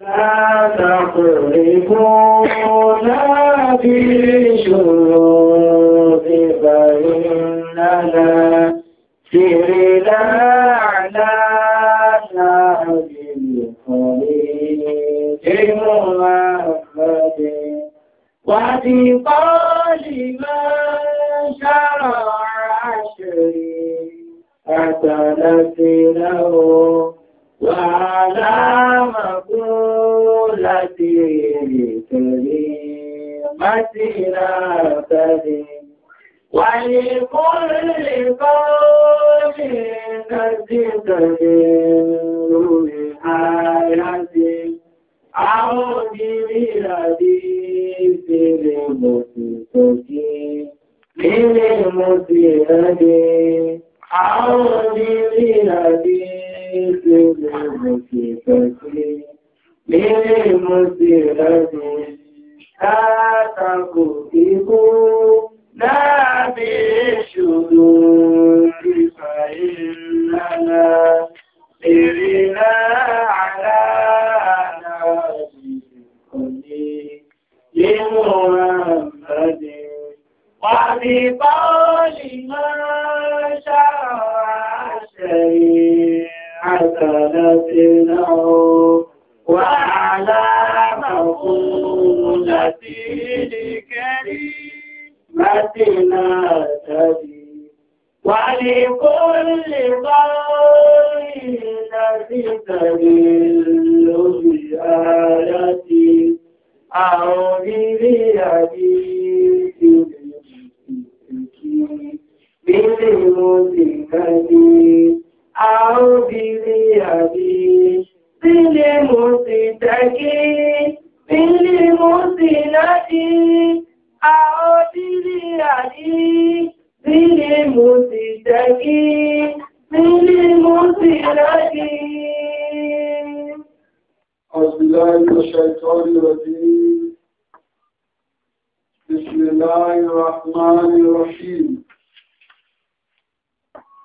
لا تقرفونا في الشروط فإننا في رلاعنا نعجل خليل محمد وثقال من شرع شريعتنا له على مقولة كلمتنا كريم ولكل قول نزيد بحياتي أعود بلدي في المسلسكين للمسلسكين أعود بلدي للمصيبة للمصيبة لا تكفكوا لا بالشذوذ فإننا سرنا على نبي لمحمد وبقول ما شرع شيء حسنة أو وعلى مقولة لكريمتنا تدي ولكل قول الذي تدل بآيتي أو بريدي بالمسكين أوبريابي بالمستكي بالمسندي أوبريابي بالمستكي بالمسندي أعوذ بالله من الشيطان الرجيم بسم الله الرحمن الرحيم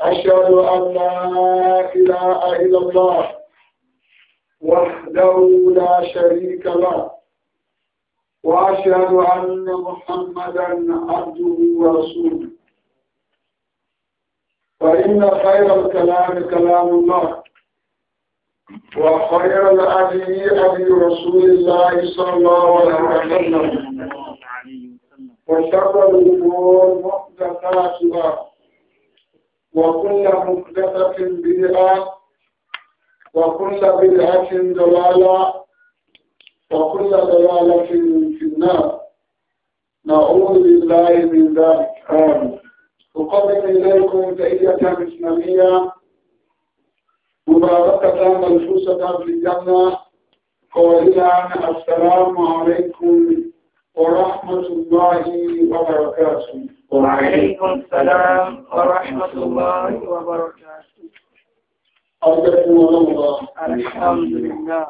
أشهد أن لا إله إلا الله وحده لا شريك له وأشهد أن محمدا عبده ورسوله فإن خير الكلام كلام الله وخير الأبي أبي رسول الله صلى الله عليه وسلم وشر الأمور محدثاتها وكل محدثة بدعة وكل بدعة ضلالة وكل ضلالة في النار نعوذ بالله من ذلك آمين أقدم إليكم تحية إسلامية مباركة منفوسة في الجنة قائلا السلام عليكم ورحمة الله وبركاته وعليكم السلام ورحمة الله وبركاته أرجوكم الله الحمد لله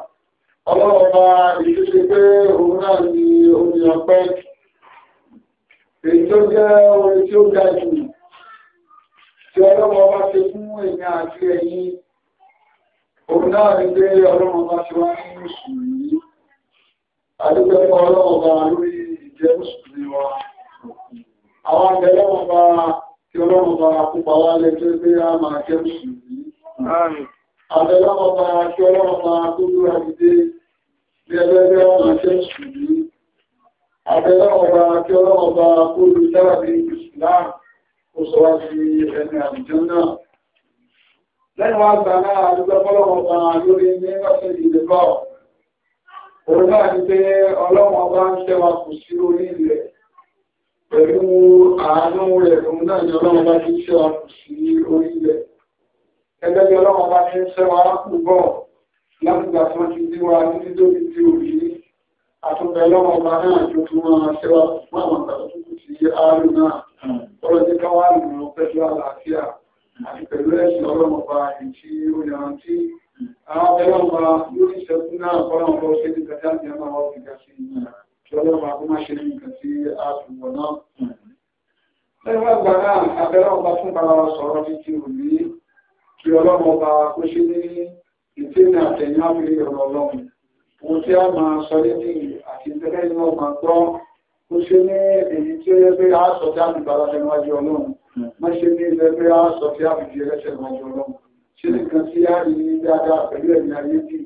ọlọ́ọ̀bá ìṣẹ́ṣe pé òun náà ni omi ọpẹ́ èyí tó jẹ́ orin tí jẹ́ mùsùlùmí wa àwọn abẹ́lẹ́ wọn bá kí ọlọ́run bá púpà wá lẹ́jọ́ pé a máa jẹ́ mùsùlùmí abẹ́lẹ́ wọn bá kí ọlọ́run bá tó dúró àdìdé bí ẹgbẹ́gbẹ́ wọn máa jẹ́ mùsùlùmí abẹ́lẹ́ wọn bá kí ọlọ́run bá kó lu dáàbí ìsìláàmù ó sọ wá sí ẹni àwùjọ náà lẹ́yìn wá gbà náà àdúgbò ọlọ́run Òun náà ti pé ọlọ́wọ́n bá ń ṣẹ́ wa kù sí orí ilẹ̀. Pẹ̀lú àánú rẹ̀ òun náà ni ọlọ́wọ́n bá ti ṣẹ́ wa kù sí orí ilẹ̀. Ẹgbẹ́ bí ọlọ́wọ́n bá ti ń ṣẹ́ wa kù bọ̀ látìgbà tí wọ́n ti dí wa ní títóbi tí òbí àtúnbẹ̀ ọlọ́wọ́n bá náà tó tún máa ṣẹ́ wa àwọn àgbàdo tó kù sí àárò náà. Ọlọ́dẹ káwá lù pẹ̀lú àlàáfíà àti pẹ̀lú ẹ̀sìn ọlọ́wọ́n bá èyí tí ó yanrantí àwọn ọ̀bẹ̀rẹ̀ ọba yóò ṣe fún náà fọ́nà ọ̀rọ̀ ṣe ní kàtà àti àmà wọn fi gàṣe kí ọlọ́run àkó má ṣe ní nǹkan tí a fi wọ̀ náà. lẹ́yìn wá gbà náà abẹ́rẹ́ ọba fún bàbá wa sọ̀rọ̀ ní ti òní kí ọlọ́run ọba kó ṣe ní ìtẹ́ni àtẹ̀yìn àfihàn ọ̀rọ̀ ọlọ́run ohun tí a máa sọ lédè àti ìtẹ́lẹ́ inú ọgbà gbọ́ kó ṣe ní èyí tí ó yẹ pé a sọ tí a fi bàbá tẹnu wájú ọlọ́run má ṣe ní ilẹ̀ pé a sọ tí a fi fi ṣe nìkan tí a rí ní dáadáa pẹ̀lú ẹ̀mí ayé tí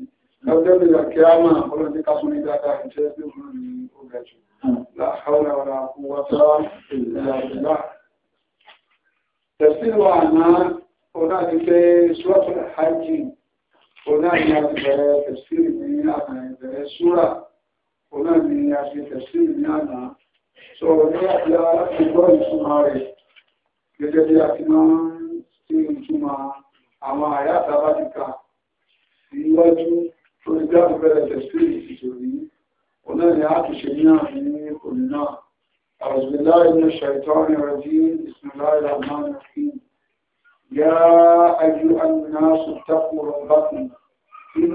lọ́jọ́ ìrìnà kí á máa bọ́lọ̀ ní ká tún ní dáadáa ìṣẹ́ tí ó ní ọgbà jù láàárọ̀ ara fún wáṣá ìlàjìlá tẹ̀sí wa àná ọ̀nà ti fẹ́ ṣúwọ́tò hajji ọ̀nà ni a ti bẹ̀rẹ̀ tẹ̀sí ní àná ìbẹ̀rẹ̀ ṣúra ọ̀nà ni a ti tẹ̀sí ní àná àwọn àyà àtàbájíkà síwájú tó ní jáde bẹ̀rẹ̀ tẹ̀sílì ìṣòrí onáni àtúnṣe ní àfihàn òní náà أعوذ بالله من الشيطان الرجيم بسم الله الرحمن الرحيم يا أيها الناس اتقوا ربكم إن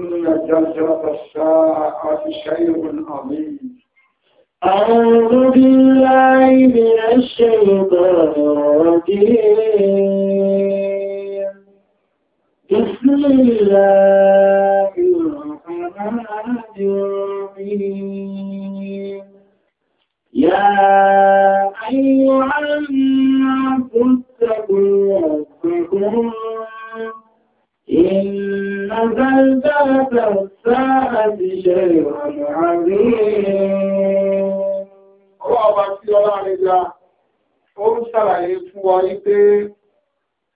زلزلة الساعة شيء عظيم أعوذ بالله من الشيطان الرجيم الله الرحمن الرحيم يا أيها الناس اتقوا ربكم إن زلزلة الساعة شيء عظيم Ọwọ́ ọba tí ọlá rẹ̀ ga, ó ń ṣàlàyé fún wa wípé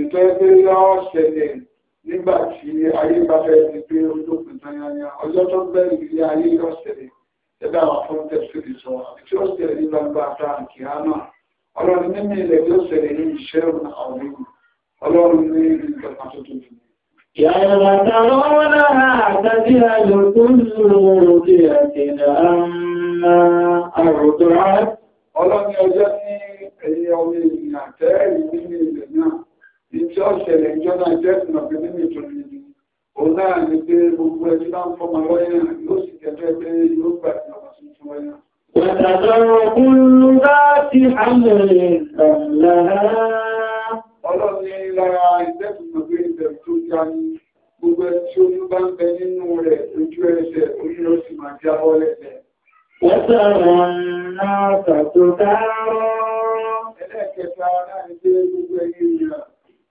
ìtọ́ ẹgbẹ́ yọ́ ṣẹlẹ̀ nígbà tí ayé bá fẹ́ ti pé ọjọ́ pẹ̀tàn yányá ọjọ́ tó bẹ̀rẹ̀ ilé ayé yọ́ ṣẹlẹ̀ ẹgbẹ́ àwọn fún tẹ̀sílì sọ àti tí ó ṣẹlẹ̀ ní gbangba ta àkì hánà ọlọ́run nínú ilẹ̀ yóò ṣẹlẹ̀ ní iṣẹ́ ọ̀nà àwọn ọlọ́run ní ìlú ìjọba tó tó fún يَوْمَ تَرَوْنَهَا تَذْهَلُ كُلُّ náà ìjọ ṣẹlẹ̀ ìjọ náà jẹ́ nínú ìtòlù ìlú òun náà ní pé gbogbo ẹni bá ń fọmọ lọ́yìn náà yóò sì tẹ́tẹ́ pé yóò gbà ní ọmọ tuntun lọ́yìn náà. Wàtàtàrọ̀ kúrú láti bá ń bẹ nínú rẹ̀ lójú ẹsẹ̀ onílọ sì dáárọ̀. Ẹlẹ́ẹ̀kẹta láàrin gbogbo ẹni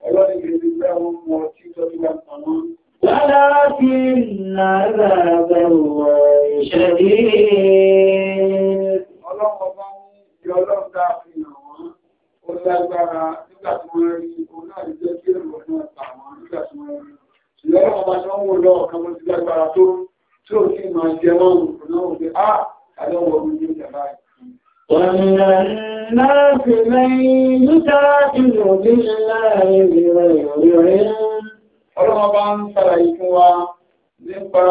ولكن عذاب الله شديد Ọlọ́gbàra nígbà tí wọ́n rí òun náà jẹ́ kí èrò náà tàwọn nígbà tí wọ́n rí. Ṣùgbọ́n ọba tí wọ́n wò lọ ọ̀kan mọ́ sí lágbára tó tí ó sì máa jẹ mọ́rùn-ún náà wò pé, "Ah, àlọ́wọ̀ orí ní ìjàmbá yìí." ومن الناس من يجادل بالله بغير علم ọlọ́wọ́ bá ń ṣàlàyé fún wa nípa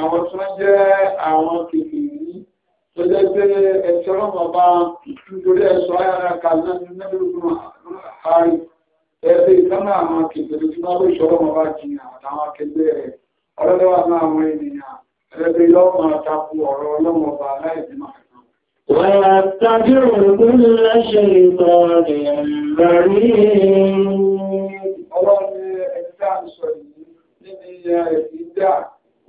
àwọn tó jẹ́ àwọn kìkìrí tó jẹ́ pé ẹ̀ṣọ́ ọlọ́wọ́ bá nítorí ẹ̀ṣọ́ ayára kàlẹ́ nílùú àárí ẹ̀ṣẹ́ ìtọ́nà àwọn kìkìrí tí wọ́n lè ṣọ́ ọlọ́wọ́ bá jìyàn àtàwọn akẹgbẹ́ rẹ̀ ọlọ́dọ́wà náà àwọn ènìyàn ẹ̀ṣẹ́ ìlọ́wọ́ ويتبع كل شيطان مريض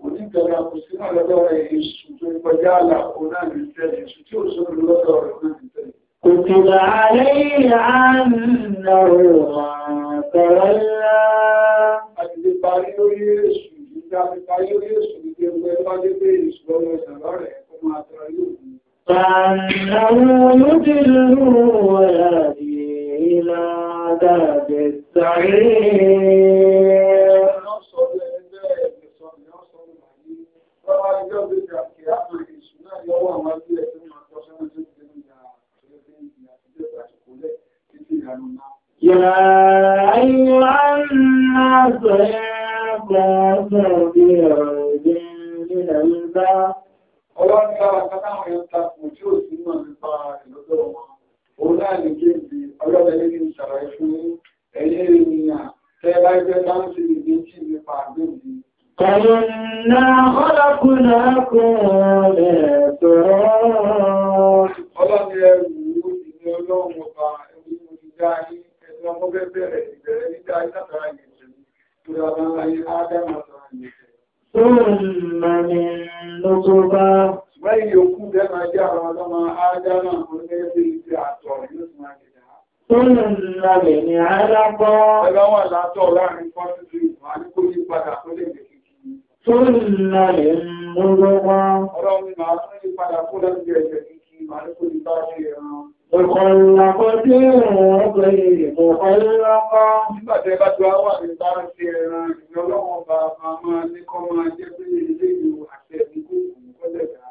Oníkẹ̀rẹ̀ àkùsínà lọ́dọ̀ èṣù tó kọjá àlà ọ̀nà ìrìnṣẹ́ èṣù tí ó sọ́rọ̀ lọ́dọ̀ ọ̀nà ìrìnṣẹ́. كتب عليه أنه من تولى Àti فأنه يدله ويهديه إلى عذاب السعير يا أيها الناس يا كافر برد من البحر ọwọ́ ní ara kátàwọn yóò ta kù tí ó sì mọ̀ nípa ìlọ́dọ̀ wọn òun náà ní kéèkì ọlọ́dẹ nínú ìṣàlàyé fún ènìyàn tẹ́ bá ẹgbẹ́ bá ń ṣe nípa Ọlọ́dẹ ẹrù ọlọ́run ọba ẹni mo ti dá ọmọ bẹ́ẹ̀ bẹ̀rẹ̀ ìbẹ̀rẹ̀ ثم من نطفة Lẹ́yìn òkú dẹ́mà jẹ́ àwọn ọlọ́mọ ádámà orílẹ̀-èdè bí i ti ní padà tó lè lè kìkì. Tó lè lálẹ̀ lọ́gbọ́n. Ọlọ́run ni màá tún Ìkọ̀lọ̀kọ́ tí ìrìn ọgbẹ̀ ìkọ̀lọ́kọ́. Nígbàtẹ́ bá ti wá wà ní tàbí ti ẹran ìrìnlọ́wọ́ bá máa ní kọ́ máa jẹ́ pé ilé ìwò àṣẹ ìgbò ìkọ́lẹ̀dá.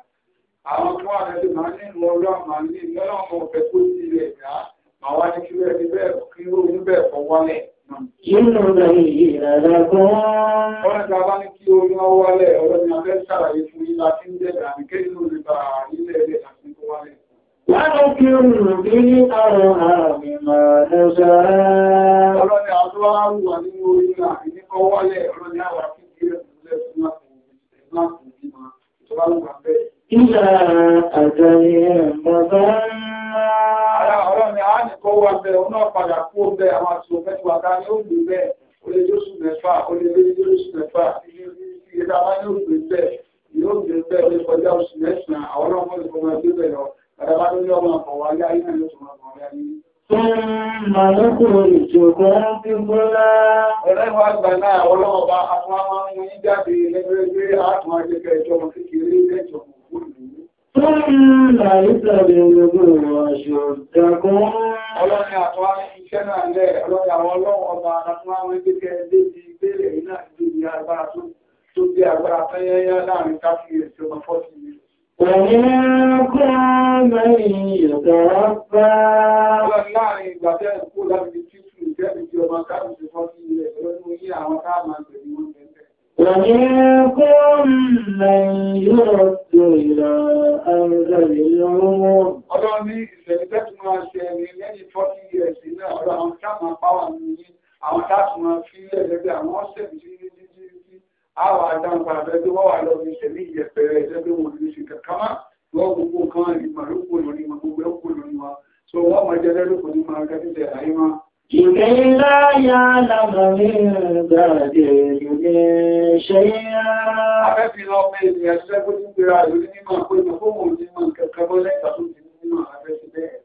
Àwọn tó wà rẹ̀ lè máa ní ìlú ọlọ́ àmà ní ìlọ́lọ́mọ̀ ọ̀fẹ́ tó sí ilẹ̀ ìdá, màá wá ní kí rẹ̀ ní bẹ́ẹ̀ kí ó ní bẹ́ẹ̀ fọ́ wálẹ̀. Nínú rẹ̀ ìrẹ̀lẹ̀ gan ونكر في أرهام ما نشاء Ọlọ́run àwọn àwọn wà nínú orílẹ̀ àìníkọ́ wálẹ̀ ọlọ́run àwọn akíkiri ẹ̀sùn lẹ́sùn láti ìgbìmọ̀ ìjọba lọ́gbà bẹ́ẹ̀. Ìlà àjẹyẹ mọ̀bá. Ara ọlọ́run àánìkọ́ wà bẹ́ẹ̀, ọ̀nà padà kú bẹ́ẹ̀ àwọn àti òfẹ́ tí wà ká ní ó lè bẹ́ẹ̀, ó lè jóṣù mẹ́fà, ó lè lé jóṣù mẹ́fà, ìgbésà Súnmà lókùrò ìjọba ti múlá. Ẹlẹ́wọ̀n àgbà náà ọlọ́ọ̀bá àtúnwà mú ní jáde lẹ́gbẹ̀rẹ́ àtún àjẹ́kẹ́ ìjọba kékeré lẹ́jọ òkú ìlú. Súnmà ìtàbí ológun ọ̀ṣọ́ ìjọkún. Ọlọ́rin àtúnwà iṣẹ́ náà lẹ́ ọlọ́rin àwọn ọlọ́ọ̀bá àtúnwà mú ní jẹ́kẹ́ dé ti ìgbélẹ̀ ìnáà ومنكم من يتوفى láàrin ìgbà tẹ́ ẹ̀kú láti fi títù ìjẹ́ ìjọba káàkiri fọ́sí ilẹ̀ lọ́nà yí àwọn káàmà tẹ̀lé wọn tẹ́lẹ̀. ومنكم من يرد إلى أرض العمر Ọlọ́run ní ìṣẹ̀lẹ̀ tẹ́tù máa ṣe ẹni lẹ́yìn fọ́sí ilẹ̀ sí náà, ọlọ́run káàmà pàwà ní àwọn táàtù máa fi ilẹ̀ lẹ́gbẹ̀ẹ́ àwọn ọ̀sẹ̀ àwọn àdáǹkà abẹ́ tó wọ́n wà lọ́wọ́ ìṣẹ̀lẹ̀ ìyẹ̀pẹ̀rẹ̀ ẹ̀jẹ̀ pé wọ́n ní ṣe kankan wọ́n gbogbo kan ìmọ̀ ló kò lórí wọn gbogbo ẹ̀ kò lórí wọn so wọ́n máa jẹ́ lẹ́nu kò ní àyè wọn. ìgbẹ́ ńlá ya lámọ̀ ní gbàdé ìgbẹ́ ṣe yá. afẹ́fẹ́ lọ pé ènìyàn ṣẹ́gbẹ́ tó gbéra ìlú ní mímọ̀ pé ìmọ̀ fóun ò ní mọ̀ kẹ́kẹ́ bọ́ lẹ́yìn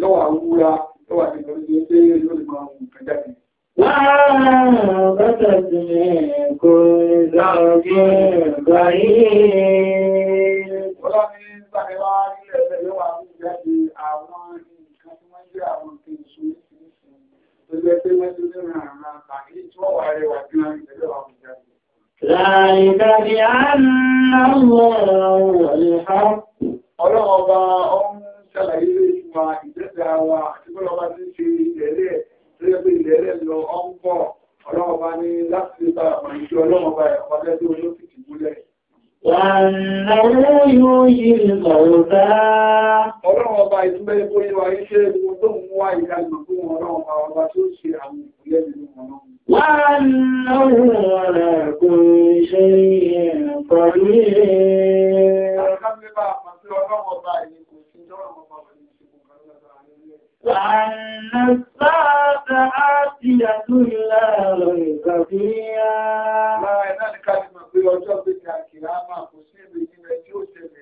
yóò wà wúra yóò ní ìtọ́jú yóò lè máa mú nǹkan jáde. Bàtà sí kò lọ́gẹ́ báyìí. Bọ́lá ní sáré wá nílẹ̀ tẹ̀lé wà ní ìjáde àwọn nǹkan tí wọ́n jẹ́ àwọn nǹkan ìṣó oríṣiríṣi. Ó pé wọ́n ti ní ràn án tàbí tí wọ́n wà rẹwà bí wọ́n tẹ̀lé wà ní ìjáde. ذلك بأن الله الحق. Ọlọ́run ọba ọmọ ṣàlàyé ọlọ́run bá ní láti lè yíwa iṣẹ́ epo tó ń wá ìdájọ́ fún ọlọ́run ọba ọba tó ṣe àwọn ìpínlẹ̀ nínú ọlọ́run. Wọ́n náà rẹ̀ kò ṣe ìrìn pọ̀lú ilé. لأن الساعة آتية لا ريب فيها. لا ينال كلمة في وجوه الكرامة مصيبة من جوسف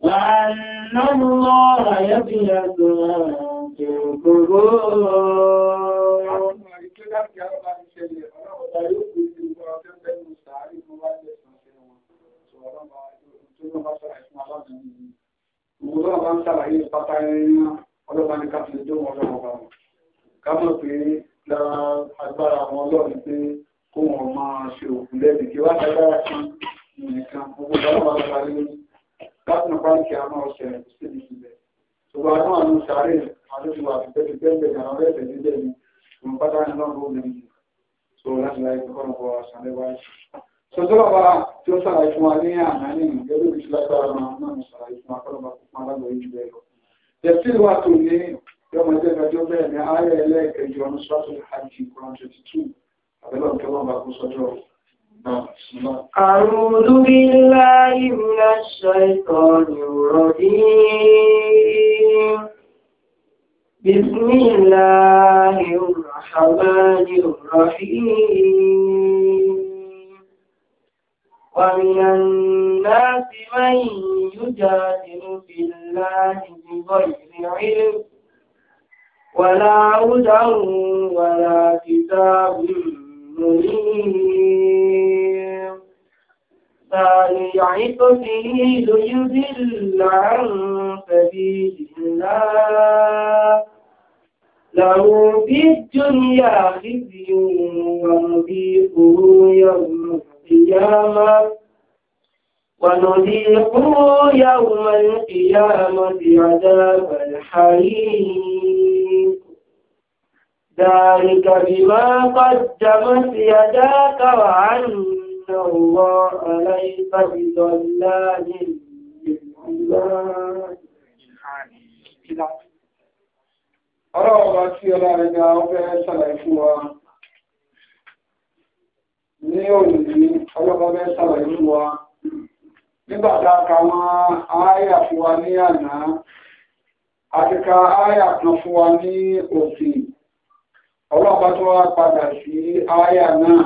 وأن الله يبيض القبور Thank you ọlọ́run bá ń sàlàyé pátá ẹ̀rín ọlọ́ba ní ká fi jó wọn lọ́wọ́ bá wọn ká mọ̀ pé lára agbára wọn lọ́rùn pé kó wọn máa ṣe òkú lẹ́bi kí wá lágbára kan nìkan gbogbo ọlọ́ba ló parí lórí láti nípa ní kí a máa ṣe ẹ̀kú síbi ìbẹ̀ ṣùgbọ́n àwọn àánú sáré àdókòwò àfipẹ́fipẹ́ bẹ̀rẹ̀ àwọn ẹ̀fẹ̀ níbẹ̀ ni ìwọ̀n pátá ní lọ́rùn ó lè yìí so láti láyé kọ́kọ́ sọjọ́ bá tí ó sàlàyé fún wa ní àná ní ìgbẹ́rù ìṣẹ́ lágbára máa náà mo sàlàyé fún akọ́lọ́mà fún alágbèrè jù bẹ́ẹ̀ lọ. tẹ̀sí wa tó ní yọmọdé ẹgbẹ́jọ́ bẹ́ẹ̀ ní ayé ẹlẹ́ẹ̀kẹjọ ọdún sọ́tò hajj kúrọ́n twenty two àbẹ́lọ́ kẹlọ́mà kó sọjọ́ أعوذ بالله من الشيطان الرجيم بسم الله الرحمن الرحيم ومن الناس من يجادل في الله بغير علم ولا هدى ولا كتاب منير ثاني عطفه ليذل عن سبيل الله له في الدنيا خزي ونذيقه يوم القيامة ونذيقه يوم القيامة عذاب الحريق ذلك بما قدمت يداك وأن الله ليس بظلام للعباد. Ọlọ́run bá tí ọlá rẹ̀ ga ọgbẹ́ ṣàlàyé fún wa ní òní ọlọ́pàá sàlàyé wa nígbà tá a ka wọn ááyà fún wa ní àná àti ka ááyà kan fún wa ní òsì ọlọ́pàá tó wá padà sí ááyà náà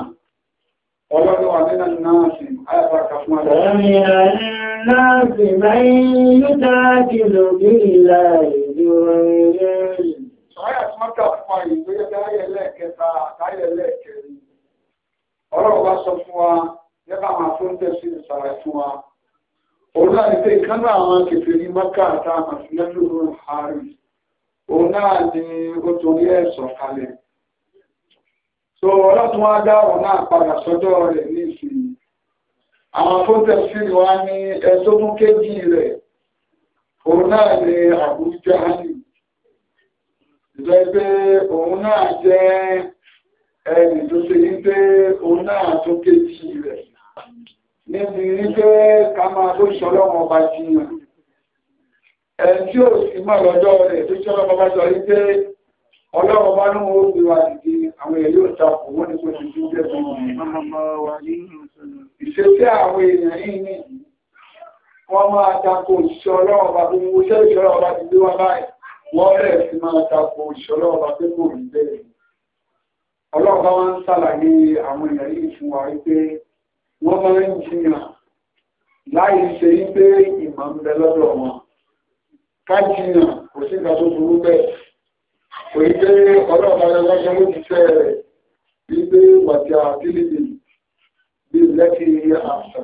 ọlọ́pàá wà nínú náà sí ááyà tó wá ka fún wa lọ. ọ̀rìn àárín náà sì máa ń yúta kìlọ̀ bí ìlà ìlú ọ̀rìn. sọ́yà tí wọ́n kà fún wa ìgbéyàwó ayẹlẹ́ kẹta àtàyẹlẹ́ kẹta ọlọ́run bá sọ fún wa nípa àwọn afúntẹ́sí ìsàlẹ̀ fún wa òun náà ní pé kánú àwọn kẹfẹ́ ní mọ́kà àtàwọn àfihàn harry òun náà ni ó torí ẹ̀ sọ̀kalẹ̀ so ọlọ́tún wá dá ọ̀rọ̀ náà padà sọ́dọ̀ rẹ̀ ní ìsìn àwọn afúntẹ́sí wa ní ẹ̀sọ́ tún kéjì rẹ̀ òun náà ni àbújá hàní ìjọ ẹgbẹ́ òun náà jẹ́ ẹni tó ṣe ní pé òun náà tó kéjì rẹ̀ níbi wípé ká máa tó ṣọlọ́mọ ọba ti yàn ẹni tí ó sì mọ̀ lọ́jọ́ rẹ̀ tó ṣọlọ́mọ ọba sọ wípé ọlọ́run bá lóun ó gbé wa dìde àwọn èèyàn yóò ta kò wọ́n ní kò sì tún jẹ́ ìṣesí àwọn èèyàn yìí ni wọ́n máa bá tó ọlọ́ọ̀bá wọn ń ṣàlàyé àwọn èèyàn yìí fún wa wípé wọ́n máa ń jiyàn láì ṣe wípé ìmọ̀ ń bẹ lọ́dọ̀ wọn ká jiyàn kò sí ìgbà tó burú bẹ́ẹ̀ kò ní pé ọlọ́ọ̀bá yẹn lọ́jọ́ ló ti fẹ́ rẹ̀ wípé wàtí àtìlìbì bí lẹ́kì àṣà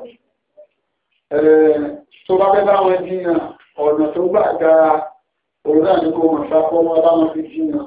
tó bá fẹ́ bá wọn jiyàn ọ̀nà tó gbà dára òun náà ni kò mọ̀ sáfọ́ wọn bá fi jiyàn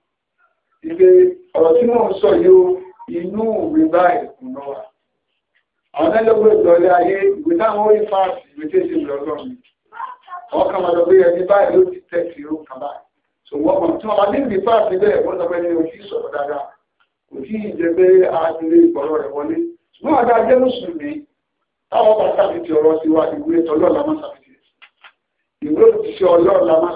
ilé ọ̀rọ̀ tí wọ́n sọ yóò inú ìwé báyìí kùn lọ́wà. Àwọn ẹlẹ́gbẹ́ ìdọ̀lẹ́ ayé ìwé táwọn orí fáàsì ìwé tí èsì ìlọ́lọ́run. Wọ́n kà máa lọ bí ẹni báyìí ló ti tẹ̀ sí ó kà báyìí. So wọ́n mọ̀ tí wọ́n máa níbi fáàsì bẹ́ẹ̀ wọ́n sọ pé ní òfin sọ̀rọ̀ dáadáa. Kò tí ì jẹ pé a ti lè gbọ́rọ̀ rẹ̀ wọlé. Ṣùgbọ́n àgbà jẹ́ mùsùlùmí táwọn bá sàfihàn ọ̀rọ̀ sí wa ìwé tọ́lọ́ la máa sàfihàn. Ìwé òṣìṣẹ́ ọlọ́ọ̀ la máa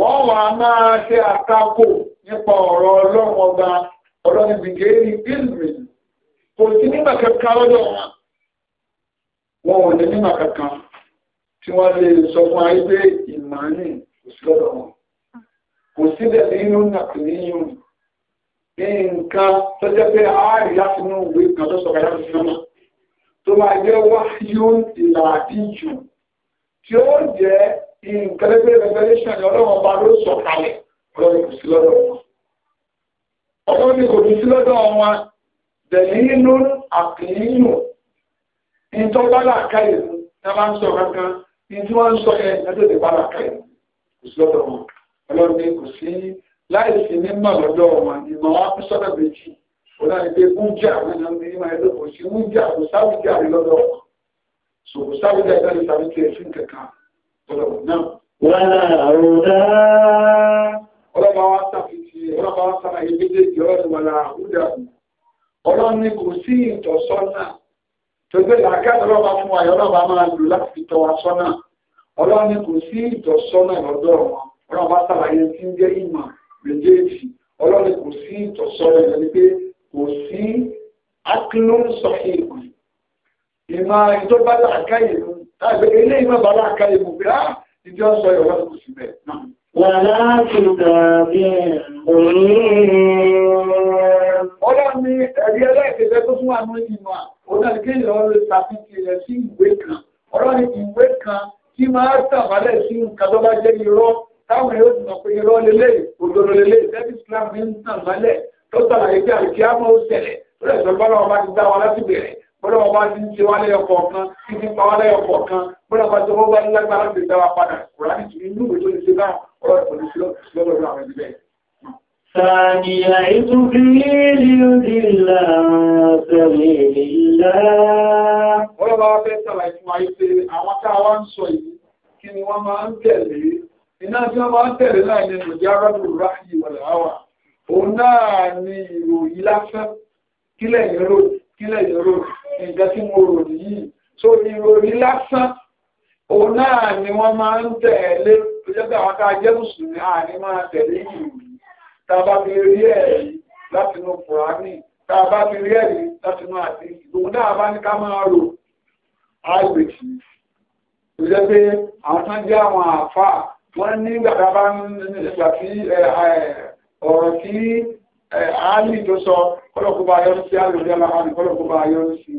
wọ́n wà máa ṣe àtakò nípa ọ̀rọ̀ ọlọ́run ọba ọlọ́run bìgẹ́rì bílùmí kò sí nígbà kankan lọ́dọ̀ wọn wọn ò lè nígbà kankan tí wọ́n lè sọ fún ayé pé ìmánì kò sí lọ́dọ̀ wọn kò sí dẹ̀bí inú nàkùnrin yìí ní nǹkan tó jẹ́ pé ààrì láti ìwé kan tó sọ̀rọ̀ tó máa ìkẹlẹ́gbẹ́ revelation ni ọlọ́run ọba ló sọ kalẹ̀ lọ́rọ̀ kò sí lọ́dọ̀ wọn. ọmọ mi kò ní sí lọ́dọ̀ wọn dẹ̀línú àpìyínú ìtọ́gbálà káyè ní ta máa ń sọ kankan ní tí wọ́n ń sọ ẹ̀ ẹ̀dọ́ ti bálà káyè kò sí lọ́dọ̀ wọn. ọlọ́run mi kò sí láì sí mímọ̀ lọ́dọ̀ wọn ìmọ̀ wọn kú sọ́dọ̀ méjì ọ̀dà ni pé wújà nínú mímọ̀ ẹ̀dọ́ kò sí wújà kò sáwùjà lọ́dọ̀ wọn. sòkò sáwùjà ìdájọ́ tàbí Wọ́n Ọlọ́run ni kò sí ìtọ̀sọ́nà tó gbé làákàtà ọlọ́pàá fún wa ọlọ́pàá máa lò láti fi tọ́ wa sọ́nà. Ọlọ́run ni kò sí ìtọ̀sọ́nà lọ́dọ̀ wọn, ọlọ́pàá sàlàyé tí ń jẹ́ ìmọ̀ méjèèjì. Ọlọ́run ni kò sí ìtọ̀sọ́nà ẹni pé kò sí ákínú sọ̀hìn ìmọ̀ ìjọba làákàyè mú Àgbẹ̀ ilé ìmọ̀ bàbá ká ìmọ̀ bí á ah, ìdí ọ̀sọ̀ ìwọ̀n kò sí bẹ̀. Wàlá ti dàbí òní. Ọlá ni ẹ̀rí ẹlẹ́ẹ̀kẹ́fẹ́ tó fún àwọn ìmọ̀ ọ̀dá ní kí ìlọ́ lè ṣàfihàn rẹ̀ sí ìwé kan. Ọlá ni ìwé kan tí máa tàbálẹ̀ sí nǹkan tó bá jẹ́ irọ́ táwọn yóò ti mọ̀ pé irọ́ lélẹ̀ òdodo lélẹ̀ tẹ́bí Islam ní tàbálẹ̀ tó tàbálẹ̀ pé àìkí á mọ́ ó tẹ̀lẹ̀ tó lẹ̀ sọ bọ́lá ọba ti dá wa láti bẹ̀rẹ̀ bọ́lá wọn bá ti ń ṣe wálé ọkọ̀ kan tí ti ń pa wálé ọkọ̀ kan bọ́lá wọn bá ti wọ́n bá ní lágbára ti dá wa padà kùránì tún inú ìwé tó ti ṣe náà ọ̀rọ̀ ìpòlù sí lọ́dọ̀ àwọn ẹbí bẹ́ẹ̀. Sàníyà ìtúbí lílùdílà sẹ̀lẹ̀ ìlà. Wọ́n bá fẹ́ sàlàyé fún ayé pé àwọn tá ni wọ́n máa ń tẹ̀lé kílẹ̀ ìrò nǹkan tí mo rò yìí so ìròrí lásán òun náà ni wọ́n máa ń tẹ̀lé ìjọba àwọn tá a jẹ́ mùsùlùmí àní máa tẹ̀lé ìròrí tá a bá fi rí ẹ̀rí látinú kùránì tá a bá fi rí ẹ̀rí látinú àti ìgbòhun náà bá ní ká máa rò kọ́lọ̀kọ́bà yọ́n sí àlòrí aláhàní kọ́lọ̀kọ́bà yọ́n sí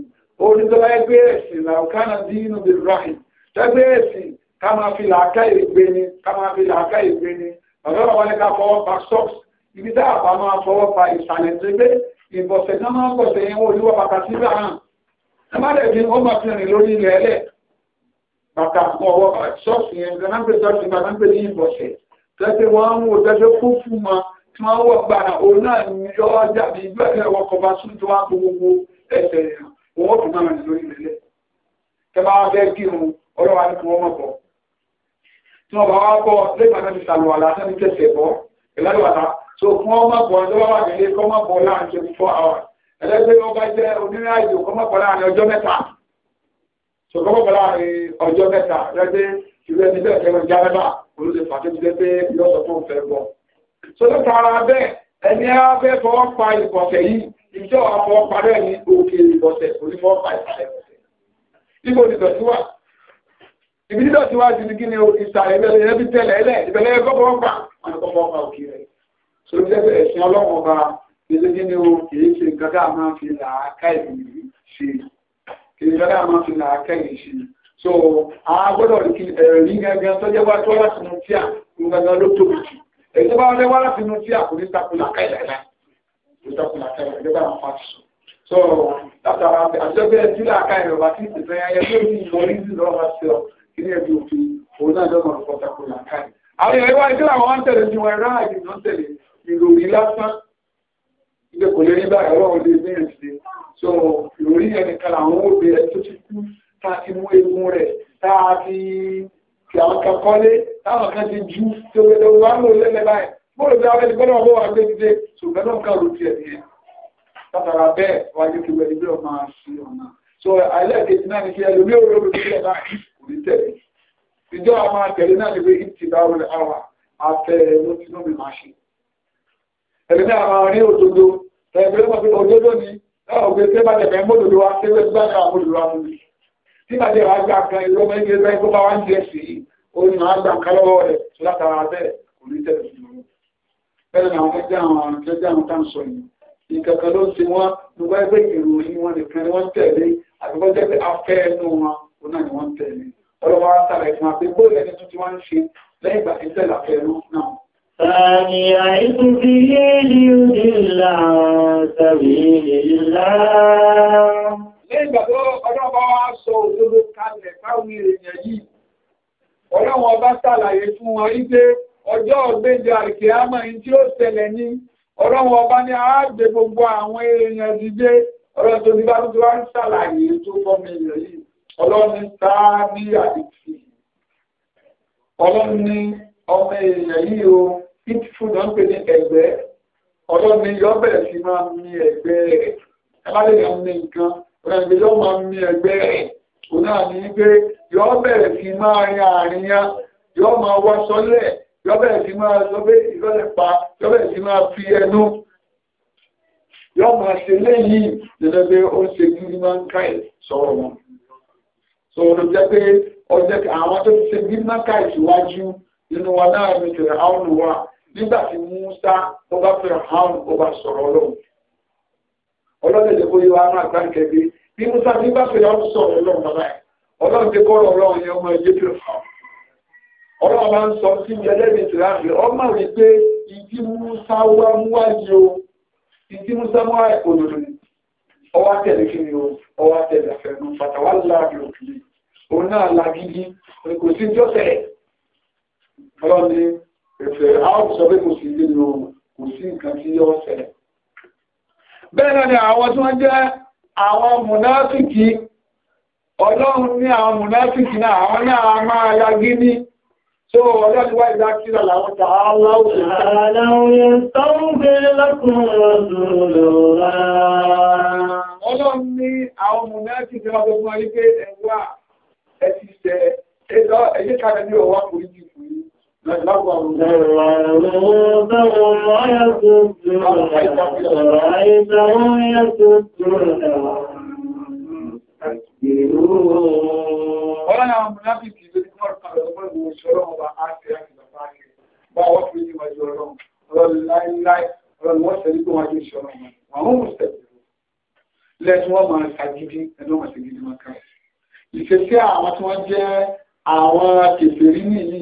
orí tó báyé gbé ẹ̀sìn làkánà dínú bí rahim tẹ́gbé ẹ̀sìn ká máa fi làákà ìgbé ni ká máa fi làákà ìgbé ni bàbá bàbá ní ká fọwọ́ pa socks ibi tá àbá máa fọwọ́ pa ìsàlẹ̀ tó gbé ìbọ̀sẹ̀ náà máa ń bọ̀sẹ̀ yẹn wọ́n olúwọ́ bàtà sí báhàn ẹ má dẹ̀ bí wọ́n máa fi rìn lórí ilẹ̀ ẹlẹ̀ bàtà ọwọ́ socks yẹn gbẹ̀nàgbẹ̀ socks yẹn gbẹ̀nàgbẹ̀ ní ìbọ̀sẹ̀ tẹ́gbẹ̀ wọ́n á mú òtẹ́gbẹ̀ fún fún tí wọ́n wọ̀ gbàrà òun náà ní yọ́ jàbí gbẹ̀rẹ̀ wọkọ̀ bá sún tó wá kó gbogbo ẹsẹ̀ rẹ̀ wọ́n fi máa rìn lórí lẹ́lẹ̀ tẹ́bá wá fẹ́ kí wọn ọlọ́wà ní kí wọ́n mọ̀ bọ̀ tí wọ́n bá wá bọ̀ lẹ́gbàá náà ti sàlùwà lásán ní tẹ̀sẹ̀ bọ́ ìlàlùwàlá so fún ọmọ bọ̀ tó bá wà nílé kọ́ mọ̀ bọ̀ láàrin twenty four hours ẹlẹ́gbẹ́ wọn bá jẹ́ onírìn àjò kọ́ sọ́dọ̀tà ara bẹ́ẹ̀ ẹni á fẹ́ fọwọ́ pa ìbọ̀sẹ̀ yìí ìjọ àfọwọ́ parẹ́ ní òkè ìbọ̀sẹ̀ onífọwọ́ pa ìbọ̀sẹ̀. ibo ni dọ̀tí wà ibi tí dọ̀tí wà ti ní kíni ìsàlẹ̀ ìbẹ̀lẹ̀ ẹbí tẹ̀lẹ̀ ẹlẹ̀ ìbẹ̀lẹ̀ ẹgbẹ́ fọwọ́ pa wọn kọ́ fọwọ́ pa òkè rẹ̀. sọ́dọ̀ tẹ́fẹ̀ ẹ̀sìn ọlọ́run ọba ìdí kíni o kìí ṣe nǹkan tá a máa fi làákà ìlú ṣe kìí nǹkan tá a máa fi làákà ìlú ṣe so a gbọ́dọ̀ rí gẹ́gẹ́ tó jẹ́ wá tó wá sínú tíà nǹkan ló tóbi jù ètò bá wọlé wá láti inú tí àkòrí takùlà kẹlẹ̀lẹ̀ ìtakùlà kẹlẹ̀ ló bá wọn fa tù so látara àjọpẹ́ ìdílé àká ìrọ̀bà tí ìtẹ̀tẹ̀ ayẹyẹ tó ní ìlọrí nílò ọba sí ọ kí ní ẹbí òfin òun náà lọ́mọ ọ̀pọ̀ takùlà kẹlẹ̀. àwọn èèyàn wá ìdílé àwọn ń tẹ̀lé ju wọn ẹ̀rọ àyè náà tẹ̀lé ìròyìn lásán ilé kò lè rí báyìí ọlọ́run lè bẹ̀rẹ̀ sí so ìròyìn ẹnìkan àwọn òbí rẹ̀ tó kí àwọn kan kọ́lé táwọn kan ti ju tó gbẹdẹ wà ń lò lẹ́lẹ̀ báyìí bóòlù bí abẹ́ni gbọ́dọ̀ wọ́n wà gbé dìde ṣùgbọ́n náà kàrò tiẹ̀ ní ẹ̀ látara bẹ́ẹ̀ wájú kí wẹ́n ibi ọmọ sí ọ̀nà so àìlẹ́ẹ̀kejì náà ní kí ẹlòmí òwe òwe sílẹ̀ báyìí kò ní tẹ̀lé ìjọ àwọn àtẹ̀lé náà ní pé ìtì bá wọlé àwà afẹ́ ló ti lómi máa ṣe ẹlòmí àwọn rí òdodo ẹgbẹ́ wọn fi òdodo ni nígbàdé wa gbà kan ìlú ọmọ ẹgbẹ́ ẹgbẹ́ tó bá wá ń jẹ sí i máa gbà kan lọ́wọ́ rẹ̀ látara bẹ́ẹ̀ kò ní tẹ̀lé sí i bẹ́ẹ̀ ni àwọn ẹgbẹ́ àwọn ẹgbẹ́ àwọn tá ń sọ yìí ìkankan ló ti wọ́n nígbà ẹgbẹ́ ìròyìn wọn nìkan ni wọ́n tẹ̀lé àbíkọ́ jẹ́ pé afẹ́ ẹnu wọn òun náà ni wọ́n tẹ̀lé ọlọ́wọ́ sára ìfún wa pé bóyá ẹni tó ti wá ń ṣe lẹ́yìn ìgbà tí tẹ̀lé afẹ́ ẹnu náà. ثاني عيد فيه ليذل عن سبيل الله lẹ́yìn ìgbà tó ọjọ́ bá wá sọ òdodo kalẹ̀ fáwọn èèyàn yìí ọlọ́wọ́n bá ṣàlàyé fún wọn wípé ọjọ́ ọ̀gbẹ́jọ àìkèámọ̀ yìí tí ó ṣẹlẹ̀ ní ọlọ́wọ́n ọba ní àágbé gbogbo àwọn èèyàn dìde ọlọ́run tó ní bá tó wá ń ṣàlàyé tó fọ́mọ èèyàn yìí ọlọ́run ní sáà ní àdìsí ọlọ́run ní ọmọ èèyàn yìí o ẹgbẹ́ yóò máa mi ẹgbẹ́ rẹ̀ kò náà ní pé yọ́ bẹ̀rẹ̀ fi máa rin àárín yá yọ́ máa wá sọ́lẹ̀ yọ́ bẹ̀rẹ̀ fi máa sọ pé ìrọ́lẹ̀ pa yọ́ bẹ̀rẹ̀ fi máa fi ẹnu yọ́ máa ṣe léyìí lẹ́lẹ́ pé ó ń ṣe kí ní máa ń káì sọ̀rọ̀ wọn so ló jẹ́ pé ọjọ́ àwọn tó ti ṣe kí máa káì síwájú nínú wa náà ní tẹ̀rẹ̀ àwọn olùwà nígbà tí Musa ó bá fẹ́ àwọn ó bá sọ̀rọ̀ ọlọ́run ọlọ́run ti kó yẹ wa máa gbáǹkì ẹbí bí musa ní bá fẹ́yà ọ̀sọ̀ sọ̀rọ̀ ọlọ́run bàbá ẹ̀ ọlọ́run ti kọ́ ọlọ́run yẹn ọmọ ẹ̀jẹ̀ bí ọlọ́run bá ń sọ sí mi ẹlẹ́rìí ti láàbì ọmọ rẹ̀ pé ìdí musa wá mú wá yìí o ìdí musa mú wá òdòdó ni ọwọ́ tẹ̀lé kí ni o ọwọ́ tẹ̀lé àfẹnú fàtàwá láàbì òkìlì òun náà lagidi kò sí jọ́sẹ̀ ọlọ́run ni ẹ̀fẹ̀ àwọn sọ pé kò sí ilé ni o kò sí nǹkan tí yọ ọ̀sẹ̀ bẹ́ẹ̀ ni àwọn tí wọ́n jẹ́ àwọn mùnáfíkì ọlọ́run ní àwọn mùnáfíkì náà àwọn náà máa yagí ní So ọjọ́ ti wá làwọn tààlá òṣèlú. Ọlọ́run ní àwọn mùnáfíkì فهم يصدون رأيتهم يصدون Ọlọ́run àwọn mùnáfíkì ló ti kọ́ ọ̀kan lọ́gbọ́n ìwò ṣọ́rọ̀ ọba áti láti bàbá ákẹ́. Bá wọ́n fi ní wájú ọlọ́run, ọlọ́run láíláí, ọlọ́run wọ́n tẹ̀lé tó wájú ìṣọ́rọ̀ ọmọ. Àwọn òṣèlú lẹ́tún wọ́n máa ṣàgídí, ẹ̀dọ́ wọn ṣàgídí máa káàkiri. Ìṣesí àwọn tí wọ́n jẹ́ àwọn kèfèrí nìyí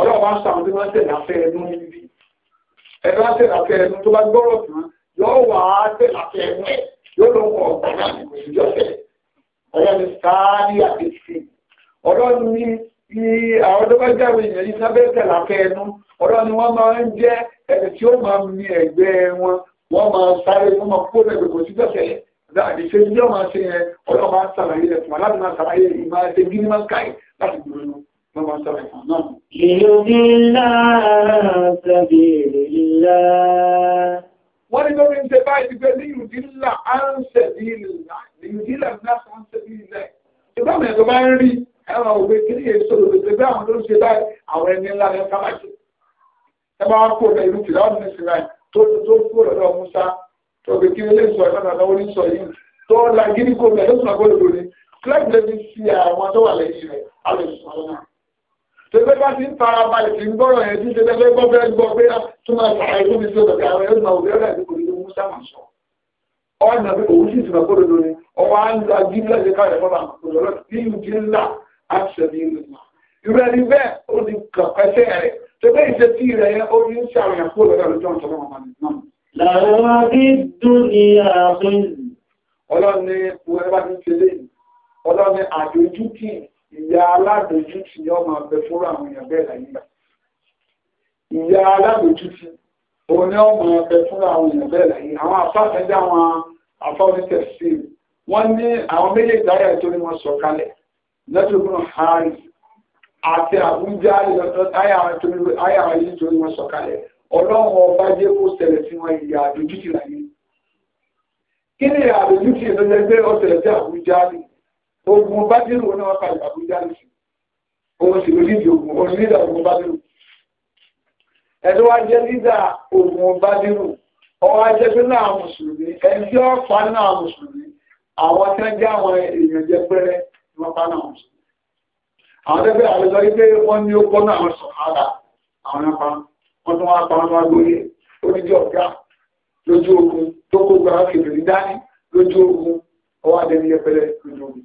ọlọ́run wá ń sọ àwọn tí wọ́n tẹ̀lé afẹ́ ẹnu níbi ẹni wá tẹ̀lé afẹ́ ẹnu tó bá gbọ́rọ̀ tán yóò wá tẹ̀lé afẹ́ ẹnu ẹ̀ yóò lọ wọ ọ̀gbọ́n ìjọsẹ̀ ọlọ́run ní sáárì àdéṣe ọlọ́run ní àwọn tó bá jáwé èèyàn yìí sábẹ́ tẹ̀lé afẹ́ ẹnu ọlọ́run ni wọ́n máa ń jẹ́ ẹni tí ó máa mi ẹ̀gbẹ́ wọn wọ́n máa sáré wọ́n máa kó lẹ́gbẹ̀ẹ́ kò sí jọ̀sẹ̀ àdìsẹ́ ní ọmọ ṣe yẹn ọlọ́run máa ń sàlàyé rẹ̀ fún wa láti káì láti gbòòrò ليضل عن سبيل الله wọ́n ní tó ní ṣe báyìí pé ní ìrùdílà ánsẹ̀bílìlá ìrùdílà náà ánsẹ̀bílìlá ìbámu ẹ̀tọ́ bá ń rí ẹ̀rọ òwe kí ní èso òdòdó bí àwọn ló ń ṣe báyìí àwọn ẹni ńlá ní kámákì ẹ máa kó ní ìlú kìlá ọdún ìsìnlá tó tó kó lọ́dọ̀ musa tó fi kí ilé sọ ẹ̀rọ náà lọ́wọ́ ní sọ yìí tó la gírí kó lẹ̀ lọ́sùn àgbọ̀lódò ni flag lè fi fi àwọn tó wà lẹ́yìn rẹ̀ á lè sùn àwọn náà tẹ́gbẹ́ bá ti ń fara balẹ̀ tí ń gbọ́rọ̀ yẹn tí tẹ́gbẹ́ gbọ́ fẹ́ gbọ́ pé tó máa sàrà ìlú mi sí ọ̀dọ̀ àwọn ẹ̀rọ máa wòlé rẹ̀ kò ní mú sáà sọ. ọ̀nà pé òun sì sìnà kó lóore ọwọ́ á ń la jíríà ṣe káyọ̀ fọ́nà òjò lọ sí ìlú ti ńlá á ṣẹ̀lẹ̀ ìlú mà. irú ẹni bẹ́ẹ̀ ó ti kàn pẹ́sẹ́ rẹ̀ tẹ́gbẹ́ ìṣe tí rẹ̀ yẹn ó ní sàrìyàn kó lọ́dọ̀ lọ́jọ́ ọ̀tọ̀ ọlọ́run ni àjòjú kí ìyá alábòjútì yọ máa bẹ fúnra àwọn èèyàn bẹ́ẹ̀ láyé ìyá alábòjútì òun ni wọ́n máa bẹ fúnra àwọn èèyàn bẹ́ẹ̀ láyé àwọn afáfẹ́jẹ́ àwọn afọ́nítẹ̀ sí i wọ́n ní àwọn méjèèjì ayé torí wọn sọ kalẹ̀ lẹ́tọ̀gbọ́n harry àti àbújá ayé àwọn yìí torí wọn sọ kalẹ̀ ọlọ́run ọba jẹ́ kó ṣẹlẹ̀ sí wọn ìyá àdójútì láyé kí ni àdójútì ìdọ́jẹ́gbé ọ̀sẹ̀lẹ̀ sí àbújá nìyí ogun bájírù wọn wọ́n pàdé àbújá lóṣù ohun sì lórí ìdí ogun oṣù lídà ogun bájírù ẹ̀tọ́ wá jẹ́ lídà ogun bájírù ọwọ́ ajẹ́ pé náà mùsùlùmí ẹni tí wọ́n pa náà mùsùlùmí àwọn tí wọ́n jẹ́ àwọn èèyàn jẹ pẹ́rẹ́ ni wọ́n pa náà mùsùlùmí àwọn tẹ́gbẹ́ àlejò yìí pé wọ́n ní ó kọ́ náà àwọn apá wọ́n tún wá pa wọn wá gbóyè ó ní ọ̀gá lójú ogun tó kó gbàgbà kèfèrè dání lójú ogun ọwọ́ adẹ́ni yẹpẹrẹ lójú ogun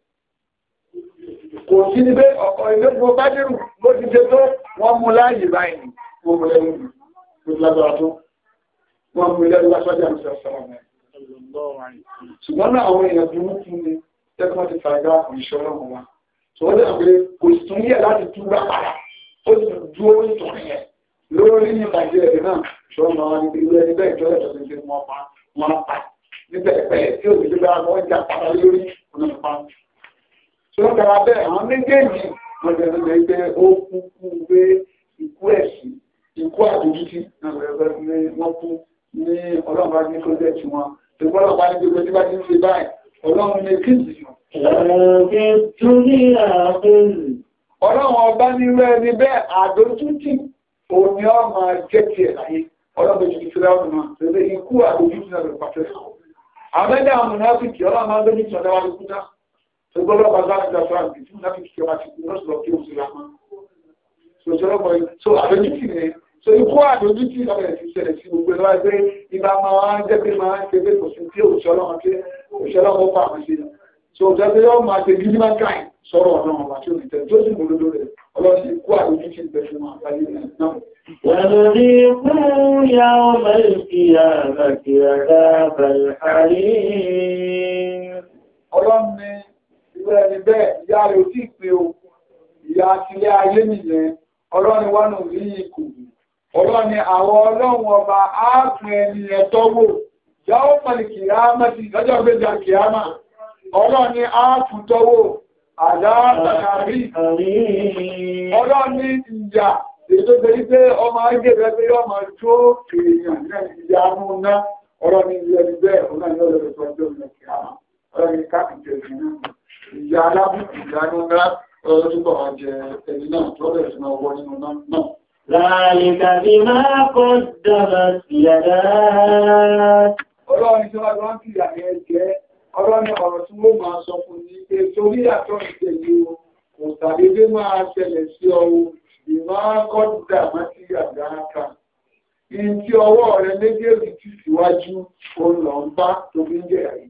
kò sí ní pé ọ̀pọ̀ ilé gbogbo bá dérù ló ti ṣe tó wọ́n mú láàyè báyìí wọ́n mú lẹ́rù tó lágbára tó wọ́n mú lẹ́rù lásọ́jà ní sọ́sọ́rọ̀ ṣùgbọ́n náà àwọn èèyàn bí wọ́n fún mi tẹ́kọ́ ti fàgbà ìṣọ́nà wọn tó wọ́n dẹ̀ pé kò sì tún yẹ láti túbà padà ó ti dúró nítorí yẹn lórí ní ìbàjẹ́ ẹ̀dẹ̀ náà ṣọ́nà máa ní ilé ẹni bẹ́ẹ̀ tó yẹtọ̀ sí wọn pa wọn pa níbẹ̀ pẹ̀ tí ò ṣọ́kàrà bẹ́ẹ̀ àwọn méjèèjì wọ́n jẹ́ lọ́jọ́ pé ó kú kú pé ikú ẹ̀sìn ikú àdójútì wọ́n kú ní ọlọ́run bá ní kó jẹ́ tí wọ́n tó gbọ́dọ̀ bá ní gbogbo tí bá ti ń ṣe báyìí ọlọ́run ní kíjì ọlọ́run ọba nílò ẹni ẹgbẹ́ àwọn mùnáfíkì ọlọ́run máa ń gbé ní ìtọ́jú ṣùgbọ́n lọ́pàá láti gba fún àgbẹ̀ tí láti fi ọmọ àtìkú lọ́sùn lọ kí o sì lápá ṣòṣe lọ́pàá yìí so àdójútì ni so ikú àdójútì lọ́pàá yìí ti ṣẹlẹ̀ sí gbogbo ẹ̀rọ ẹgbẹ́ ibà máa ń jẹ́ pé máa ń ṣe pé kò sí tí òṣìṣẹ́ ọlọ́run pé òṣìṣẹ́ ọlọ́run fà wọ́n sí so ọjọ́ pé yóò máa ṣe gidi máa káì sọ̀rọ̀ ọ̀nà ọ̀nà tí ó ti tẹ̀ tó sì mú lódó rẹ̀ ọlọ́run ikú àdójútì ń bẹ fún wọn àgbáyé náà. ونذيقهم يوم القيامة عذاب الحريق. ọlọ́run ni irú ẹni bẹ́ẹ̀ ìyá rẹ̀ ò tíì pé o ìyá atilé ayé nìyẹn ọlọ́ni wọnú rí ikù ọlọ́ni àwọn ọlọ́run ọba áàpùn ẹni ẹ̀tọ́wò yàwó pẹ̀lú kìámà ti lọ́jọ́ gbẹ́jà kìámà ọlọ́ni áàpùn tọ́wò àdáàtàkàrí ọlọ́ni ìyà ètò tẹ́lí pé ọmọ ayébẹ́ pé ọmọ tó èèyàn náà ìyá múná ọlọ́ni ìyẹn bẹ́ẹ̀ náà ìyá alábùkù ìdánú rá ọlọ́dúnkọ̀ ọjẹ́ ẹni náà tó rẹ̀ sí máa wọ nínú náà. Láàrínkà bí máa kọ́ dára sí yàrá. Ọlọ́run tí wọ́n lọ ń kìyà ní ẹgbẹ́, ọlọ́run ọ̀rọ̀ tí wọ́n máa sọ fún ní pé torí àtọ́ ìtẹ̀lé o, kò tàbí máa ṣẹlẹ̀ sí ọwọ́ ìmáàkọ́dà mọ́tí àdáhàkà. Ìyí tí ọwọ́ rẹ̀ méjèèjì ti síwájú, ó lọ ń bá tóbi ń jẹ̀yà yìí.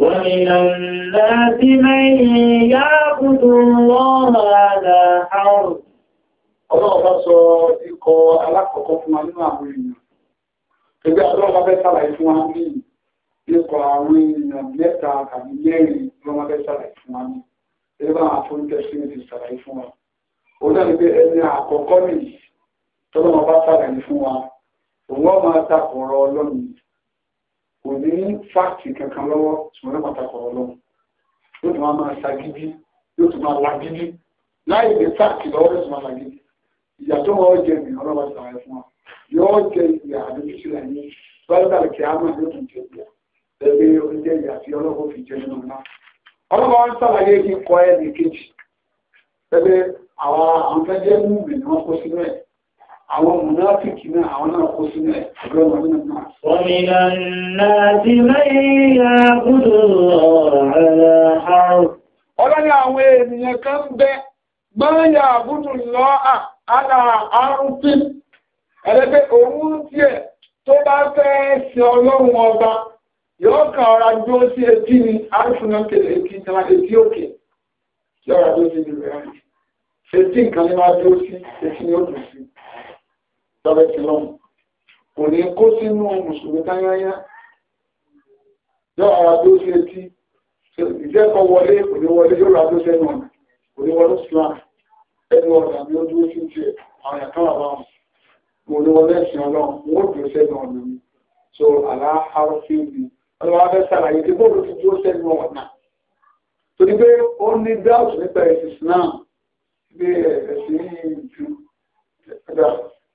ومن الناس من يعبد الله على حرب ọlọ́ọ̀bá sọ ikọ̀ alákọ̀ọ́kọ́ fún wa nínú àwọn èèyàn ẹgbẹ́ ọlọ́ọ̀bá fẹ́ sàlàyé fún wa ní ikọ̀ àwọn èèyàn mẹ́ta tàbí mẹ́rin sàlàyé fún wa ní ẹgbẹ́ àwọn ti sàlàyé fún wa ó pé àkọ́kọ́ nìyí sàlàyé fún wa òun ọmọ ọlọ́run kò ní fáàtì kankan lọ́wọ́ ṣùgbọ́n ní pàtàkì ọ̀rọ̀ lọ́wọ́ yóò tún máa ṣàgídí yóò tún máa lagídí láì lè fáàtì lọ́wọ́ yóò tún máa gidi. ìyà tó wọ́n jẹ ní ọlọ́wọ́ sàrẹ̀ fún wa yóò jẹ kí máa yóò tún jẹ ẹgbẹ́ oúnjẹ tí ọlọ́wọ́ fi jẹ nínú ńlá ọlọ́wọ́ ń sàlàyé kí ẹ̀ ní kejì ẹgbẹ́ àwọn mú kó sínú ẹ̀ àwọn mùnáfíkì na àwọn náà kó na ọgbọ́n ọdún náà. Ọmìnà náà ti mẹ́yà gúdù yóò kà ọ̀rà sí ni, kèrè òkè. sí sí, lọ́bẹ̀ tí lọ́mù kò ní kó sínú mùsùlùmí táyáyá yọ ara tó ṣe tí ìjẹ́kọ̀ wọlé kò ní wọlé yóò rà tó sẹ́nu ọ̀nà kò ní wọlé islam ẹni ọ̀nà bí ó dúró sí ti àwọn ẹ̀kan àbá wọn mo ní wọlé ẹ̀sìn ọlọ́run wọ́n dúró sẹ́nu ọ̀nà mi so aláhárọ́ sí ibi ọlọ́wọ́ abẹ́ sàlàyé tí bóòlù ti dúró sẹ́nu ọ̀nà torí pé ó ní dáàtù nípa ẹ̀sìn islam bí ẹ̀sìn yìí ju ẹ̀dá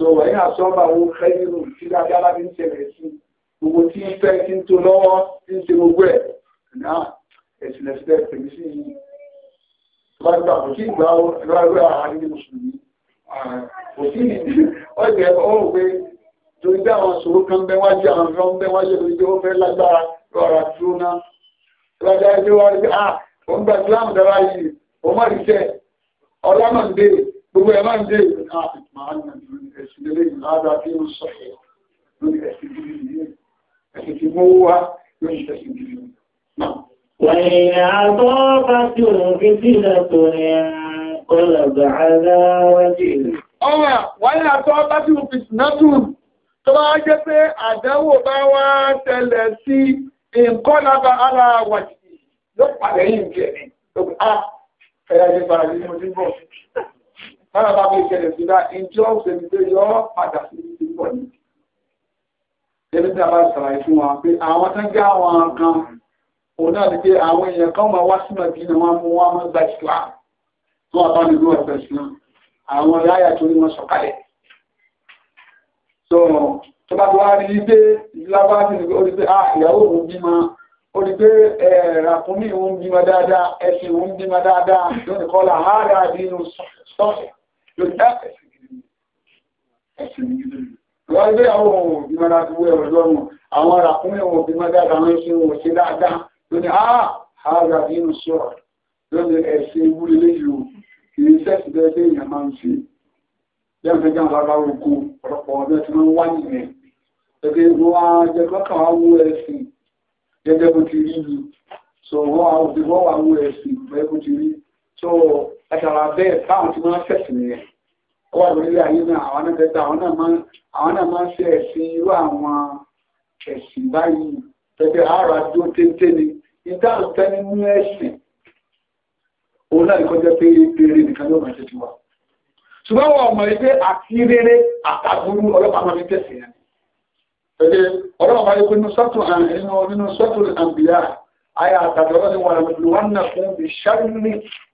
so wẹ̀yìn àsọ́bà wo kẹ́yìnrù tí dáadáa bá ti ń ṣẹlẹ̀ sí gbogbo tí ń fẹ́ tí ń tó lọ́wọ́ tí ń ṣe gbogbo ẹ̀ náà ẹ̀sìn ẹ̀sìn ẹ̀sìn pèmí sí yìí tó bá gbà kò sí ìgbà ọ̀rọ̀ àwọn ilé mùsùlùmí kò sí ọ̀jẹ̀ ọ̀rọ̀ pé torí bí àwọn sòrò kan bẹ́ wájú àwọn ọ̀rọ̀ ń bẹ́ wájú lórí pé fẹ́ lágbára rọra tó ná lọ́jà ẹ̀ káàkiri معنا ń nàìjú ẹ̀sìn lélẹ́ ìlàdà من ó sọ̀rọ̀ lórí ẹ̀sìn gidi nìyẹn ẹ̀sìn tí mọ́ wá lórí ẹ̀sìn gidi náà. وإن أضافته فتنة انقلب على وجهه Ọwà wọ́n àtọ́ bá tí ó fi sinátùn tó bá jẹ́ pé àdánwò bá wá tẹ̀lẹ̀ sí ìkọ́lába ara wàjì ló pàdé yìí jẹ́ ni. Ó pẹ́ sára bá fi ṣẹlẹ̀ sí ra ìjọ òṣèlú pé yọ ọ́ padà sí ti pọ̀ ní. Ẹni tí a bá ṣàlàyé fún wa pé àwọn tó ń gé àwọn kan òun náà ni pé àwọn èèyàn kan máa wá sínú ẹbí ni wọ́n mú wọn máa gba ìṣúra tó wà bá nínú ẹgbẹ́ ìṣúná àwọn ráyà tó ní wọn sọ̀kalẹ̀. So tó bá tó wá rí pé ìlábá ti ní orí pé ah, ìyàwó òun bímọ orí pé eh, ràkúnmí òun bímọ dáadáa ẹ̀sìn òun bímọ dáadáa lónìí kọ́lá àárẹ̀ àdínú sọ́ọ̀sẹ̀ lórí ẹ̀sìn gidi ẹ̀sìn gidi lọ́wọ́ ilé àwọn ohun ìgbìmọ̀ láti wú ẹ̀rọ lọ́rùn àwọn arákùnrin ohun ìgbìmọ̀ dáadáa wọn ṣe wọn ṣe dáadáa lónìí a ara nínú sọ̀rọ̀ lónìí ẹ̀sìn ìwúrí léyìí o kì í sẹ́sì bẹ́ẹ̀ bẹ́ẹ̀ yẹn máa ń ṣe yẹn fẹ́ jáwọn bàbá oko ọ̀pọ̀lọpọ̀ ọ̀dọ́ tí wọ́n wá nìyẹn gẹ́gẹ́ wọn á jẹ kọ́kàn wá wú ẹ̀sìn gẹ́gẹ́ bó ti rí ni so wọ́n á wọ́n wá wú ẹ̀sìn gẹ́gẹ́ bó ti rí so látara bẹ́ẹ̀ báwọn ti máa ń fẹ̀sìn nìyẹn ó wà lórí ayé náà àwọn náà tẹ́tà àwọn náà máa ń ṣe ẹ̀sìn irú àwọn ẹ̀sìn báyìí pẹ̀lú àárọ̀ àdúró téńté ni ìdáhùn tẹ́ni mú ẹ̀sìn òun náà kọjá pé rere nìkan yóò máa ṣe ti wà ṣùgbọ́n wọn ọmọ yìí pé àti rere àtàbùrú ọlọ́pàá máa fi tẹ̀sìn yẹn pẹ̀lú ọlọ́pàá máa yẹ pé nínú sọ́tù àǹbíyà ayé àtàbùrú ọlọ́pàá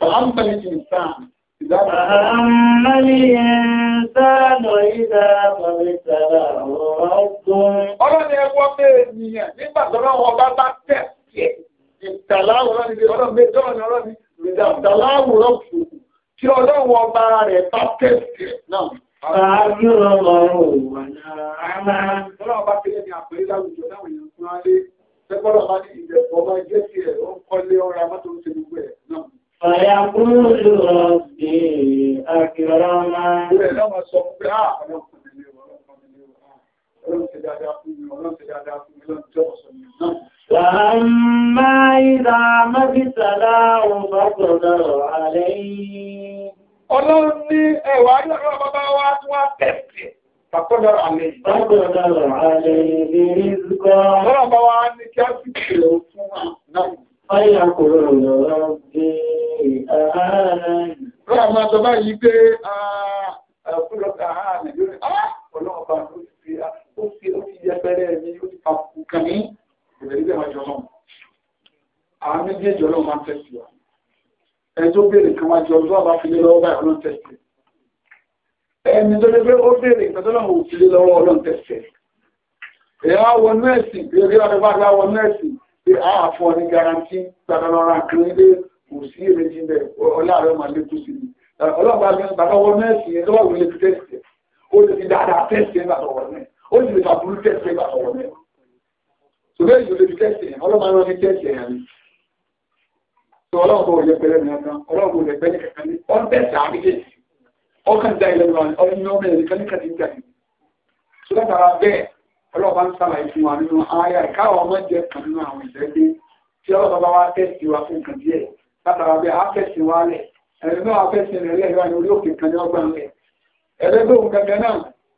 فأما الإنسان فأما الإنسان إذا ما ابتلاه ربه ọlọ́ni ẹgbọ́ bẹ́ẹ̀ nìyẹn nígbà tó náà wọ́n bá bá tẹ̀ sí ìtàláwùrọ́ níbi ọlọ́run bẹ́ẹ̀ tọ́lọ́ ní ọlọ́run ìtàláwùrọ́ kù kí ọlọ́run ọba rẹ̀ bá tẹ̀ sí náà. Fàájú ọmọ òwò náà á máa. Ọlọ́run bá tẹ̀lé ní àpẹẹrẹ láwùjọ láwọn èèyàn fún alé. Ṣé bọ́lá bá ní ìjẹ̀kọ́ máa jẹ́ sí ẹ̀ ó ń kọ́lé Fàyàkúrò ah, ah, rọ̀bì ọlọ́run ní ẹwà ní ọ̀rọ̀ bàbá wa tí wọ́n tẹ̀sì. Fàkọ́dọ̀ àlè. Fàkọ́dọ̀ Ọlọ́run bá wa ní kí á sì kèrò fún wa náà i àárín. Rọ́ àmọ́ àtọ́bá yìí pé ọ̀pọ̀lọpọ̀ àárín lórí ọlọ́ọ̀bá ó fi yẹpẹrẹ mi ó ti pàpù kàn ní ìrẹ̀lẹ́gbẹ̀ ọjọ́ náà. Àwọn méjèèjì ọlọ́run máa Ẹni tó béèrè kan ó béèrè ìtọ́jọ́lọ́run ò lọ́wọ́ ọlọ́run tẹ̀sí. Èèyàn wá wọnú ẹ̀sìn, èrè ọ̀rẹ́ bá wọnú ẹ̀sìn pé a àfọ ní garanti tàbálọ́ra kan nílé kò sí èrèjì bẹ̀ ọláàrẹ máa lé tó sí ni ọlọ́pàá mi bàbá wọn nẹ́ẹ̀sì yẹn tó bá wọlé fi tẹ́sì ó lè fi dáadáa tẹ́sì yẹn bàtọ̀ wọ̀ mẹ́ ó lè fi fàbúrú tẹ́sì yẹn bàtọ̀ wọ̀ mẹ́ ṣùgbọ́n èyí lè fi tẹ́sì yẹn ọlọ́pàá wọn ní tẹ́sì yẹn ni ọlọ́pàá ò lè pẹ́lẹ́ mi ọkàn ọlọ́pàá ò lè pẹ́lẹ́ kankan ní ọ́n tẹ̀sí àbíkẹ́sì ọkàn dá ilẹ̀ wọn ọ̀nà ọmọ ẹ̀rí kan ní kàtí ń jà ọlọ́ọ̀bá ń sàlàyé fún wa nínú ayá ìkáwọ̀ ọmọ jẹ́ kan nínú àwọn ìṣẹ́gbé tí ọlọ́ọ̀bá wá tẹ̀sí wa fún kan díẹ̀ látara bí a fẹ̀sí wa lẹ̀ ẹ̀rẹ́ náà fẹ̀sí rẹ̀ lẹ̀ yọ orí òkè kan ní ọgbà rẹ̀ ẹ̀rẹ́ tó ń gẹ́gẹ́ náà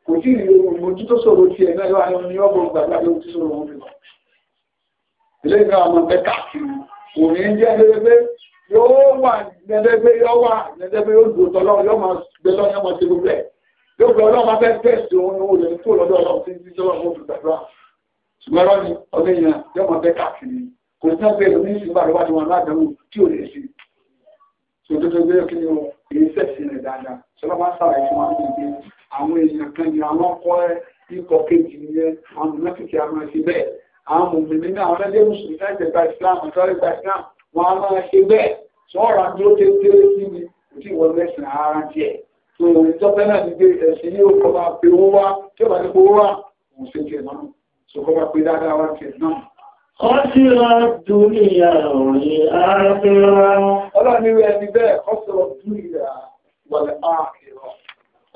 kò tí ì ohun mojú tó sọ̀rọ̀ tiẹ̀ náà yọ àwọn ní ọgbọ̀n gbàgbà ló ti sọ̀rọ̀ wọn bíbọ̀ ilé ìgbà ọmọ bẹ káàkiri tó gbọ́ ọlọ́run bá fẹ́ tẹ̀sí òun ni ó lè tó lọ́dọ̀ ọlọ́run tí tí tọ́lọ́ mú òfin gbàdúrà ṣùgbọ́n lọ́ni ọdún yẹn yóò máa fẹ́ káàkiri kò sí náà bẹ́ẹ̀ lónìí ìṣúgbà ló wá ti wọn aládàáwò tí ò lè ṣe tó tó tó gbé kí ni o èyí sẹ̀sì rẹ̀ dáadáa ṣọlá máa ṣàlàyé fún wa ní ibi àwọn èèyàn kan ní àwọn ọkọ̀ ikọ̀ kejì yẹn àwọn mẹ́tìkì àwọn ẹ̀sìn bẹ́ẹ̀ àwọn mùmìnì náà àwọn ẹlẹ́yẹ mùsùlùmí náà ìjẹ̀gbà Islam ìtọ́lẹ̀gbà Islam wọn a máa ṣe bẹ́ẹ̀ sọ́ọ̀rọ̀ àdúró tẹ́tẹ́rẹ́ sí mi kò tí ìwọ lẹ́sìn ara díẹ̀ tó ìjọba náà ti gbé ẹ̀sìn yóò pe owó wá tí ó bá ní owó wá òun jẹ náà so pe dáadáa wá jẹ náà. Ọ́sìrọ̀ dúnìyà òrin ààfẹ́ra. Ọlọ́niwẹ̀ ẹni bẹ́ẹ̀ ọ́sìrọ̀ dúnìyà wọlé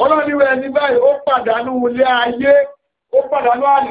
Ọlọ́niwẹ̀ ẹni ó pàdánù ilé ayé, ó pàdánù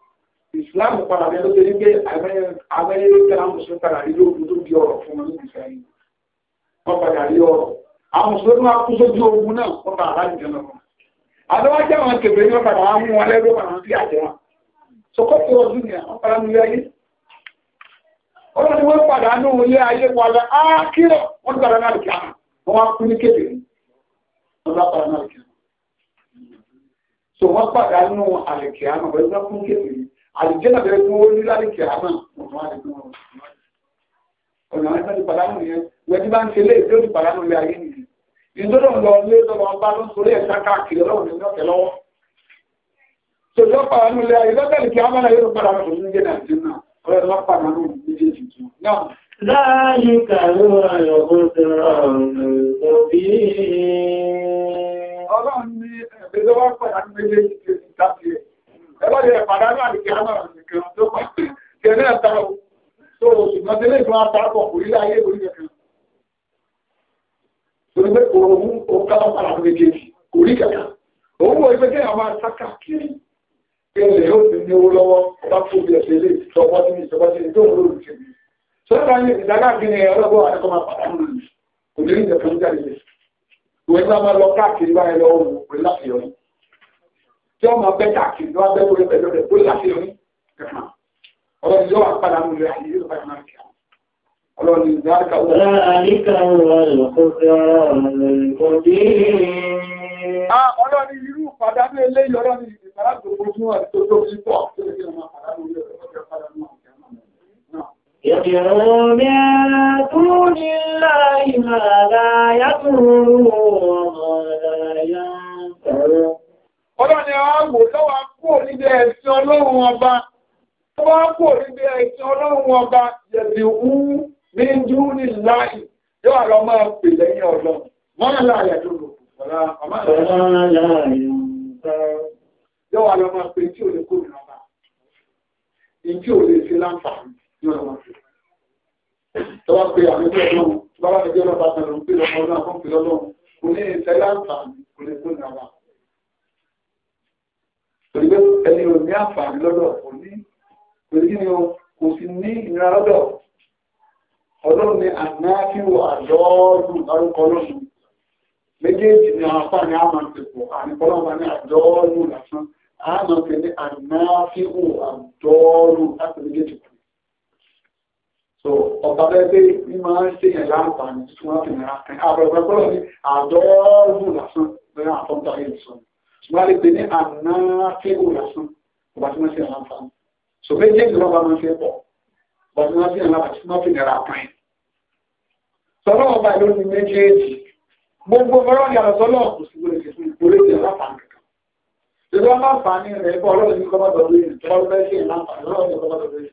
islam padà bẹ́ẹ̀ ló ṣe ní pé abẹ́rẹ́ tẹ́lá mùsùlùmí padà rí lóògùn tó di ọ̀rọ̀ fún wọn lóògùn sẹ́yìn wọ́n padà rí ọ̀rọ̀ àwọn mùsùlùmí máa kú sójú ogun náà wọ́n padà láti jẹ́ lọ́wọ́ àdọ́wájẹ́ àwọn kẹfẹ́ ní wọ́n padà wá mú wọn lẹ́rú padà sí àjẹ́ wọn so kọ́ ọdún ni àwọn padà nílé ayé ọlọ́run ni wọ́n padà ní ilé ayé padà á wọ́n padà náà kí àwọn wọ́n kú ní kéde wọ́n wọ́n padà nù àlèkè àwọn ọ̀rẹ́ àlùjẹ́ náà bẹ̀rẹ̀ fún wọn ní láti kẹ̀ àmà ọ̀nà àwọn ìfẹ́ ti pàdánù yẹn wẹ́n tí bá ń ṣe léè tí ó ti pàdánù lé ayé nìyí ìdúró lọ lé lọ́wọ́ ọba ló ń sọrí ẹ̀ka káàkiri ọlọ́run ní ọ̀kẹ́ lọ́wọ́ tòjú pàdánù lé ayé lọ́tẹ̀lì kí amára yóò padà tó ní méjèèjì tó náà. láàyíká ló ẹgbẹ́ pàdánù àdìkẹ́ àmàrà nìkan tó pa kẹ́lẹ́ ẹ̀ta o tó o ṣùgbọ́n tẹ́lẹ̀ ìfún àtàkọ̀ kò nílẹ̀ ayé orí nìkan tó ní pé òun òun ká lọ́pàá làwọn méjèèjì kò rí kẹta òun wọ ẹgbẹ́ kẹ́yà máa sáká kiri kẹlẹ̀ ó ti ní owó lọ́wọ́ bá tó bí ẹsẹ̀ lè sọpọ́ sí ní ìṣọpọ́ sí ní tó ń lò lùkẹ́ sọ́dọ̀ ní ìdáká kiri ọlọ́gbọ́ àdẹ́kọ́ máa pàdánù kò ní rí nìkan jáde òun ẹgbẹ́ máa lọ tí ọmọ bẹ́ dàkí ló wá bẹ́ lórí pẹ̀lú rẹ̀ lórí àṣeyọrí kankan ọlọ́run yóò wá padà mú rẹ̀ àyè yóò bá máa kí ọlọ́run ìdáríkà wọ́n. láàríkà wọ́n lọ́kọ́ ọlọ́run irú pàdánù eléyìí ọlọ́run ìgbàlá tó kún fún ọ̀rẹ́ tó tó fi pọ̀ tó lè fi ọmọ pàdánù ilé ọ̀rẹ́ pàdánù ọ̀rẹ́ يدعو من دون الله ما ọlọ́ni àwò lọ́wọ́ kúrò níbi ẹ̀sìn ọlọ́run ọba tó bá kúrò ẹ̀sìn ọlọ́run ọba yẹ̀bì wú ní dúró ní láì yóò àlọ́ máa pè lẹ́yìn ọlọ́ wọ́n láàyè àwọn ẹgbẹ́ ọlọ́run bá wà ẹgbẹ́ ọlọ́run bá tẹ̀lé ń pè lọ́mọ ọlọ́run kò ní ìtẹ́lá àǹfààní kò lè kó ìrìn torí pé ẹni ò ní àǹfààní lọ́dọ̀ kò ní torí kí ni o kò sì ní ìnira lọ́dọ̀ ọlọ́run ni ànáfíwò àjọ́ọ̀dù lárúkọ lọ́dún méjèèjì ni àwọn afá ni a máa ń pè pọ̀ àníkọ́lọ́wọ́ ní àjọ́ọ̀dù lásán a máa pè ní ànáfíwò àjọ́ọ̀dù láti méjèèjì kù so ọba bẹ́ẹ̀ ní máa ń ṣe yẹn láǹfààní tí wọ́n fi nira kan àbẹ̀wẹ̀ pọ́lọ́ ní àjọ́ọ̀dù lásán lórí àtọ́ntà yẹn sọ̀rọ̀ wọ́n lè pè ní àná fíìmù lásán ọba tí wọ́n sì rán fa so méjèèjì lọ́ba máa fi pọ̀ ọba tí wọ́n sì rán àti wọ́n fi nira pàìn sọlọ́ ọba ìlú ni méjèèjì gbogbo ọ̀rọ̀ ni àlọ́ sọlọ́ kò sí gbọ́dọ̀ fún ìpolé ìdí aláfààní kankan ìgbà máa fà ní rẹ̀ bọ́ ọlọ́run ní kọ́mọ́ tọ́lú yìí tọ́lú bẹ́ẹ̀ sí ìlànfààní ọlọ́run ní kọ́mọ́ tọ́lú yìí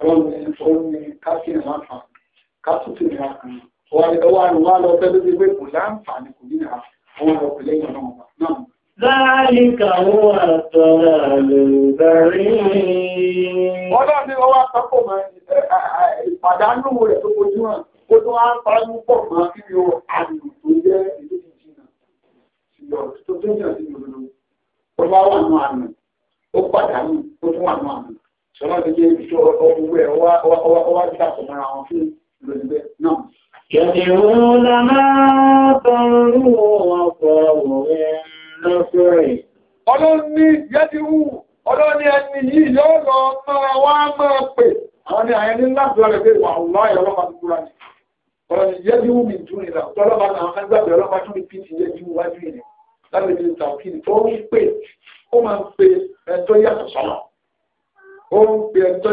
ọlọ́run ní ọ̀run ní ká sí ìlànfààní ká Láàrínkà wọ́n àtọ́rà lùbẹ̀rí. Wọ́n náà ní ọwọ́ àpapọ̀ máa ìpàdánù rẹ̀ tó kojú hàn, ó tó wá ń parí pọ̀ máa kí ni ó àdìrò tó jẹ́ ìlú ìjìnà. Ṣùgbọ́n tó tó jẹ́ sí ìlú ó bá wà nù àmì, ó pàdánù, ó tún wà nù àmì. Ṣọ́nà ti jẹ́ ìṣọ́ ọgbogbo ẹ̀ ọwá ìgbà يدعون ما ضروا وضروا نصري ọlọ́run ní yẹ́dìwú ọlọ́run ní ẹni yìí yóò lọ máa wá máa pè àwọn ni àyẹni láti lọ́rẹ̀ pé wà láyé ọlọ́pàá ti kúrò ní ọlọ́run yẹ́dìwú mi tún ìlà tọ́lọ́pàá àwọn agbábẹ̀ ọlọ́pàá tún ní pt yẹ́dìwú wájú ìrìn lábẹ́ ìlú tàbí tó ń pè ó máa ń pe ẹ̀tọ́ yàtọ̀ sọ́nà ó ń pe ẹ̀tọ́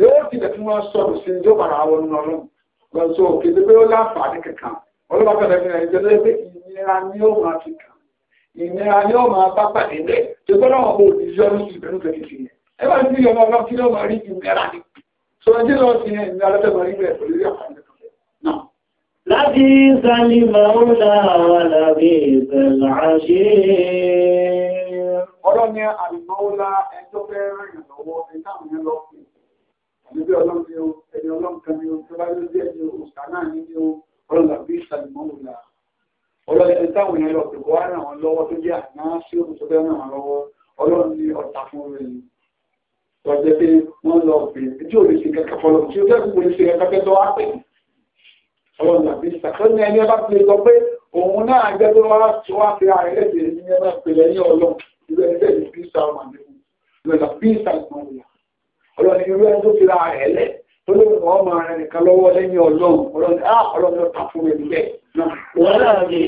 yóò tilẹ̀ fún wọn sọ̀rọ̀ sí ní ọ̀bàrà àwọn ọ̀nà lọ sọ òkè tó pé ó láǹfààní kankan ọlọ́ba fẹ́rẹ̀ fi hàn ìjọba pé ìnira ni ó máa fi kàn ìnira ni ó máa bá pàdé lẹ̀ tó gbọ́dọ̀ wọn kò ní yọ ní ìbẹ̀rù kẹ̀kẹ́ sí yẹn ẹ bá ti yọmọ ọlọ́run kí ló máa rí ìnira ni sọ ẹjẹ́ lọ sí yẹn ìnira lọ́tẹ̀ máa rí bẹ̀rẹ̀ pẹ̀lú àǹfààní náà. láti sani màúlà wà lábí ìbẹ̀lẹ̀ àṣẹ. ọlọ́ni àlùmọ́ọ́lá ẹjọ́ fẹ́ rìn lọ́wọ́ ẹ̀ àdébí ọlọ́run ni o ẹni ọlọ́run kan ni o tó bá lójú ẹni òṣà náà ní ni o ọlọ́run àbí ìsàlùmọ́ wò la ọlọ́run ẹni táwọn èèyàn lọ pẹ̀lú wá ràn wọ́n lọ́wọ́ tó jẹ́ àná sí òkú tó fẹ́ ràn wọ́n lọ́wọ́ ọlọ́run ni ọ̀tá fún rẹ̀ ni tọ́jẹ́ pé wọ́n lọ pè tí ò lè ṣe kẹ́kẹ́ fọlọ́ tí ó tẹ́kùn lè ṣe kẹ́kẹ́ tó wá pè ọlọ́run àbí ìsàkọ́ni ẹni ẹ bá ti ọlọ́ni irú ẹni tó fi ra rẹ̀ lẹ̀ tó ló wọ́n máa rẹ̀ nìkan lọ́wọ́ lẹ́yìn ọlọ́run ọlọ́ni á ah, ọlọ́ni mi bẹ́ẹ̀. ọlọ́ni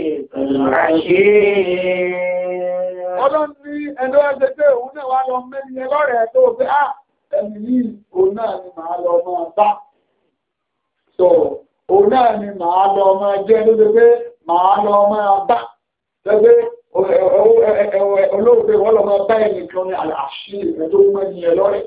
ẹni wá ṣe pé òun náà wá lọ mẹ́rin tó pé á ah, ẹni yìí ni màá lọ máa bá. ni màá lọ máa jẹ́ ló ṣe pé màá lọ máa bá. ṣẹ́gbẹ́ olóògbé wọ́n lọ máa bá ẹnìkan ní àṣírí ẹ̀ tó mẹ́rin ẹ lọ́rẹ̀ẹ́.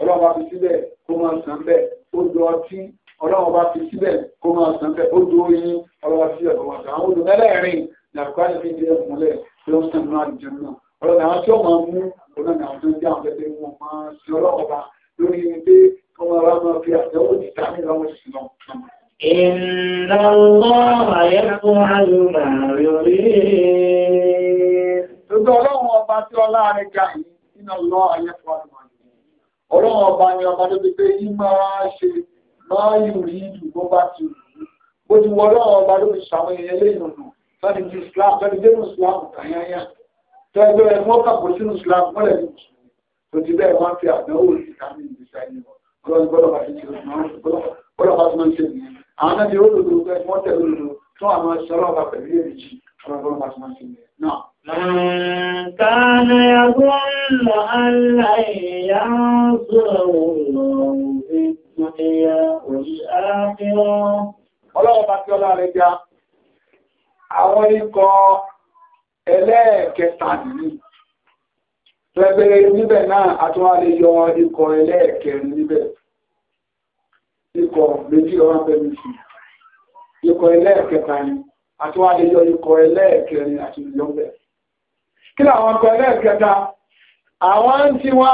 ọlọ́run bá fi síbẹ̀ kó máa sàn bẹ́ẹ̀ odò ọtí ọlọ́run bá fi síbẹ̀ kó máa sàn bẹ́ẹ̀ odò oyin ọlọ́run bá fi síbẹ̀ kó máa sàn àwọn odò mẹ́lẹ́rin ní àkókò àti fi jẹ́ ìmúlẹ̀ tí ó sàn náà jẹ́ náà ọlọ́run àwọn tí ó máa mú ọlọ́run àwọn tó ń jẹ́ àwọn tẹ́tẹ́ wọn máa sin ọlọ́run ọba lórí pé ọmọ ọba máa fi àtẹ́wò ti ta ní ìlànà òṣìṣẹ́ náà. إن الله يفعل ما يريد ọlọ́run ọba ni ọba tó ti pé yí máa ṣe máa yù rí ìlú bó bá ti wù ú bó ti wọ ọlọ́run ọba ló fi ṣàwọn èèyàn lẹ́yìn ọ̀nà sani ti islam sani dé muslim kàyáyá tó ẹgbẹ́ ẹ wọ́n kàpọ̀ sínú islam wọ́n lẹ̀ ní mùsùlùmí tó ti bẹ́ẹ̀ wọ́n fi àdánwò sí kámi ìgbésí ayé wọn ọlọ́run gbọ́dọ̀ bá ti ṣe gbọ́dọ̀ bá ti máa ń ṣe nìyẹn àwọn náà ti rólòdò wọ́n من كان يظن أن لن ينصره الله في الدنيا والآخرة Ọlọ́run bá tí ọlá rẹ̀ já, àwọn ikọ̀ ẹlẹ́ẹ̀kẹta nìí. Rẹ̀bẹ̀rẹ̀ níbẹ̀ náà àtúnwà lè yọ ikọ̀ ẹlẹ́ẹ̀kẹrin níbẹ̀. Ikọ̀ méjì ọwọ́n pẹ̀lú sí. Ikọ̀ ẹlẹ́ẹ̀kẹta ni, àtúnwà lè yọ ikọ̀ ẹlẹ́ẹ̀kẹrin àti ìyọ́bẹ̀ kí làwọn pẹ̀lẹ́ kẹta àwọn ń tí wá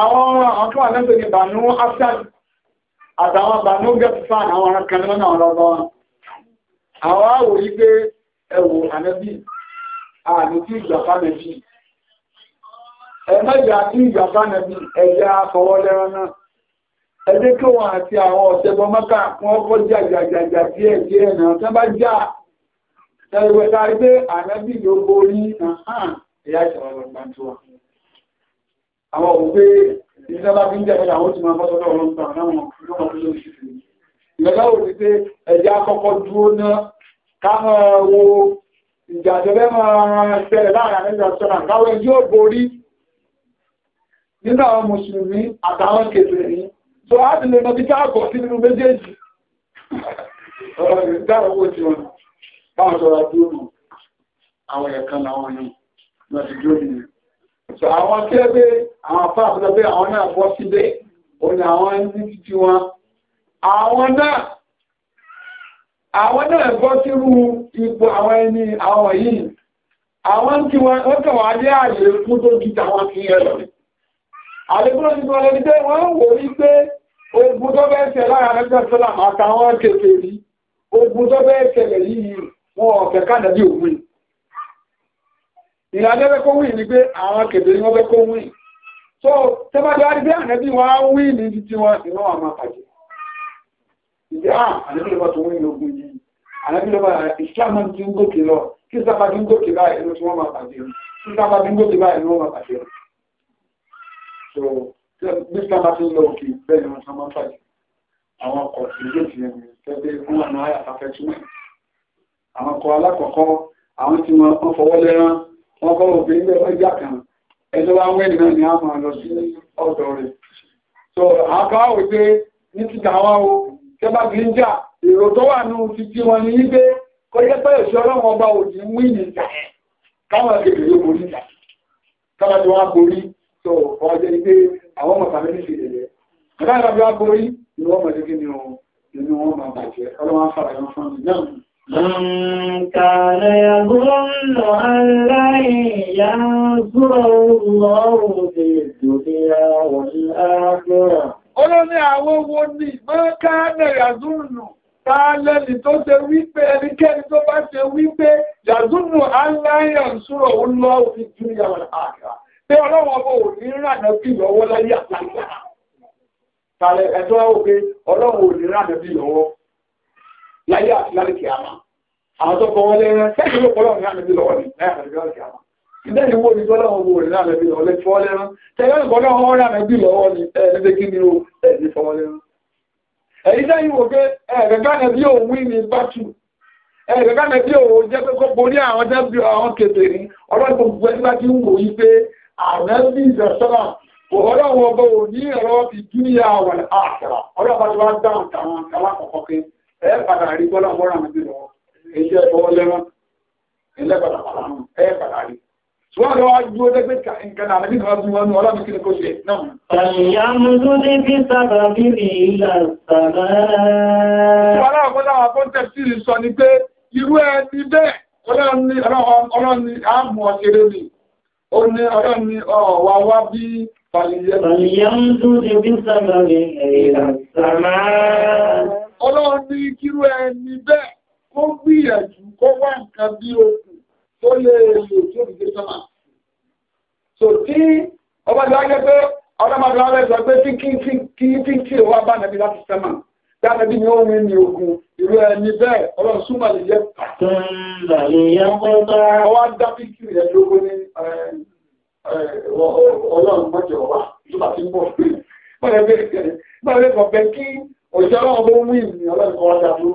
àwọn ọ̀rọ̀ àwọn tó wà lẹ́sẹ̀ ní bànú afghan àtàwọn bànú gẹ́tùfàn àwọn ọ̀rọ̀ kan lọ́nà ọ̀rọ̀ wọn àwọn àwò yí pé ẹwò ànẹ́bí àmì tí ìgbàfà nẹ́bí ẹ̀mẹ́jà tí ìgbàfà nẹ́bí ẹ̀yà afọwọ́lẹ́rán náà ẹjẹ́ kí wọn àti àwọn ọ̀sẹ̀gbọ́n mọ́ta wọn kọ́ jà jà jà jà díẹ̀ díẹ̀ Tẹ́lẹ̀wẹ̀ sáré pé àrẹ́bì ló borí náà ẹ̀yà ìṣẹ̀wọ̀n lọ́gbà tó wà. Àwọn òpé ìjọba bí ń jẹ́ pẹ̀lú àwọn tí máa fọ́sọ́lọ́ ọlọ́pàá náà wọn lọ́wọ́ tó lóṣù tó ní. Ìgbẹ́gbẹ́ ò ní pé ẹ̀yà kọ́kọ́ dúró náà ká máa wo ìjà báwọn sọ̀rọ̀ dúró àwọn ẹ̀kan làwọn ni wọ́n ti dúró nìyẹn. sọ àwọn kẹ́gbẹ́ àwọn afá àbúrò pé àwọn náà bọ́ síbẹ̀ òun ni àwọn ní títí wọn. àwọn náà àwọn náà bọ́ sírú ipò àwọn ẹni àwọn yìí àwọn tí wọ́n kàn wá ní ààyè fún tó ju tàwọn kí ẹ lọ. àlébúrò ti sọ̀rọ̀ ní pé wọ́n wò ó wípé ogun tó bẹ́ẹ̀ ṣẹ̀ láàárín ẹgbẹ́ sọ́là àtàwọn kékeré ogun tó bẹ́ẹ̀ ṣẹlẹ̀ yìí wọn ọ̀fẹ́ kánàbí òwìn ìrànlẹ́fẹ́ kó wìn ní pé àwọn kèbèrè wọ́n fẹ́ kó wìn so tẹ́bàdé wá rí bí ànẹ́bí wọ́n á wìn ah, ní títí wọn ìran àmà pàjẹ́ ìdí àwọn ànẹ́bí lọ́pàá tó wìn lógún yìí ànẹ́bí lọ́pàá Islam ti ń gòkè lọ kí sábà ti ń gòkè báyìí ló tí wọ́n máa pàjẹ́ kí sábà ti ń gòkè báyìí ló máa pàjẹ́ so bí sábà ti ń lọ òkè bẹ́ẹ̀ ni wọ́n sá máa pàjẹ́ àwọn ọkọ̀ ìgbésí ẹni tẹ́gbẹ́ fún àwọn àyàfáfẹ́ túmọ̀ àwọn ọkọ̀ alákọ̀ọ́kọ́ àwọn tí wọ́n fọwọ́ lẹ́rán wọ́n kọ́ obìnrin bẹ́ẹ̀ wọ́n jà kan ẹjọ́ bá ń wẹ̀ ni a máa lọ sí ọ̀dọ̀ rẹ̀ so àwọn kan wò pé ní ti tàwa o tẹ́ bá ti ń jà èrò tó wà nù ti tí wọn ní gbé kọjẹ́ pé èsì ọlọ́run ọba ò ní wí ní ìjà káwọn agbègbè yóò borí ìjà káwọn tí wọ́n á borí so ọjọ́ ni pé àwọn ọmọ tàbí ní ìṣẹ̀lẹ̀ rẹ̀ káwọn tí wọ́n á borí ni wọ́n mọ̀ sí kí ni ọ̀hún ni wọ́n máa ọlọ́run á fara ẹran fún mi náà من كان يظن أن لن ينصره الله في الدنيا والآخرة Ọlọ́ni àwọn wo ni máa káàdà yàzúrùnù táà lẹ́ni tó ṣe wípé ẹnikẹ́ni tó bá ṣe wípé yàzúrùnù súrọ̀ lọ́ àkàrà. bí láyé àwọn tó kọ wọlé rẹ sẹ́yìn ló pọ̀lọ́ ní àmì lọ́wọ́ ní ìdẹ́ ìwò ní tọ́lọ́wọ́ owó rẹ̀ láàrẹ̀ bí lọ́wọ́ fọ́lẹ́ rán tẹ́lẹ́ ìgbọ́lọ́wọ́ rẹ̀ bí lọ́wọ́ ní ẹ̀ẹ́dẹ́ kí ni ó ẹ̀ẹ́dẹ́ fọ́lẹ́ rán ẹ̀yí sẹ́yìn wò pé ẹ̀ẹ̀gẹ̀gánà bí òun wí ní bátù ẹ̀ẹ̀gẹ̀gánà bí òun jẹ́ pé kó borí àwọn jẹ́bí àwọn kètè ní ọlọ́run gbogbo ẹgbẹ́ tí ń wò yí pé àmẹ́bí ìṣẹ̀ṣọ́lá ọlọ́run ọba ò ní ẹ̀rọ ìdúnyà wà ní àṣàrà ọlọ́run bá ti wá èyí ẹ̀kọ́ lẹ́wọ́n ẹlẹ́pàdàpàdà Ṣùgbọ́n àwọn ajú ọdẹ́gbẹ́ ìkànnà àmì kan tún wọn ní ọlọ́bí kí ni kó ṣe náà. Ṣàyàmùsùn ní bí sábà bí rí ìlà sàmà. Ṣùgbọ́n àwọn ọ̀pọ̀lọpọ̀ ni pé irú kírú ẹni bẹ́ẹ̀ kó gbìyànjú kó wá nǹkan bí okùn tó lè lò tí ó fi dé sọ́mà. So tí ọba ìlú ayé pé ọlọ́mọdé wa rẹ̀ sọ pé tí kí tí tí wá bá nàbí láti sẹ́mà dáàbí ni ó rìn ní ogun ìlú ẹni bẹ́ẹ̀ ọlọ́run súnmọ́ lè jẹ́ ọwá dábí kí rẹ̀ lógo ní ọlọ́run mọ́jọ wà tó bá ti ń bọ̀ mọ́lẹ̀ bẹ́ẹ̀ kí ọjọ́ ọlọ́run bó mú ìrìn ọlọ́run kọ́ wá dáadúró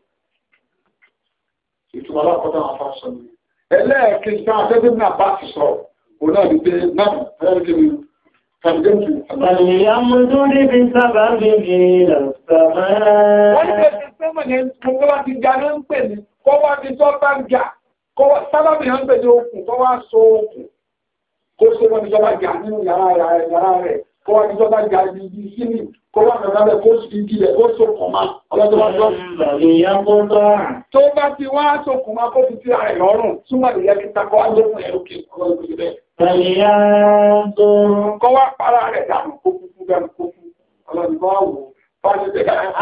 ìtumọ̀ alákọ̀ọ́dọ̀ àwọn afáṣọ ni ẹlẹ́ẹ̀kejì náà tẹ́lẹ̀ náà bá ti sọ òun náà wípé náà ẹlẹ́ẹ̀kejì mi kàdéǹtì. àyàmúdú níbi sábà méjì lọ́sàmá. wọ́n ní ẹ̀sìn sẹ́mọ̀ ní kókó wá ti mi ń pè ní okùn kọwàá nàgbàbẹ̀ kó ìdílẹ̀ ó sókùnmá ọlọ́dọ́wọ́dọ́. tó bá ti wá sókùnmá kó fi tí a rẹ̀ lọ́rùn súnmọ́ ìyẹ́ kí takọ́ agbóhùn ẹ̀ òkè kọwàá para rẹ̀ dànù kó kúkú dànù kó kú ọlọ́dọ́wọ́ wò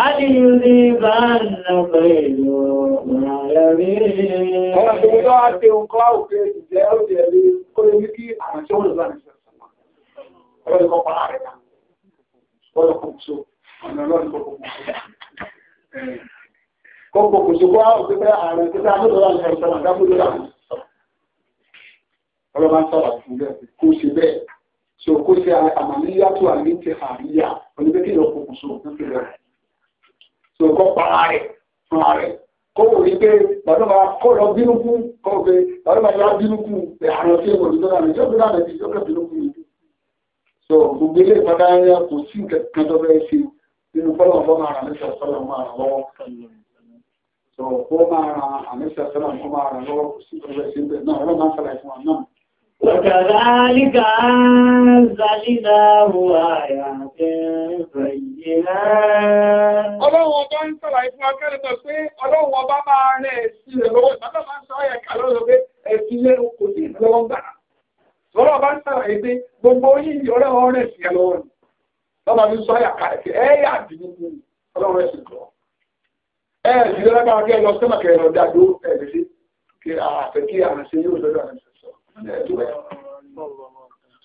Adìyúdí bá nàbẹ̀ ìlú ọ̀rẹ́rí. Ọ̀rọ̀ ìgbẹ́gbẹ́ wá tí ó kọ́ òkè ìjẹ́ òjẹ̀ rí kó lè ní kí àmàṣẹ́ òun lọ́nà ìṣẹ́ ọ̀rọ̀ ìkọ́ pàá rẹ̀ náà kọ́lọ̀ kòkòso ọ̀nà ọlọ́run kọ́kọ́ kòkòso. kọ́kọ́ kòkòso kó àwọn òkè pé ààrẹ títí àbúrò wà ní ọ̀sán àdábòdò rà ọlọ́run sọ̀rọ̀ fún bẹ́ẹ̀ kó ṣe bẹ́ẹ̀ so kó ṣe àmàlíyá tó àlè ti àríyá oníbẹ́kẹ́ lọ kòkòso nítorí rẹ̀ so kọ́ pa ara rẹ̀ fún ara rẹ̀ kó wò kó lọ bínú pé bàbá so gbogbo ilé ìpàdá ẹ̀yà kò sí nǹkan tó bẹ́ẹ̀ ṣe nínú fọ́lọ́n fọ́n máa rà ní sọ́sọ́lọ́ máa rà lọ́wọ́ so ó máa rà àmì sọ́sọ́lọ́ ó máa rà lọ́wọ́ kò sí nǹkan bẹ́ẹ̀ ṣe bẹ́ẹ̀ náà ọlọ́run máa ń sàlàyé fún wa náà. وكذلك أنزلناه آيات بينات Ọlọ́run ọba ń sàlàyé fún akẹ́lẹ́tọ̀ pé ọlọ́run ọba máa rẹ̀ sí rẹ̀ lọ́wọ́ ìbátọ̀ máa ń sọ ẹ̀ka lọ́rọ̀ pé ẹ̀sìn lẹ́rù kò sí ìlọ́wọ́ gbàrà. Sọ́rọ̀ bá ń sára èdè gbogbo yìí ọ̀rẹ́ ọ̀rẹ́ sí ẹ lọ́wọ́ ni. Lọ́ba mi sọ àyà kàkẹ́ ẹ yà dì ní kú ọlọ́run ẹ̀sìn lọ. Ẹ ẹ̀sìn lọ́la bá kẹ́ lọ sọ́mà kẹ́ lọ dá dó ẹ̀rẹ́ sí kí àfẹ́ àrùn ṣe yóò lọ́dọ̀ àrùn ṣe sọ.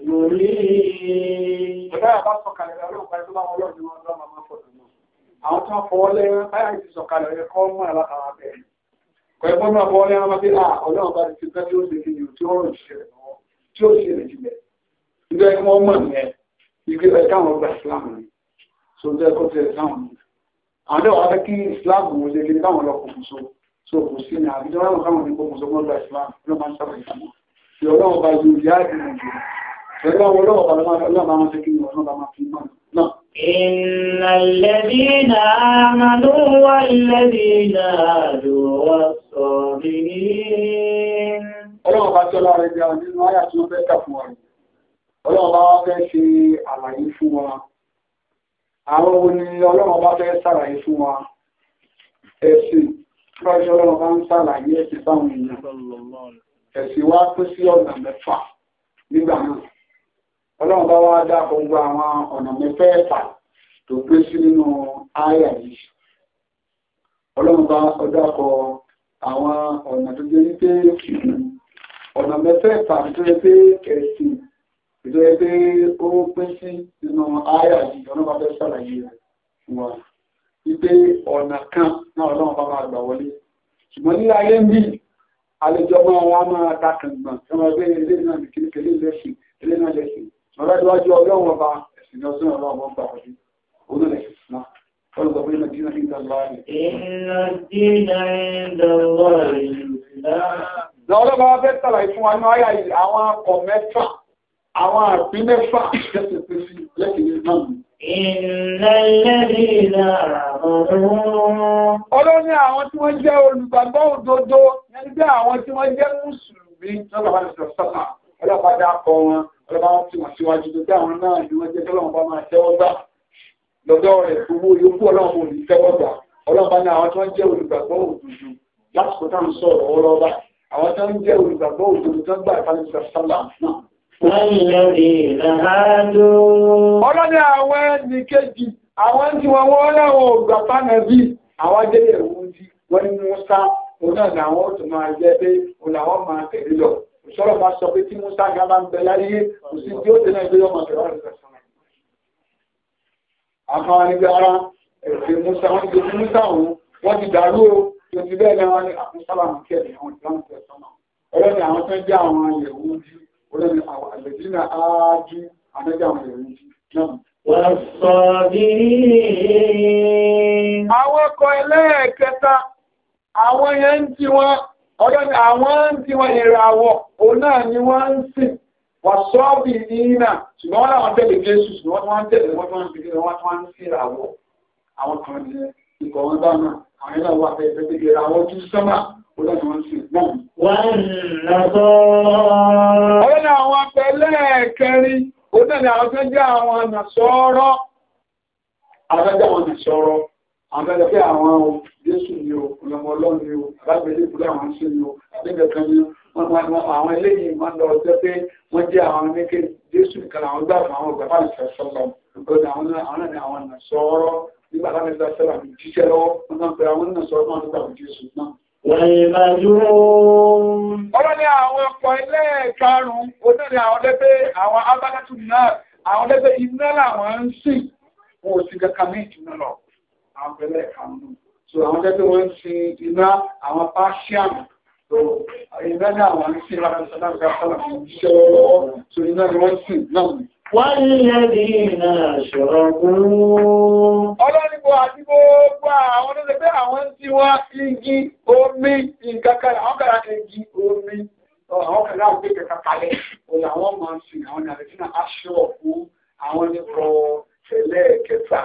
Àwọn tó ń fọwọ́ lẹ́rán, báyà ti sọ̀kalẹ̀ rẹ̀ kọ́ mọ́ àlátara bẹ̀rẹ̀. Kọ̀ẹ̀kọ́ máa fọwọ́ lẹ́rán máa bí àà ọlọ́run bá ti fẹ́ tí ó ṣe kí ni tí ó rọ̀ ìṣẹ̀lẹ̀ lọ́wọ́, tí ó ṣe lè jùlẹ̀. Ìgbẹ́ kí wọ́n mọ̀ ní ẹ, ìgbẹ́ ẹ̀ káwọn ọgbà ìsìlámù ni. So, ń jẹ́ kó ti ẹ̀ sáwọn ni. Àwọn tó wà fẹ́ kí ìsìlámù ó ṣe kí ni káwọn lọ kòkòso. إن الذين آمنوا والذين هادوا والصابرين Ọlọ́run bá tọ́lá rẹ̀ bí a nínú àyà tí ó fẹ́ kà fún wa rẹ̀. Ọlọ́run bá fẹ́ ṣe àlàyé fún wa. Àwọn wo ni Ọlọ́run bá fẹ́ ṣàlàyé fún wa? Ẹ̀sìn, lọ́jọ́ Ọlọ́run bá ń ṣàlàyé ẹ̀sìn báwọn èèyàn. Ẹ̀sìn wá pín sí ọ̀nà mẹ́fà nígbà náà ọlọ́run bá wá dá gbogbo àwọn ọ̀nà mẹ́fẹ̀ẹ̀fà tó gbé sí nínú àyà yìí ọlọ́run bá ọdá kọ àwọn ọ̀nà tó jẹ́ wípé ọ̀nà mẹ́fẹ̀ẹ̀fà tó yẹ pé ẹ̀sìn tó yẹ pé ó pín sí nínú àyà yìí ọlọ́run bá fẹ́ sàlàyé rẹ̀ fún wa wípé ọ̀nà kan náà ọlọ́run bá máa gbà wọlé ṣùgbọ́n ní ayé ń bì àlejò ọmọ wa máa dákàngbọ̀n tí wọ́n gbé ilé náà kékeré lẹ́sìn ilé náà lẹ́sìn Ọlọ́dúnwájú ọlọ́run ọba ẹ̀sìn lọ sí ọlọ́run ọba ọdún. Olúlẹ̀ ìsìnlá. Ọlọ́dọ̀ pé Mẹ́dínà ń dà láàrin. Ìnà dínà ń dà láàrin. Lọ́lọ́bà wá fẹ́ tàlàyé fún wa ní ayà àwọn akọ̀ mẹ́fà, àwọn àpín mẹ́fà lẹ́sìn pé sí lẹ́sìn náà. Ìnà lẹ́dínà Ọlọ́ni àwọn tí wọ́n jẹ́ olùgbàgbọ́ òdodo, ẹni bí àwọn tí wọ́n jẹ́ Mùsùlùmí, lọ́lọ́bà ní sọ̀rọ̀ sọ́kà ọlọ́pàá dá kọ wọn ọlọ́pàá wọn ti wọ́n síwájú tó dá àwọn náà ni wọ́n jẹ́ tọ́lọ́wọ́n bá máa tẹ́wọ́ gbà lọ́dọ̀ rẹ̀ gbogbo yòókù ọlọ́run kò ní tẹ́wọ́ gbà ọlọ́pàá ní àwọn tí wọ́n jẹ́ olùgbàgbọ́ òdodo lásìkò tá à ń sọ̀rọ̀ ọlọ́ba àwọn tí wọ́n jẹ́ olùgbàgbọ́ òdodo tó gbà ìfàlẹ́sẹ̀ sálà náà. ọlọ́ni àwọn ẹni kejì àwọn tí wọ́n wọ́n láwọn ògbà fánàbí àwọn ajẹ́yẹ̀ wọ́n ti wọ́n ní musa òun náà làwọn tó máa jẹ́ pé òun làwọn máa tẹ̀lé lọ sọ̀rọ̀ bá sọ pé tí Musa ga máa ń bẹ láyé kò sí tí ó dé náà máa bẹ̀rẹ̀ àwọn anigbe ara ẹ̀fẹ̀ Musa wọ́n ti fi Musa òun wọ́n ti dàrú o tó ti bẹ́ẹ̀ náà ní àkúnṣábà mú kẹ́ ẹ̀mí àwọn ìlànà ìfẹ́ náà. Àwọn àwọn yẹn ọjọ́ ni àwọn tí wọ́n yẹra àwọ̀ òun náà ni wọ́n ń sìn wà sọ́ọ̀bì nínà ṣùgbọ́n wọ́n láwọn tẹ̀lé jésù ṣùgbọ́n wọ́n tẹ̀lé wọ́n tó ń fi wọ́n tó ń fi ràwọ̀ àwọn kan ní ikọ̀ wọn bá náà àwọn ilẹ̀ wà fẹ́ fẹ́ fẹ́ ràwọ̀ tó sọ́mà olóòtú wọn sì náà. wọ́n nà sọ. ọ̀rẹ́ ni àwọn apẹ̀lẹ́ kẹrin òun náà ni àwọn tó jẹ́ àwọn nàṣọ́rọ́ àwọn tó àwọn nàṣọ́rọ́ àbẹ̀lẹ̀ pé àwọn jésù ni o ọmọ ọlọ́run ni o alábẹ̀lẹ̀ ìbúlẹ̀ àwọn ṣe ni o níbẹ̀ kan ni àwọn eléyìí máa lọ jẹ́ pé wọ́n jẹ́ àwọn méke jésù nìkan àwọn gbà àwọn bàbá ìfẹ́ sọ́lọ́ nítorí àwọn ni àwọn nà sọ́ọ́rọ́ nígbà láti dá sẹ́lá mi jíṣẹ́ lọ́wọ́ wọ́n náà pé àwọn nà sọ́ọ́rọ́ máa ń gbà fún jésù náà. Ọlọ́ ni àwọn ọkọ̀ ilé ni àwọn lẹ́gbẹ́ àwọn abákátù náà, àwọn lẹ́gbẹ́ iná làwọn ń sìn, wọn ò sì kankan ní ìtùnú lọ àwọn pẹ̀lẹ́ kanu so àwọn jẹ́ pé wọ́n ti iná àwọn persian so iná ní àwọn àrísí ìlànà sọ́dá ìgbà sọ́dá ìṣẹ́ ọlọ́wọ́ so iná ni wọ́n sì náà Wàlẹ́dìnà ṣọ̀rọ̀kún. Ọlọ́nìbò àti gbogbo àwọn tó ṣe pé àwọn tí wọ́n igi omi ìkàkàrà, àwọn kàrà igi omi, àwọn kàrà gbé kẹta kalẹ̀, òun àwọn máa ń sin àwọn nàìjíríà aṣọ́ ọ̀kú, àwọn nípa ẹlẹ́ẹ̀kẹta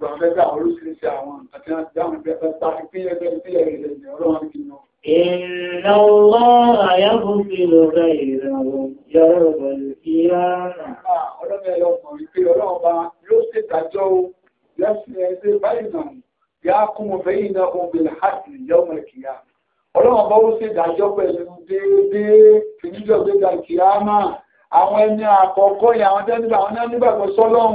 gbàgbẹ́gbẹ́ àwọn oríṣiríṣi àwọn àti láti dáhùn ẹgbẹ́ tàbí pílẹ̀ ẹgbẹ́ pílẹ̀ rẹ̀ ní ọlọ́run ní kìnnà. Ìrìnà ọlọ́run àyàbò fi lọ rẹ̀ ìrìnàwó yọrọ̀ pẹ̀lú kí á rà. Ọlọ́run ẹ̀yọ mọ̀ wípé ọlọ́run bá yóò ṣèdájọ́ o lẹ́sìn ẹgbẹ́ báyìí náà yá kún mọ̀ bẹ́yìn náà ohun bẹ̀rẹ̀ hàtì yọmọ ìkìyà. Ọlọ́run bá ó ṣèdájọ́ pẹ̀lú déédéé fìdíjọ́ gbéga ìkìyà máa àwọn ẹni àkọ́kọ́ yẹn sọ́lọ́run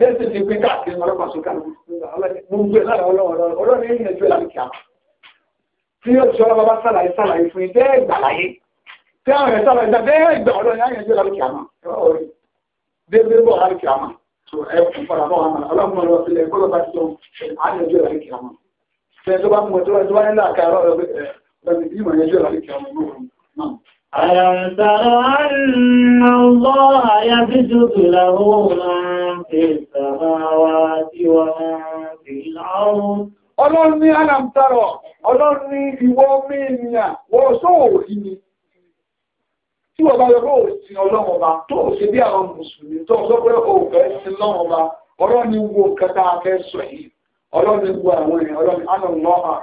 lẹ́sì ti pín káàkiri ọlọ́pàá sókè gbogbo ẹ̀ lára ọlọ́run ọlọ́run ní ìyẹn ju àlùkìá tí yóò ṣe ọlọ́pàá bá sàlàyé sàlàyé fún yín bẹ́ẹ̀ gbà láyé tí àwọn ẹ̀ sàlàyé gbà bẹ́ẹ̀ gbà ọlọ́run yáyẹn ju àlùkìá mọ́ ọ̀rẹ́ bẹ́ẹ̀ bọ̀ àlùkìá mọ́ tó ẹ kún fara mọ́ àwọn ọlọ́run lọ sílẹ̀ kó lọ́ba ti tó àyẹn ju àlùkìá mọ́ tẹ́ tó bá mọ̀ tó bá nílò àkàrà ọ̀rọ̀ ألم تر أن الله يبسط له من في السماوات ومن في الأرض Ọlọ́run ní alàmtarọ̀, ọlọ́run ní ìwọ mẹ́rìnà, wọ́n sóò rí ni. Tí wọ́n bá yọ bó sí ọlọ́run ọba tó ṣe bí àwọn Mùsùlùmí tó sọ pé ó fẹ́ sí lọ́run ọba, wo kẹta fẹ́ sọ yìí, ọlọ́run wo àwọn èèyàn, ọlọ́run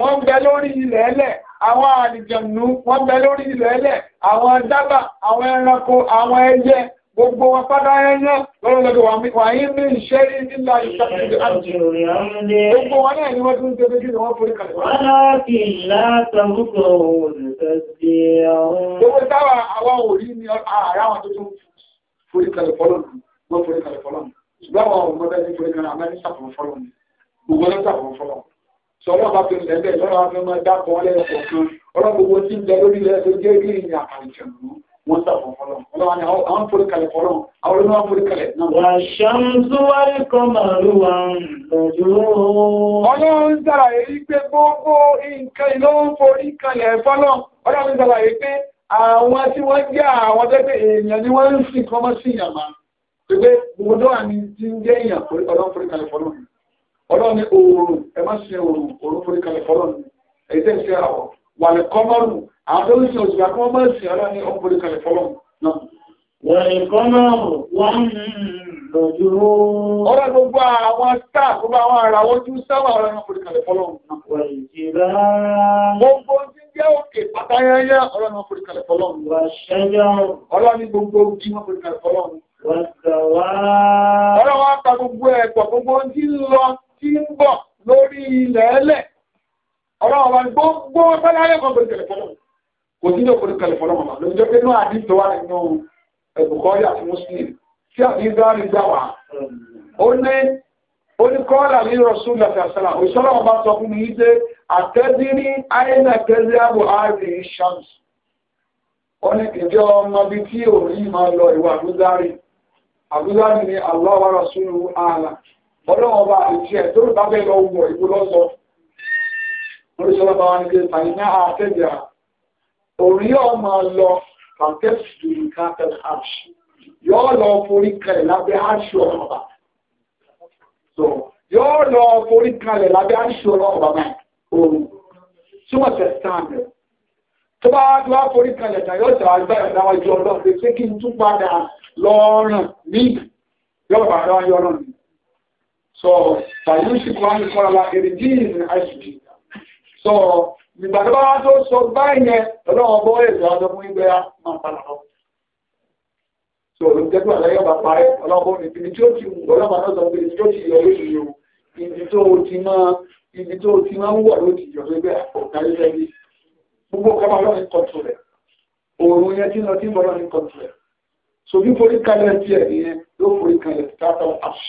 wọ́n ń bẹ lórí ilẹ̀ ẹlẹ̀ àwọn àlìjọ̀nù wọ́n ń bẹ lórí ilẹ̀ ẹlẹ̀ àwọn dábà àwọn ẹranko àwọn ẹyẹ gbogbo wọn pátá ẹyẹ lọ́rọ̀lọ́dọ̀ wàyí ní ìṣẹ́ nílá ìṣàkóso àti gbogbo wọn náà ni wọ́n tún tẹ́lẹ̀ jùlọ wọ́n forí kalẹ̀ wọ́n láti látàmúkọ̀ olùtẹ́sí àwọn gbogbo táwà àwọn òrí ni ààrẹ àwọn tó tún forí kalẹ̀ fọ́lọ́nù sọ̀rọ̀ bá fi lẹ́lẹ̀ lọ́rọ̀ afẹ́ máa dákọ̀ ọlẹ́ẹ̀kọ̀ kan ọ̀rọ̀ gbogbo tí ń bẹ lórí ilẹ̀ tó jẹ́ ilé ìrìn àpàlìjẹ̀lú wọ́n sàfọ̀ fọlọ́ ọlọ́wà ni àwọn forí kalẹ̀ fọlọ́ àwọn olóńgbà forí kalẹ̀ náà. wà á ṣàǹtú wárí kan màálù wa lọ́jọ́. ọlọ́run ṣàlàyé pé gbogbo nǹkan ìlú ń forí kalẹ̀ fọlọ́ ọlọ́run ṣàlàyé pé àwọn tí wọ́n jẹ́ àwọn tẹ́tẹ́ èèyàn ni wọ́n ń sìn kọ́mọ́sí ìyàmá. pé gbogbo àmì ti ń jẹ́ èèyàn ọlọ́run forí kalẹ̀ ọlọ́run ní oòrùn ẹ má ṣe oòrùn oòrùn forí kalẹ̀ fọlọ́run èyí tẹ́ ṣe àwọ̀ wàlẹ̀ kọ́mọ́rù àwọn tó ń ṣe òṣùpá kí wọ́n má ṣe ọlọ́run ní ọ̀pọ̀ forí kalẹ̀ fọlọ́run náà. wàlẹ̀ kọ́mọ́rù wọ́n lòjú. ọ̀rọ̀ gbogbo àwọn táà tó bá wọn ara wọn tún sábà ọ̀rọ̀ náà forí ni fọlọ́run náà. gbogbo ti jẹ́ òkè pátáyáyá ọlọ́run gbogbo ojú wọn tí ń bọ̀ lórí ilẹ̀ ẹlẹ̀ ọ̀rọ̀ ọ̀wà gbogbo sálárẹ̀ kan pẹ̀lú kẹlẹ̀fọ́lọ́ kò sí ní òkúrú kẹlẹ̀fọ́lọ́ màmá ló jẹ́ pé náà àdìsọ wà nínú ẹ̀bùkọ́rí àti muslim tí àti ìdárí gbà wá ó ní ó ní kọ́ọ̀lá ní rọ̀ṣù lẹ́fẹ̀ àṣàlà òṣèlú ọba sọ fún mi pé àtẹ́dírí àbò àárí ṣàmùsù ó ní ìjọ ọmọ bíi tí òun yìí máa lọ ìwà àbúzárì àbúzárì ni àlọ́wọ́ rọ̀ṣù ààlà ọlọ́wọ́ bá àti ẹ̀ tó bá bẹ́ẹ̀ lọ wọ̀ ìbò lọ́sọ oríṣọ́lá bá wọn ní pé fàyínà àtẹ́jà orí ọmọ lọ pàtẹ́sì nǹkan tẹ̀lé ash yóò lọ forí kalẹ̀ lábẹ́ ash ọlọ́ọ̀bà so yóò lọ forí kalẹ̀ lábẹ́ ash ọlọ́ọ̀bà náà oòrùn súnmọ̀ tẹ̀sítàǹdì tó bá tó bá forí kalẹ̀ tà yóò tẹ̀wá gbáyà dáwọ́ ìjọ ọlọ́ọ̀bà pé kí n tún padà lọ́ọ̀rùn so fàyíṣì kan ní fún ara èrìjì ní àṣìjì so ìgbàgbọ́ wa tó so báyìí yẹn ọlọ́wọ́ bọ́ èdè ọjọ́ fún ya máa padà so olùjẹ́gbẹ́ àlẹ́yọ̀ bá parí ọlọ́wọ́ ní ibi tí ó ti wù ọlọ́wọ́ náà sọ pé ibi tí ó ti yọ lóṣù yìí o ibi tó ti máa ibi tó ti máa ń wọ̀ ló ti yọ lóṣù yìí o kárí lẹ́yìn gbogbo kọ́mọ ọlọ́run kọ́ntù rẹ̀ òòrùn so bí forí kalẹ̀ tiẹ̀ nìyẹn ló forí kalẹ̀ tátọ̀ àṣì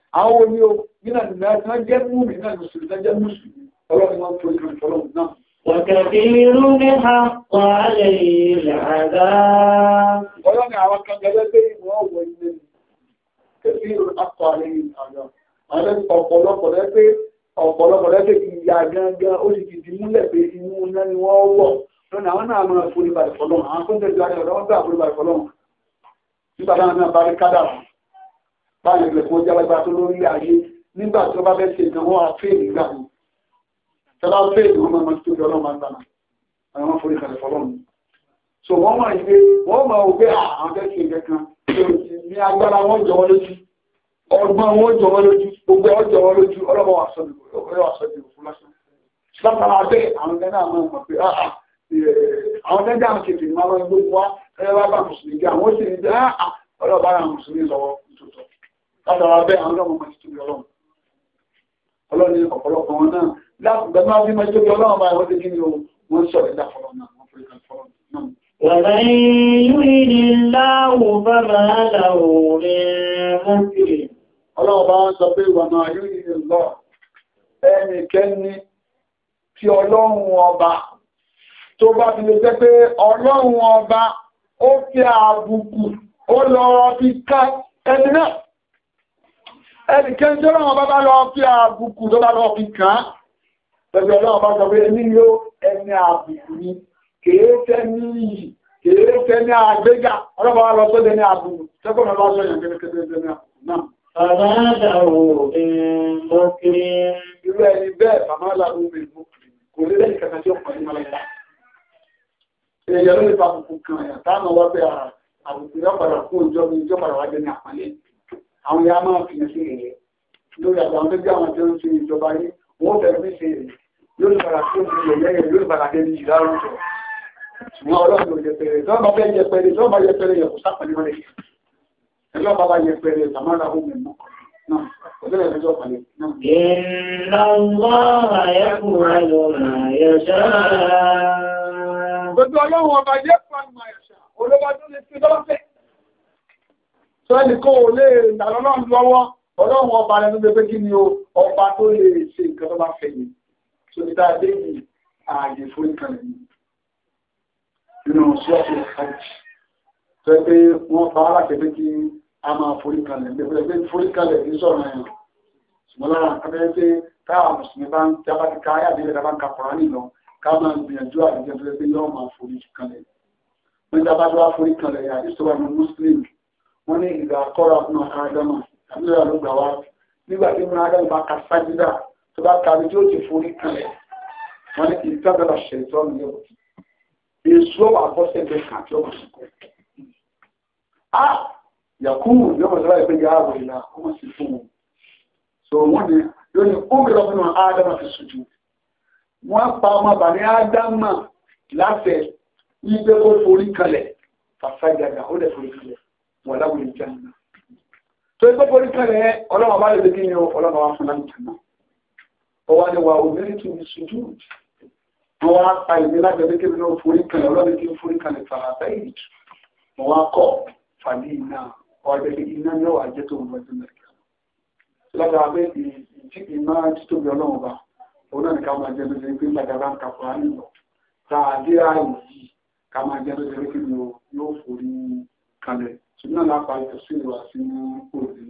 àwọn oní o nígbà tí wọ́n jẹ́ múmi náà mùsùlùmí náà jẹ́ mùsùlùmí ọlọ́run wọn tó ìrìn ọlọ́run náà. Wàkàbírú ní àpọ̀ alẹ́ ilẹ̀ àdá. Ọlọ́run àwọn kan gẹ́gẹ́ pé wọ́n wọ ilé mi. Kẹ́bírú àpọ̀ alẹ́ ilẹ̀ àdá. Àwọn ọ̀pọ̀lọpọ̀ rẹ̀ pé ọ̀pọ̀lọpọ̀ rẹ̀ ni wọ́n wọ̀. Lọ́nà àwọn náà máa forí balẹ̀ fọlọ́run. Àwọn tó ń tẹ̀síwájú ọ̀dọ́ wọn gbà forí balẹ̀ fọlọ́run báyìí lè fún ọjà lágbà tó lórí ayé nígbà tí ó bá fẹ́ ṣe nǹkan wọ́n á fẹ́ nígbà ní tọ́lá fẹ́ ìlú ọmọ ọmọ tó jọlọ́ máa ń gbàmà àwọn forí kalẹ̀ fọlọ́run so wọ́n máa ń gbé wọ́n máa ń gbé àwọn fẹ́ ṣe nǹkan kan ní agbára wọn jọ wọn lójú ọgbọ́n wọn jọ wọn lójú gbogbo wọn jọ wọn lójú ọlọ́mọ wà sọ látara bẹ́ẹ̀ àwọn ẹgbẹ́ náà máa ń mọ̀ pé àwọn ẹgbẹ́ àwọn kìtìmọ̀ àwọn ẹgbẹ́ wa ẹgbẹ́ bá mùsùlùmí jẹ́ àwọn ó sì ń jẹ́ ọlọ́bàárà mùsùlùmí lọ́wọ́ látara bẹ́ẹ̀ àwọn ọlọ́run máa ti tóbi ọlọ́run ọlọ́run ní ọ̀pọ̀lọpọ̀ wọn náà láàpùgbẹ́ máa fi máa tóbi ọlọ́run máa wọ́n ti kí ni o wọ́n sọ̀rọ̀ ẹ̀dá fọlọ́ náà wọ́n fi kàn fọlọ́ náà. ومن يرد الله فما له من ẹnìkan tí ọlọ́wọ́ bá bá lọ fi àbùkù tó bá lọ fi kàn án pẹ̀lú ọlọ́wọ́ bá sọ pé ẹni yóò ẹni àbùkù ni kèé tẹ́ ní yìí kèé tẹ́ ní àgbéga ọlọ́wọ́ bá lọ sọ dẹni àbùkù tẹ́kọ̀ọ́ bá sọ yàn kẹ́kẹ́ tẹ́ dẹni àbùkù náà. Bàbá àdàwò ìmọ̀kiri. Irú ẹni bẹ́ẹ̀ bàbá àdàwò ìmọ̀kiri kò lé lẹ́yìn kẹta tí ó pọ̀ ní Mọ́lẹ́ta. Èèyàn ló lè fa àbùkù kan ẹ̀yà táwọn wọ́n pé ah, àbùkù yóò padà kú ìjọba ìjọba ìwádìí ní àpálẹ́ àwọn ya máa fi sí èyẹ lórí àwọn tó jẹ́ àwọn tó ń ṣe ìjọba yìí wọ́n fẹ́ fi ṣe èyí yóò bára tó fi yẹ̀yẹ́ yẹ̀ yóò bára débi jì lárùn jọ ṣùgbọ́n ọlọ́run ò yẹpẹrẹ tó bá fẹ́ yẹpẹrẹ tó bá yẹpẹrẹ yẹ kò sápẹ̀lẹ̀ wọn lè ẹjọ́ bá bá yẹpẹrẹ tàmárà ó mẹ́mọ́ náà ọ̀dẹ́rẹ̀ ẹjọ́ pàlẹ̀ náà. ìnà wọ́n ayẹ́kùnrin lọ́nà yẹ̀ṣẹ́ gbogbo ọlọ́run ọba yẹ́kùnrin lọ́nà yẹ̀ṣẹ́ olówó tó lè fi lọ́fẹ́ tọ́lì kó o lè ìdàlọ́lọ́run lọ́wọ́ ọlọ́run ọba rẹ̀ ló pé kí ni o ọba tó lè ṣe nǹkan tó bá fẹ́ yìí tó ti dáa déyìí ààyè fún ìkànnì yìí nínú ṣọ́ọ̀ṣì hajj tó pé wọ́n fa aláṣẹ pé kí a máa forí kalẹ̀ lẹ́gbẹ̀rẹ̀ pé forí kalẹ̀ ní sọ̀rọ̀ ẹ̀yàn ṣùgbọ́n lára akẹ́kẹ́ pé táà mùsùlùmí bá ń jábá ti ká ayáàbí rẹ̀ bá ń ka Kùránì lọ ká máa gbìyànjú àdìjẹ́ tó pé yọ́ máa forí kalẹ̀ wọ́n ní ìgbà kọ́ra ọmọ àádámà àbúrò ló gbà wá nígbà tí ọmọ àádámà bá ka tó bá kàrí tí ó ti forí kalẹ̀ wọ́n ní ìtàbẹ̀rẹ̀ ṣètò ọmọ yẹn èso a yakubu ní ọmọ sọ́ra ọmọ sì fún wọn so yóò ní fi pa ọmọ bàní láfẹ̀ẹ́ wọ́n láwùjọ ìjà náà tó ẹgbẹ́ borí kẹrẹ ọlọ́wọ́ bá lè kí ni ọlọ́wọ́ wa fún náà jẹ̀mọ́ ọ wá ní wa obìnrin tún ní ṣojú wọn wá pa ìdí lábẹ́ lé kébí náà forí kẹrẹ ọlọ́wọ́ kí n forí kẹrẹ fara bẹ́ẹ̀ jù wọn wá kọ́ fàdí iná ọ̀rẹ́ iná ní ọ̀wà jẹ́ tó ń wọ́n sílẹ̀ lọ́dọ̀ abẹ́ ìjì iná kalẹ̀ ṣùgbọ́n lápá ìtẹ̀sí ìwà sí òní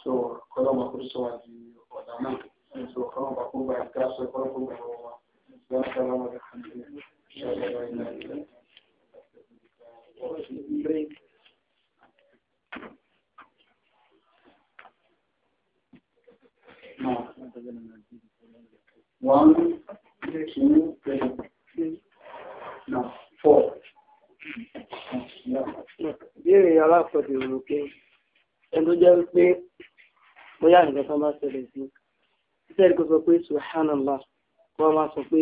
tó kọ́lọ́mà kó sọ wà di ọ̀dà náà tó kọ́lọ́mà kó gba ìdá sọ kọ́lọ́mà kó gba ìwà wa ṣọ́lọ́mà lè kàn ní ṣọ́lọ́mà ilẹ̀ ilẹ̀. One, two, three, no, four. Ìbéèrè aláfọ̀dé rò pé ẹni tó jẹ́ pé bóyá nǹkan kan bá ṣẹlẹ̀ sí. Títẹ́ ẹ̀rí kò sọ pé Subhanallah kó wọ́n máa sọ pé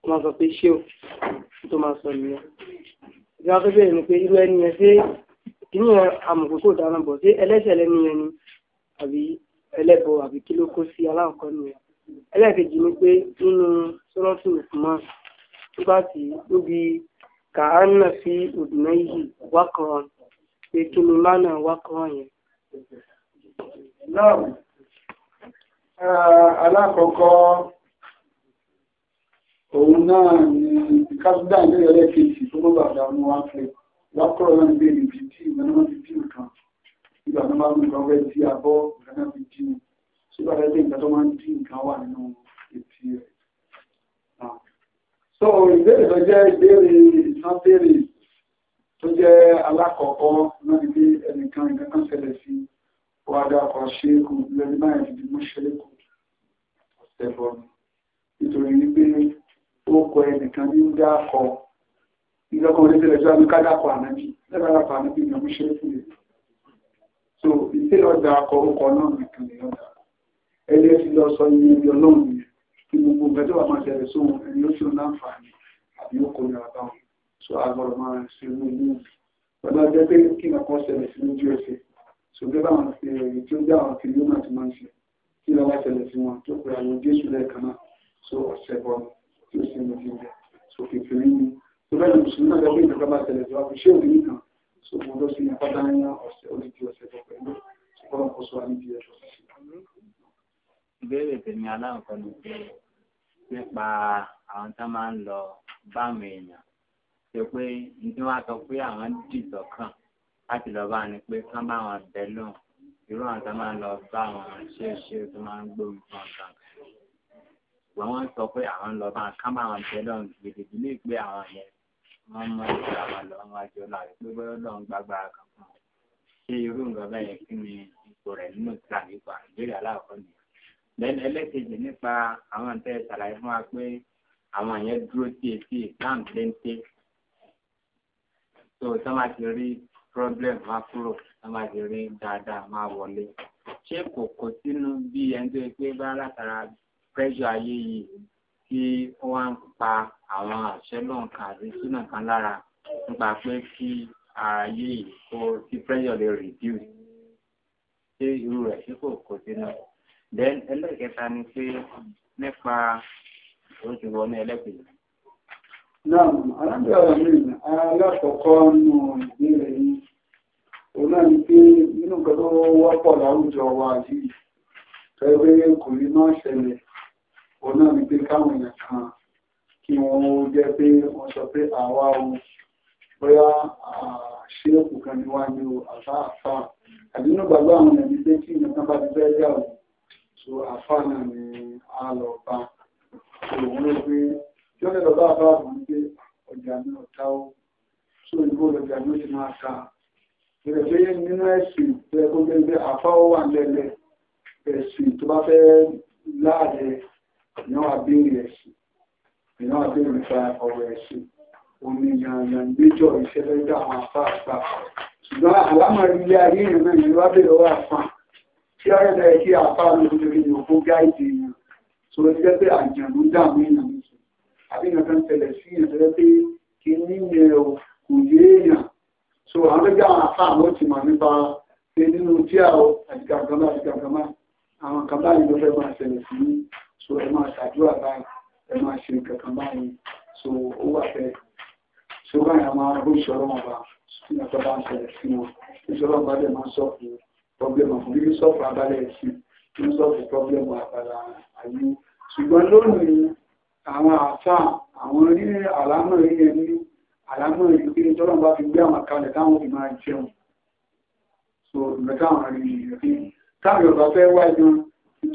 wọ́n máa sọ pé ṣé o tó máa sọ nìyẹn. Ìjọba tó bẹ̀rẹ̀ ni pé irú ẹni yẹn ṣé kìíní yẹn amòkókò dáná bọ̀ ṣé ẹlẹ́sẹ̀ lẹ́nu yẹn ni àbí ẹlẹ́bọ àbí kí ló kó sí aláǹkọ́ nìyẹn. Ẹlẹ́ẹ̀kejì ni pé nínú sọ́rọ́tù Usman nígbà tí ó bi kàánà fi òdùnà yìí wákàn pé kí ni mánà wákàn yẹn. náà alákọ̀ọ́kọ́ òun náà ni kásídà ní ẹ̀rẹ́ kejì tó mọ́ bàbá mú wá fẹ́ wákọ̀ọ́ náà gbé ní fìdí ìgbàna máa fìdí nǹkan ìgbàna máa mú nǹkan fẹ́ tí abọ́ ìgbàna fìdí ìgbàna fìdí nǹkan tó máa ń dín nǹkan wà nínú ètí rẹ̀ so ìbéèrè tó jẹ́ ìbéèrè ìsánbéèrè tó jẹ́ alákọ̀ọ́kọ́ lórí bí ẹnìkan ìkankan ṣẹlẹ̀ sí wàdà ọkọ̀ ṣeéku lórí báyìí ti di mú ṣeéku ọ̀sẹ̀bọ̀ nítorí wípé ó kọ ẹnìkan ní ń dá kọ ìgbàkan orí tẹ̀lẹ̀ tó ká dàpọ̀ ànábì lẹ́gbàá dàpọ̀ ànábì ní ọmú ṣeéku so ìtẹ́lẹ̀ ọjà akọ orúkọ náà nìkan ni ọjà ẹni ẹ ti lọ sọ iye ọlọ́run gbogbo gbẹ́jọ́ wà máa ṣẹlẹ̀ sóhun ẹni ó ṣòro láǹfààní àbí ó kò nira báwọn so agbọ́dọ̀ máa ṣe inú inú pẹ̀lú ọjọ́ pé kí nǹkan ṣẹlẹ̀ sí lójú ẹsẹ̀ so bí báwọn ṣe eh, èyí tí ó dá àwọn kiri náà ti máa ń ṣe kí lọ́wọ́ ṣẹlẹ̀ sí wọn tó pe àwọn Jésù lẹ́ẹ̀kan náà so ọ̀sẹ̀ bọ́ tí ó sì mú ti bẹ̀ so kékeré ni tó bẹ́ẹ̀ ni mùsùlùmí náà lọ́wọ́ ìjọba bá ṣẹlẹ̀ sí wa kò ṣé òní nìkan so mo lọ sí apáta ní ọ̀sẹ̀ ó di ti ọ̀sẹ̀ bọ̀ pẹ̀lú ṣùgbọ́n kò sọ àníbi ẹ̀ṣọ́ ìbéèrè tèmi aláǹkọ́ ni nípa àwọn tó máa ń lọ bá àwọn èèyàn ṣe pé nítorí wọn sọ pé àwọn dìtọ̀ kàn láti lọ bá ní pé kán bá wọn bẹ lóhùn irú àwọn tó máa ń lọ bá àwọn ṣe ṣe tó máa ń gbóhùn fún ọ̀sán ṣùgbọ́n wọ́n sọ pé àwọn lọ bá kán bá wọn bẹ lóhùn gidigidi ní ìpè àwọn yẹn wọ́n mọ ìgbà wọn lọ wọn jọ láàrin pé bọ́yọ́ lọ́n gbàgbára kan fún irú nǹkan bẹ́ẹ̀ kí ni ipò rẹ̀ nínú ìtura nípa ìbéèrè aláàkọ́ nìyẹn lẹ́nu ẹlẹ́kejì nípa àwọn tẹ́ ẹ ṣàlàyé fún wa pé àwọn yẹn dúró sí etí islam téńté tó tó máa ti rí problem máa kúrò tó máa ti rí dáadáa máa wọlé ṣé kò kó sínú bí ẹni tó yẹ pé bá látara pressure ayé yìí tí wọ́n ń pa àwọn àṣẹ lọ́nkà àti sínú kan lára nípa pé kí ààyè yìí kó kí pressure lè reduce ṣé irú rẹ̀ ṣé kò kó sínú then ẹlẹ́kẹta ni pé nípa oṣù wọnú ẹlẹ́kẹta. náà alábẹ̀rẹ̀ mi alákọ̀ọ́kọ́ nù ìbéèrè yìí òun náà ni pé nínú nǹkan tó wọ́pọ̀ láwùjọ wa yìí pẹ̀lú kò rí máa ṣẹlẹ̀ òun náà ni pé káwọn èèyàn kan kí wọ́n jẹ́ pé wọ́n sọ pé àwa o bóyá àṣírẹ́kù kan ni wá ní o àfáàfáà àdínú gbàgbọ́ àwọn ẹ̀mí pé kí ìyẹn kan bá ti fẹ́ yà òun so àfáànà ni a lọ bá so òun ló gbé tí ó lẹ́lọ́ bá bá wọn gbé ọjà ní ọ̀tá ó so ìbò ọjà ní ó ti máa ta ìrẹ̀ pé nínú ẹ̀sìn tó yẹ kó gbé gbé àfá ó wà lẹ́lẹ̀ ẹ̀sìn tó bá fẹ́ láàrẹ̀ ìyàn àbẹ̀rẹ̀ ẹ̀sìn ìyàn àbẹ̀rẹ̀ nípa ọ̀rọ̀ ẹ̀sìn omi yànyàn méjọ ìṣẹ́lẹ̀ dá àwọn afá àgbà ṣùgbọ́n àlámọ̀ ilé ayé ìrìn náà wá bẹ̀rẹ̀ wá fún kí ọ̀rẹ́ bẹ̀rẹ̀ kí àfáà ní ojú rí ìyàn fún gáìdì èèyàn tó lọ jẹ́ pé àjànú dààmú èèyàn nìṣù àbí ìyàn kan tẹ̀lẹ̀ sí èèyàn tẹ́lẹ̀ pé kí ní ìyẹn kò yé èèyàn so àwọn tó jẹ́ àwọn àfáà ló ti mọ̀ nípa pé nínú tí a ò àdìgàgàmá àdìgàgàmá àwọn kan báyìí ló fẹ́ máa tẹ̀lẹ̀ sí ní so ẹ máa ṣàdúrà báyìí ẹ máa ṣe kankan báyìí so ó wà fẹ́ so báyìí àwọn arúgbó ìṣòro wọn bá ìyàn tó bá ń tẹ̀lẹ̀ sí bá dẹ̀ máa sọ fún wọn problem of bí sọ́ọ̀fù abala ẹ̀sìn solve the problem of uh, ayé ṣùgbọ́n lónìí àwọn àṣà àwọn orí àlámọ̀ yẹn ní àlámọ̀ yìí kí ni tọ́lọ́n bá fi gbé àwọn kalẹ̀ táwọn fi máa jẹun so ìgbẹ́ta àwọn arìnrìn rẹ̀ táwọn Yorùbá fẹ́ wá ẹ̀gbọ́n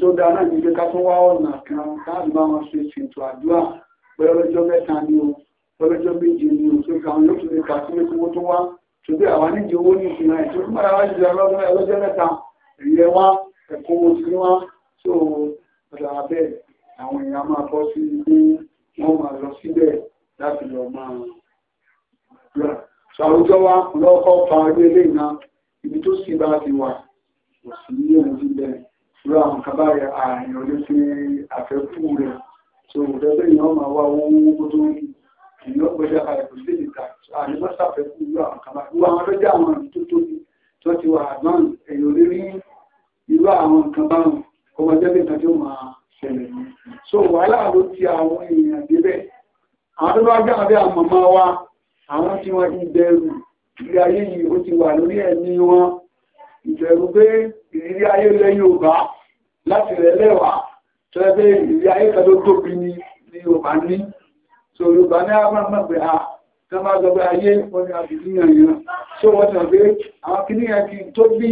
tó dá náà ní pé ká tún wá ọ̀nà kan láti bá wọn ṣe ṣètò àdúrà pé ọlọ́jọ́ mẹ́ta ni o ọlọ́jọ́ méje ni o tó ga àwọn yóò tún lè kà sí pé kí wọ́n tún wá ṣùgbọ́n àwọn níjẹ owó ní ìsinmi ẹ̀ tó fún mọ́ra wá jùlọ lọ́gbọ́n ẹ̀ lọ́jọ́ mẹ́ta ìyẹn wá ẹ̀kọ́ owó sí wá tó ọ̀dà abẹ́ àwọn èèyàn máa bọ́ sí ilé wọ́n máa lọ síbẹ̀ láti lọ máa lọ. ṣàwùjọ wa lọ́kọ́ fa ilé ilé iná ibi tó sì bá ti wà kò sí ní ohun ti bẹ̀ àwọn kábà àyàn lé sí àfẹ́kù rẹ̀ tó ìdẹ́gbẹ́ ìyàn máa wá owó tó ń èyí ó gbọ́dọ̀ àìkú sí ìta àyùmọ́ sàfẹ́kù irú àwọn kan báyìí wọ́n àwọn lọ́jà àwọn àmì tó tóbi tó ti wà àgbọ̀n èyí ò lè rí irú àwọn nǹkan báwọn kó wọ́n jẹ́ nǹkan tó máa ṣẹlẹ̀ so wàhálà ló ti àwọn èèyàn débẹ̀ àwọn tó bá gbà bí àwọn màmá wa àwọn tí wọ́n ti bẹ̀rù ilé ayé yìí ó ti wà lórí ẹ̀mí wọn ìbẹ̀rù pé ìrírí ayé lẹ Yorùbá láti rẹ̀ lẹ́wàá tó ẹgbẹ́ ìrírí ayé kan tó tóbi ni Yorùbá ní so Yorùbá ní àwọn máa pè á tó máa gbogbo ayé wọn ni àbìdíyàn yìí so wọ́n tàn pé àwọn kìnìyàn kí tó bí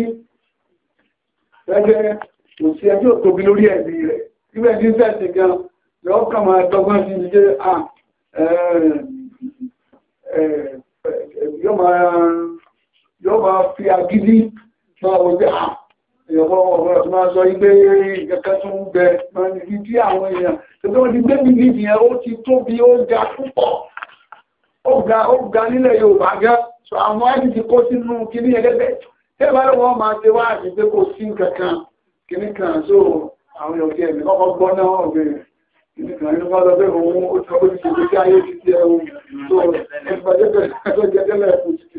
ẹgbẹ́ kò sí ẹjọ́ tóbi lórí ẹ̀mí rẹ̀ ibẹ̀ ní sẹ́ẹ̀sì gan lọ́wọ́ kàn máa dọ́gbọ́n sí ní pé à ah, eh, eh, eh, yóò máa fi agídí máa wọ́n pé à ah, ìrọ̀pọ̀lọpọ̀ ọ̀rọ̀ máa sọ igbé ìkẹ́kẹ́ tó ń bẹ máa ní fi tí àwọn èèyàn tó bí wọ́n ti gbé bíbí ìyẹn ó ti tóbi ó ga púpọ̀ ó ga ó ga nílẹ̀ Yorùbá gẹ́ so àwọn ẹni ti kó sínú kíní ẹgẹ́gẹ́ tẹ́ bá lọ́wọ́ máa ṣe wá àti pé kò sí kankan kíní kan so àwọn èèyàn ti ẹ̀mí kọ́kọ́ gbọ́ náà ọ̀gbìn kíní kan nínú fọ́lọ́ pé òun ó ti kọ́ ti ṣe sí ayé ti ti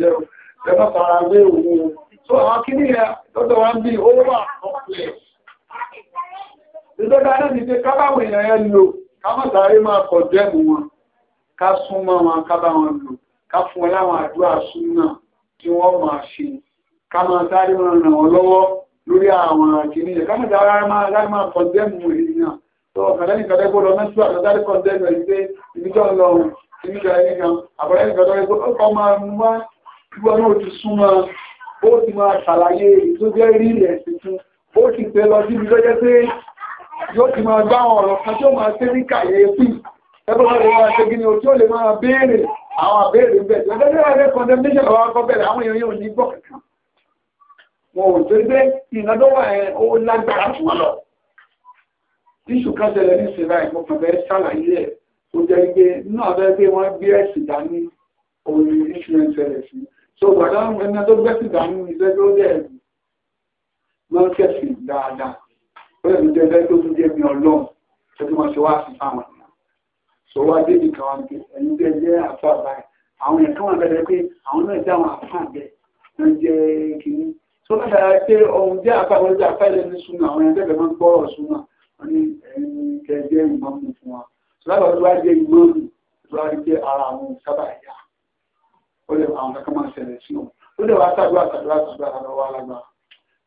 ẹ̀rù so àwọn kíní ẹ̀ lọ́dọ̀ wá ń bí ó wà ọ̀pẹ̀ ìjọba náà ti pé kábàwò èèyàn ẹ lò kámọ̀tàrí máa kọ̀ jẹ́mù wọn ká súnmọ́ wọn kábà wọn lò ká fún wọn láwọn àdúrà súnmọ́ tí wọ́n máa ṣe kámọ̀tàrí máa ràn wọ́n lọ́wọ́ lórí àwọn kíní ẹ̀ kámọ̀tàrí máa kọ̀ jẹ́mù èèyàn tó ọ̀kàlẹ́nì kan lẹ́gbọ́dọ̀ mẹ́tú àtàdárí kan dẹ́nu ẹ̀yí pé ìbíjọ́ ń lọ ìbíjọ́ ẹ̀yí kan àbọ̀lẹ́nì kan lọ́wọ́ ó kọ́ máa mú wá kí wọ́n náà ti súnmọ́ ó ti máa ṣàlàyé tó jẹ́ rí ilẹ̀ tuntun ó ti pẹ́ lọ síbi lọ́jọ́ pé yóò ti máa gbá ọ̀rọ̀ kan tí ó máa ṣe ní kàyéfì ẹgbẹ́ wọn máa ṣe gíní o tí ó lè máa béèrè àwọn àbéèrè ń bẹ̀rẹ̀ ọjọ́ ìwà rẹ̀ condemnation àwọn akọ́ bẹ̀rẹ̀ àwọn èèyàn yóò ní gbọ́ kankan wọn ò tó gbé ìnádọ́wà ẹ̀ ó lágbára fún wọn lọ tíṣù kan ṣẹlẹ̀ ní ìṣẹ̀lá ìmọ̀ fẹ̀fẹ̀ ṣàlàyé ẹ̀ ó jẹ́ gbé náà fẹ́ gbé wọn gbé ẹ̀sìn dání òun ní ìṣúná ìṣẹ̀lẹ̀ sí tó bàtà ẹni tó gbẹ́sì dànù iṣẹ́ tó dẹ̀ máa ń kẹ̀sì dáadáa ó lè jẹ́ ẹgbẹ́ tó tún jẹ́ mi ọlọ́run tó tún máa ṣe wá sí fáwọn ènìyàn sọ wá débi kan wá pé ẹni tẹ́ jẹ́ àfa báyìí àwọn èèyàn kan wà bẹ̀rẹ̀ pé àwọn náà jẹ́ àwọn àfa bẹ́ẹ̀ ló jẹ́ fún wa sọ tó wá jẹ́ ìmọ̀mù tó wá ara àwọn sábà yá ó lè àwọn kankan máa ṣẹlẹ̀ sí òun ó lè wá sàdúrà sàdúrà sàdúrà sàdúrà wà lágbà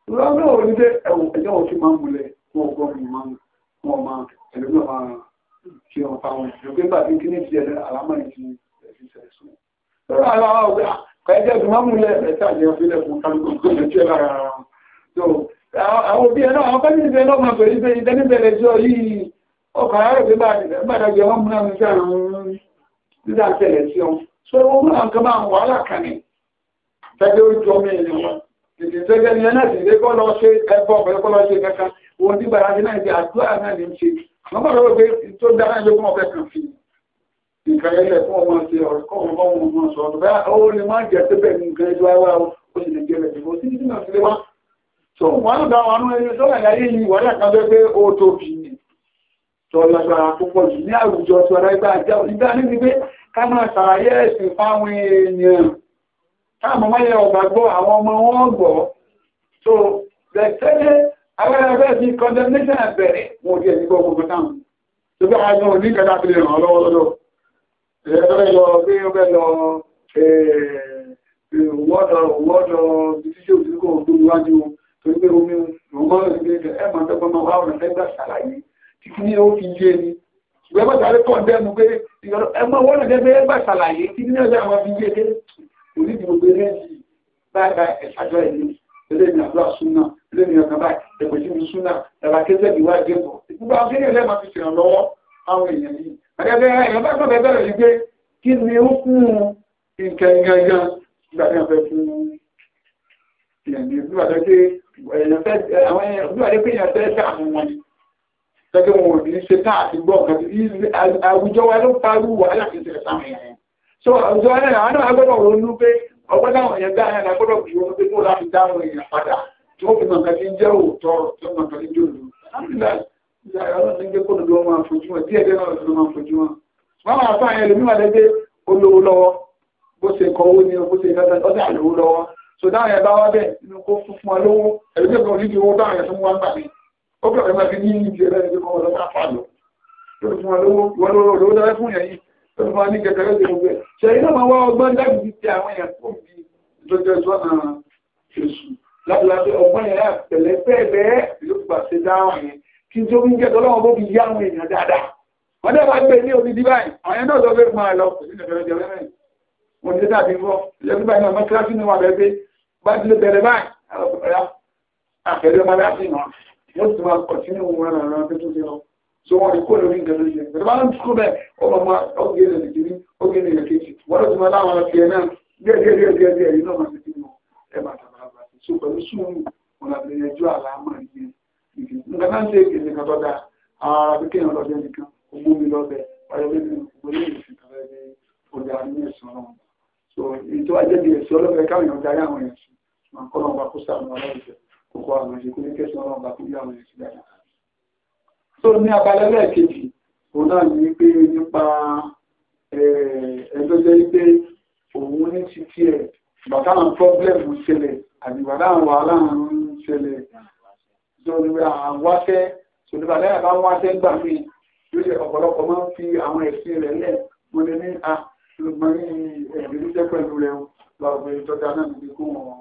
ìrora náà ò ní dé ẹ̀wọ̀n ẹ̀jẹ̀ wọn fi máa ń múlẹ̀ wọn ò gbọ́n mi máa ń wọn máa ẹ̀lú náà máa ṣe wọn fa wọn ìjọba nígbà tí kí ní ti ẹ̀lẹ́ àlámà yìí ti ẹ̀sìn ṣẹlẹ̀ sí wọn. lọ́rọ̀ ara wa ọ̀gbẹ́ àkàyẹ́jẹ́ fi máa ń múlẹ̀ ẹ̀ṣẹ́ àjẹyàn fi lẹ̀kùn kálukú tó lè jẹ́ lára wọn. àwọn òbí ẹ̀ náà àwọn kọ́ni ìbẹ̀ náà máa so wọ́n mú àwọn kọmọ àwọn wàhálà kan ní tẹ́gbẹ́ ojú ọmọ ènìyàn wọn tètè tẹ́gbẹ́ ní ẹ̀nà tètè kọ́ lọ ṣe ẹbọ pẹ̀lú kọ́ lọ ṣe kankan wọn ní gbàrà sí náà ti àdúrà náà ní ṣe àwọn bàbá wọn pé tó dára ẹjọ́ kọ́ ọ̀fẹ́ kan fi nǹkan ẹlẹ́ fún ọmọ ṣe ọ̀rọ̀ kọ́ ọmọ wọn wọn sọ ọ̀dọ̀ bẹ́ẹ̀ ó lè má jẹ́ síbẹ̀ nǹkan ẹjọ́ ara ó sì lè jẹ́ bẹ̀ sí ní náà sílé wá so wọn gba àwọn àwọn ẹni sọ́nà ìyá yìí wọ́n ká máa ṣàlàyé ẹ̀sìn fáwọn èèyàn táàmù máyẹ ọ̀gbàgbọ́ àwọn ọmọ wọn gbọ́ so bẹ̀tẹ́lẹ̀ awẹ́rẹ́fẹ́ sí condemnation bẹ̀rẹ̀ wọn ò jẹ́ ìgbọ́ gbogbo táàmù tó bí àwọn ọmọ ní kẹta fi ràn lọ́wọ́ lọ́dọ̀ ẹ̀ẹ́dọ́rẹ́ lọ bí ó bẹ́ lọ wọ́dọ̀ wọ́dọ̀ títí òṣìṣẹ́ òṣìṣẹ́ wájú torí pé omi ọgbọ́n ìgbẹ́ ẹ̀mọ́ tọ́gbọ́n máa wà ọ̀rẹ́ fẹ́ gbà ṣàlàyé títí ní ó fi yé ni ṣùgbọ́n bá sáré kàn dẹ́nu pé ẹgbẹ́ wọ́n lọ́dẹ́ pé ẹgbà ṣàlàyé tí nínú ẹgbẹ́ àwọn fi yé dé kò ní ìdìbò pé rẹ́ẹ̀sì báyà ẹ̀ṣàjọ́ ẹ̀mí eléyìí àdúrà súnà eléyìí ọ̀nà báyìí ẹ̀kọ́ sí mi súnà ẹ̀rọ akẹ́sẹ̀ ìwà ìdẹ́bọ̀ gbogbo àwọn kéèyàn lẹ́ẹ̀ máa fi ṣèràn lọ́wọ́ àwọn èèyàn yìí àgẹ́gẹ́ èèyàn bá sọ̀rọ̀ bẹ̀rẹ̀ yìí pé kí ni ó fún nǹkan gangan ìgbà tí wọ́n fẹ́ fún èèyàn yìí bí wàá dẹ́ pé èèyàn fẹ́ sàmù wọn ni tẹ́kẹ́ wọn ò ní ṣe táà ti gbọ́ nǹkan tí àwùjọ wa ló parú wàhálà fi ṣẹlẹ̀ sáwọn èèyàn so àwùjọ wa náà àwọn agbọ́dọ̀ ronú pé ọgbọ́n táwọn èèyàn dá ẹ̀yàn agbọ́dọ̀ fi wọn pé kó láti dá àwọn èèyàn padà tí wọ́n fi mọ̀ nǹkan tí ń jẹ́ òótọ́ tí wọ́n mọ̀ nǹkan tí ń jẹ́ òdò alhamdulillah ọlọ́run ti ń jẹ́ kó lòdò wọn máa fojú wọn díẹ̀ díẹ̀ náà lòdò máa fojú wọn wọn máa fún àyẹ̀lò mímọ̀ lẹ́gbẹ́ olówó lọ́wọ́ bó ṣe kọ owó ni bó ṣe kẹta ọdẹ àlòwó lọ́wọ́ so dáhùn yẹn bá wá bẹ́ẹ̀ nínú kó fún wọn lówó ẹ̀lẹ́gbẹ̀ẹ́ kan ní owó dáhùn yẹn fún wọn gbà mí ó bẹ̀rẹ̀ máa fi ní ìdí ẹ̀rẹ́ ẹgbẹ́ kan lọ́wọ́ àfà lọ tó fún wọn lówó wọn lówó lówó dára fún yẹn yìí tó fún wọn ní kẹkẹrẹ tó gbẹ ṣe iná máa wá ọgbọ́n láti ti àwọn èèyàn tó bí lọ́jọ́ ìṣọ́nà èṣù lábúlábẹ́ ọgbọ́n yẹn àtẹ̀lẹ́ bẹ́ẹ̀ ló gbà ṣe dáhùn yẹn kí n tó ń jẹ́ tọ́lọ́wọ́ bó fi yá àwọn èèyàn dáadáa wọ́n dẹ́ bá gbé ní omi díbáyìí àwọn yẹn náà lọ fẹ́ fún àlọ́ kò sí ìdẹ̀kẹ̀rẹ̀ jẹ́ lẹ́rìn wọ́n ti dàbí ń bọ́ ìjọba ìgbà yóò tún máa pọ̀ sínú wọn àrùn àwọn akẹ́tù sí wọn so wọn ni kó lórí nǹkan lóṣù yẹn bàtà bá ń kó bẹ́ẹ̀ ọmọ máa ọgé ilẹ̀ lè kiri ọgé ilẹ̀ kejì wọ́n lọ́ọ́ tún máa láwọn ọ̀sẹ̀ náà díẹ̀ díẹ̀ díẹ̀ díẹ̀ díẹ̀ yìí náà máa ti fi mọ̀ ẹ máa tàbá bá ti so pẹ̀lú sùúrù wọn làbẹ̀ ẹjọ́ àlámà yẹn nǹkan náà ṣe èdè kan tọ́da àwọn ará pé kéèyàn lọ́dẹ nìkan ogún mi lọ́bẹ̀ ọ̀yọ́ bẹ́ẹ̀ ni ògbó lè fi kàrẹ́ ní tó wá kòkó àwọn ìṣẹ́kú ní kẹsàn ọ̀rọ̀ bá kúrò àwọn ìṣẹ́kú dáadáa. tó ní abalẹ̀ lẹ́ẹ̀kejì òun náà ní pé nípa ẹjọ́ jẹ́ pé òun ní ti tiẹ̀ bàtà àwọn pọ́blẹ́mù ṣẹlẹ̀ àti bàtà àwọn wàhálà àwọn ṣẹlẹ̀ tó ní pé àwọn wáṣẹ́ tó ní bàtà àbá wáṣẹ́ gbà mí ló ṣe ọ̀pọ̀lọpọ̀ máa ń fi àwọn ẹ̀sìn rẹ̀ lẹ̀ mo lè ní a ah, lọ́gbọ́n ní ẹ̀ẹ́dẹ́gbẹ́ pẹ̀lú rẹ̀ lọ́gbọ́n ìtọ́jà náà níbi kó wọ́n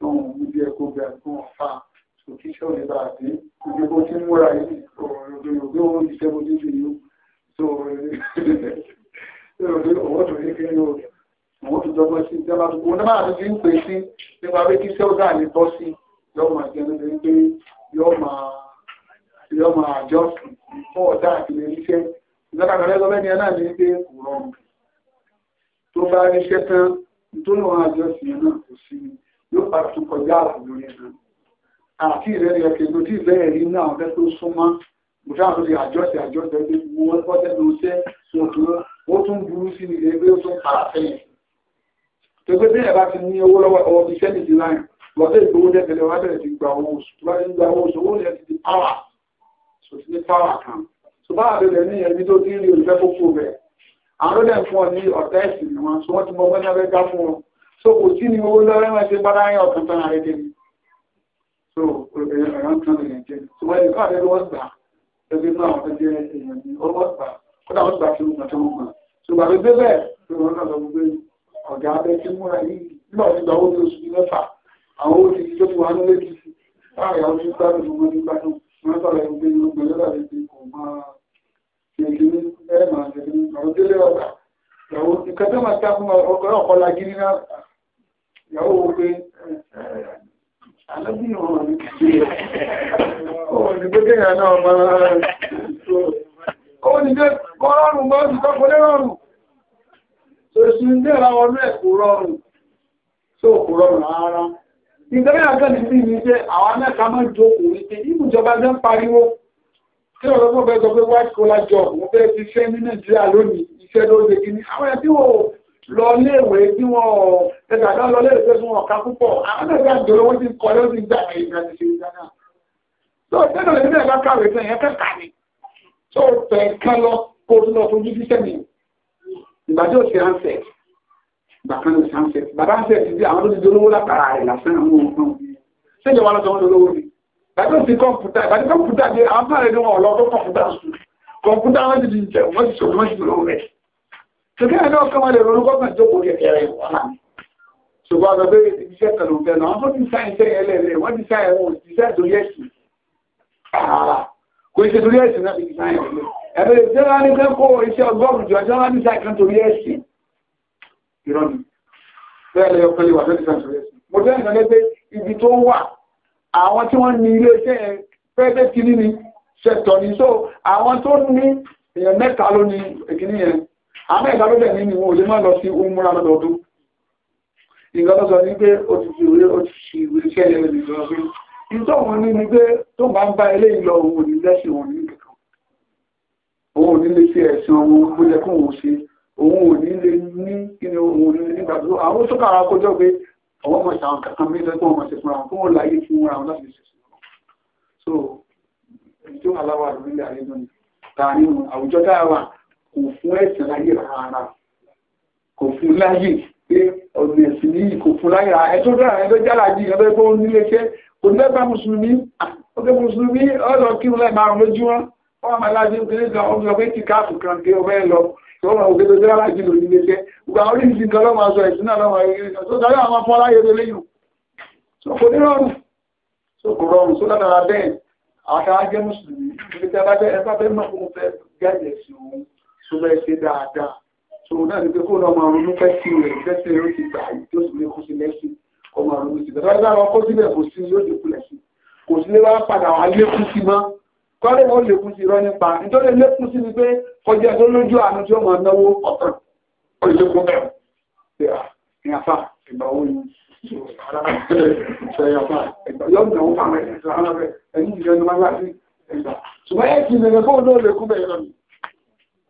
tó ń gbé ẹkọ bẹ ẹkọ ọfà òkè tí ó lè bá àbí ibi kó tí ń múra yìí òòrùn òbí òun ìṣẹ́ bó títí yìí tó òòrùn òwò tó ní kíni òòrùn òwò tó dọ́gbọ́n sí ìjọba tó kó náà ti ń pè sí nípa pé kí sẹ́wọ́n dáà ní bọ́ sí yóò máa jẹ́ nítorí pé yóò máa yóò máa àjọ fún ọ̀dà àti ilé iṣẹ́ ìjọba kan lẹ́gbẹ́ mẹ́ni tán tó lọ́wọ́ àjọ náà kò sí ni yóò padà tún kọjá ààbò lórí ẹ̀rọ àti ìrẹ́lẹ̀ ẹ̀kẹ́ ló ti bẹ́ẹ̀ rí náà fẹ́ tó súnmọ́ mo ṣáà tó di àjọṣe àjọṣe pé wọ́n bọ́tẹ́ ló ṣẹ́ wọ́n tún burú sí ni ẹgbẹ́ tó ń para sẹ́yìn tó gbé bí ẹ̀bá ti ní owó lọ́wọ́ ọwọ́ bíi sẹ́yìn ti láyìn lọ́tẹ́ ìgbowó dẹ́gbẹ̀lẹ̀ wá bẹ̀rẹ̀ ti gba owó oṣù tó bá ń gba owó oṣù owó yẹn ti di pàwà tó ti ní pàwà kan tó bá àbẹ̀rẹ̀ ní ẹni tó ti ń rí olùfẹ́ kókó rẹ̀ àwọn ló dẹ̀ fún ọ ní ọ̀tá ẹ̀sìn ni wọn so wọ́n ti mọ ọgbẹ́ náà fẹ́ ká fún ọ so kò sí ni owó lọ́rẹ́ máa ṣe bára yẹn ọ̀kan tán ààrẹ dé so ẹ̀rọ kan lè so wọ́n lè káàdé lọ́wọ́ gbà lọ́gbẹ́ náà wọ́n jẹ́ èèyàn ní ọwọ́ gbà kódà so gbà lọ́gbẹ́ bẹ́ẹ̀ tó wọ́n náà lọ́gbẹ́ gbé ọ̀gá abẹ́ tí múra yìí nígbà tí gbà owó oṣù bí mẹ́fà àwọn owó ti tó ti wà ní lẹ́kì láàrin àwọn oṣù gbádùn tó ìyàwó pé alábí ọ̀rọ̀ ní kékeré ọ̀rọ̀ ní pé kéèyàn náà máa ó ní pé kọ́ rọrùn mọ́ sí tọ́kọ lé rọrùn tó sì ń dé ra ọdún ẹ̀ kò rọrùn tó kò rọrùn rárá nítorí àgbẹ̀ni sí ní pé àwọn mẹ́ta máa ń jókòó ní pé ibùjọba jẹ́ ń pariwo tí ọ̀rọ̀ fún bẹ́ẹ̀ sọ pé white collar job mo fẹ́ fi fẹ́ ní Nàìjíríà lónìí iṣẹ́ ló lè kí ni àwọn ẹbí wò ó lọ léèwé tí wọ́n ẹgbàdá lọ léèwé tó sún ọ̀ká púpọ̀ àwọn ẹgbẹ́ àjọyọ̀ wọ́n ti ń kọ́ lọ́sí ìgbà ìgbà ti ṣe ìdáná so tẹ́lẹ̀ lè nílẹ̀ bá kàwé fún ẹ̀yẹ kẹ́kà ni tó tẹ̀ kán lọ kó lọ tó jí fíṣẹ́ mi ìgbà tí ó ṣe ránṣẹ́ ìgbà kan ló ṣe ránṣẹ́ bàbá ń ṣẹ̀ ti di àwọn tó ti dolówó látara rẹ̀ lásán àwọn ohun kan ṣéjọ wa lọ́sọ̀ wọn dolówó ni bàbá ti kọ̀ǹpútà ìbàdí kọ̀ǹpútà di àwọn fáàrẹ̀ ni wọn ọ̀lọ́ tó kọ̀ǹpútà sùn kọ̀ǹpútà wọn ti di jẹ wọn ti sọ wọn ti dolówó rẹ̀ Tukẹ́ ẹni ọkọ̀ máa lè ronú gọ́gbọ̀n tó kò kẹ̀kẹ̀rẹ̀ wọ́n. Ṣùgbọ́n ọ̀dọ̀ bẹ́rẹ̀ ti iṣẹ́ kan ló fẹ́ náà, wọ́n ti sáyẹ̀ iṣẹ́ ẹlẹ́rẹ̀, wọ́n ti sáyẹ̀ wọn òṣìṣẹ́ torí ẹ̀sìn. Kò iṣẹ́ torí ẹ̀sìn náà ti sáyẹ̀ ẹlẹ́. Ẹ̀bẹ̀rẹ̀ tí wọ́n ní fẹ́ kó iṣẹ́ ọgọ́rùn-ún jọ, tí wọ́n ní sáyẹ̀ kan torí ẹ̀sìn. Ìrọ̀nù. ibi tó wà, àwọn tí wọ́n ní ilé iṣẹ́ pẹ́ẹ́pẹ́ kìíní ni ṣẹ̀tọ̀ ní. So àwọn tó ní èèyàn mẹ́ta ló ní ìkíní yẹn àmọ́ ìgbàlódẹ̀ ní wọn ò lè máa lọ sí umra lọ́dọọdún ìgbà tó sọ ní pé ó ti fi ìwé ó ti fi ìwé iṣẹ́ ilẹ̀ ìlú lọ pé ìtọ́ wọn ní ni pé tó bá ń bá ilé ìlọ òun ò ní lẹ́sìn òun ní kankan òun ò ní lè ṣe ẹ̀sìn òun bó yẹ kó òun ṣe òun kò fún ẹ̀sìn láyé rárá kò fún láyé pé ọ̀nà ẹ̀sìn yìí kò fún láyé rárá ẹ̀tọ́ dára ẹ̀tọ́ jára jí ẹ̀tọ́ ẹ̀kọ́ oníléeṣẹ́ kò ní bá mùsùlùmí ọjọ́ mùsùlùmí ọlọ kí wọn lẹ́ẹ̀mà lójú wọn wọn máa lájú kéré gan ọmọ ọgbẹ́ ti káàfù kan dé ọmọ ẹ lọ ìwọ́n òkè tó dára jí lò nílé iṣẹ́ gbogbo àwọn oríṣi nǹkan lọ́mọ aṣọ ẹ̀sìn náà lọ́mọ ẹ̀yẹ tó darí àwọn afọ aláyé tó léyìn so kò ní rọrùn so kò rọrùn so látara bẹ́ẹ̀ àwọn aṣáájẹ́ mùsùlùmí ìgbésẹ̀ bá bẹ́ẹ̀ bá fún mo fẹ́ gáàjẹ̀ sí òun ṣùgbọ́n ẹ ṣe dáadáa ṣùgbọ́n náà ni pé kó lọ máa ronú pẹ́sì rẹ̀ pẹ́sì rẹ̀ ó ti gbà yìí tó sì lè kó sí lẹ́sìn kó máa ronú sí bẹ́ẹ̀ bá wọn kó síbẹ̀ kò sí yóò dínkù lẹ́sìn kò sí lè wá padà wá lékún sí mọ́ kọ́lé wọn lékún sí irọ́ nípa nítorí lékún sí ni pé kọjá tó lójú àánú tí ó máa náwó ọ̀tàn ó lè lékún bẹ́ẹ̀ ṣe à ní afá ìgbà owó yìí ṣùgbọ́n ẹ̀ kì í nìyẹn fóun náà lékún bẹ́ẹ̀ lọ́nìí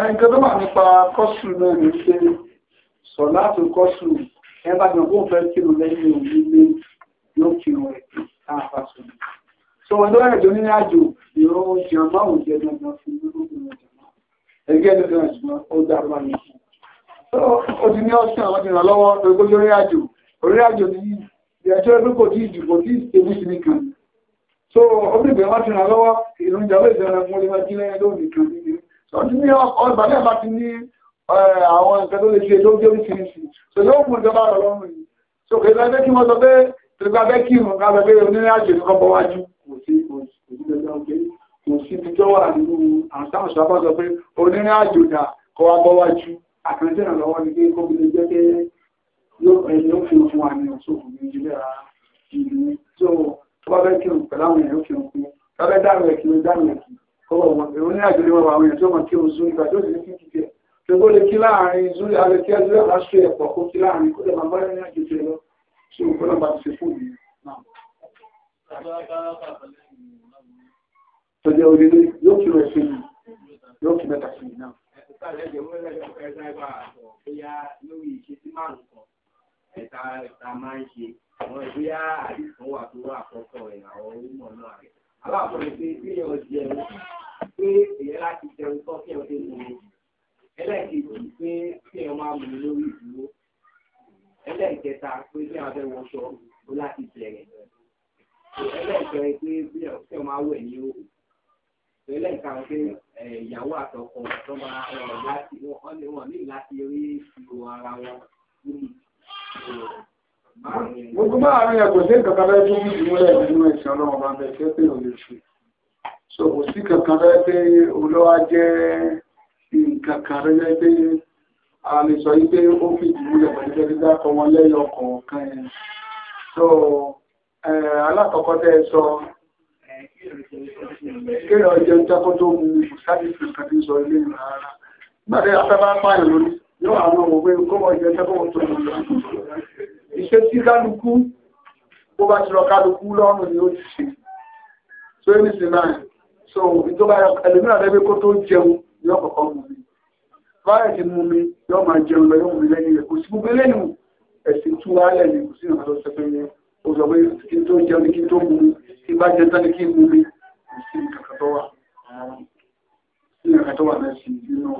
ẹnìkan tó wà nípa kọ́sù náà ní pé sọ láti kọ́sù ẹ bá gbọ́n kó fẹ́ kí ló lẹ́yìn òun nílé yóò kí wọn rẹ̀ káàpá sọ ní. sọ wọn lọ́rẹ̀ tó nílé àjò ìró oúnjẹ máa ń jẹ dandan fún olóògùn ọjà náà ẹgbẹ́ ẹni tó ń jùlọ ó dáa bá mi. ó ti ní ọ̀sán àwọn ìrìn lọ́wọ́ gbogbo lórí àjò orí àjò ní ìdájọ́ ẹgbẹ́ kò tí ì dìbò tí ì ṣe mú sí nìkan. so obìnrin wọn ti ràn lọ́wọ́ ìròyìn Sọ́jú ní ọkọ̀ ìgbàlẹ́ bá ti ní àwọn nǹkan tó lè ṣe ló gbé oríṣiríṣi. Sọ yóò mú ìjọba rọ̀ lọ́rùn yìí. Sọ kò ìgbà bẹ́ kí wọ́n sọ pé tìrìgbà bẹ́ kí ìrùn ká bẹ́ onírìn àjò ní kọ́kọ́ wájú. Kò sí ibi tó wà nínú àtàwọn ìṣàkọ́ sọ pé onírìn àjò dà kọ́ wá bọ́ wájú. Àkàntì ìrànlọ́wọ́ ni pé kó bí lè jẹ́ pé yóò fi fún wa ní ọ̀ṣọ́ òfin ìjìnlẹ̀ ara ìlú. Sọ tó bá bẹ́ kí ìrùn pẹ̀láwọn èèyàn fi hàn fún. Tọ́bẹ́ dáhùn ẹ̀kí ló dáhùn ẹ̀kí ọwọ́ wọn èrò ní àjọlé wọn àwọn èèyàn tí wọ́n kí oṣù ìgbà tó sì ní kí kìkì ẹ̀ tó lè kí láàrin zúrí alẹ́ kí ẹjọ́ ẹ̀ka ṣe ẹ̀pọ̀ máa ń ṣe àwọn ìgbéyà àdìsán tó wà àkọ́kọ́ ìràwọ̀ onímọ̀ náà rẹ̀ aláàfọ̀rẹ́ pé bí èèyàn jẹun pé èèyàn láti jẹun tán kí èèyàn tó mú un ẹlẹ́ẹ̀kejì pé kí èèyàn máa mú un lórí ìdúró ẹlẹ́ẹ̀kẹta pé bí àwọn fẹ́ wọṣọ ó láti bẹ̀rẹ̀ ẹlẹ́ẹ̀kẹrin pé bí èèyàn máa wẹ̀ ní òkú ẹlẹ́ẹ̀ka pé ìyàwó àtọkọ tó máa ọ̀rọ̀ láti wọ́n ní láti rí ìṣòro wọn níbi gbogbo máa rí ẹ̀kọ́ sí kankan bẹ́ẹ̀ tó ń fi múlẹ̀ nínú ẹ̀sìn ọlọ́run bá bẹ́ẹ̀ tẹ́ pé òun ṣe so kò sí kankan bẹ́ẹ̀ pé olówá jẹ́ nǹkan kan rẹ́jẹ́ pé a lè sọ yí pé ó fi ìdílé pẹ̀lú pé dídá kọ wọn lẹ́yọ kọ̀ọ̀kan yẹn so alákọ̀ọ́kọ́ tẹ́ ẹ sọ kéèyàn jẹ jákọ́ tó mú kò sáré fi nǹkan tí sọ ilé ìlú rárá afẹ́ bá pààyàn lórí yóò àwọn òwe kó wọ́n jẹ jákọ́ tó mú lọ ìṣe tí kálukú bó bá ti rọ kálukú lọ́rùn ni ó ti ṣe so ní sí náà so ìjọba ẹlòmíràn lẹ́gbẹ́ kó tó jẹun yóò kọ̀kọ́ mú mi báyẹ̀ ti mú mi yóò máa jẹun lọ yóò mú mi lẹ́yìn rẹ̀ kò sí gbogbo eléyìí ẹ̀sìn tú wálẹ̀ ni kò sí ìrìn àjọ sẹ́fẹ́ yẹn ó sọ pé kí tó jẹun ni kí tó mú mi kí bá jẹ tán kí mú mi kò sí kàkà tó náà sí nínú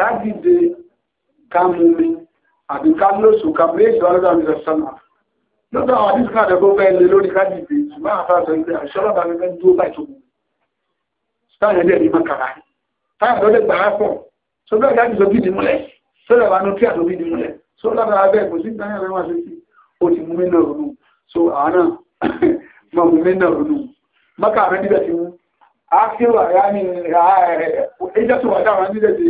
ká dìde ká mú mi àbí ká lóṣù ká méjì wà lọ́dọ̀ àmì sọ́nà lọ́dọ̀ àwọn àdìsí kan àdẹ́gbó fẹ́ lé lórí ká dìde ṣùgbọ́n àwọn afẹ́fẹ́ ìgbé àṣọ́rọ̀ bá fẹ́ dúró bá ìtòkù táwọn ẹ̀dẹ́ ní mọ́kàrá táwọn ẹ̀dọ́ lè gbàrá pọ̀ tó bẹ́ẹ̀ dájú sọ bíi nímúlẹ̀ tó lẹ̀ wà ní kí àtòbí nímúlẹ̀ tó lábẹ́ abẹ́ kò sí ìdáyà rẹ̀ wá sí sí ó ti mú mi náà ronú so àwọn náà mọ̀ mú mi náà ronú mọ́kàrá níbẹ̀ ti mú àáfíwà yá ní ẹjọ́ tó wà dáwọn níbẹ̀ ti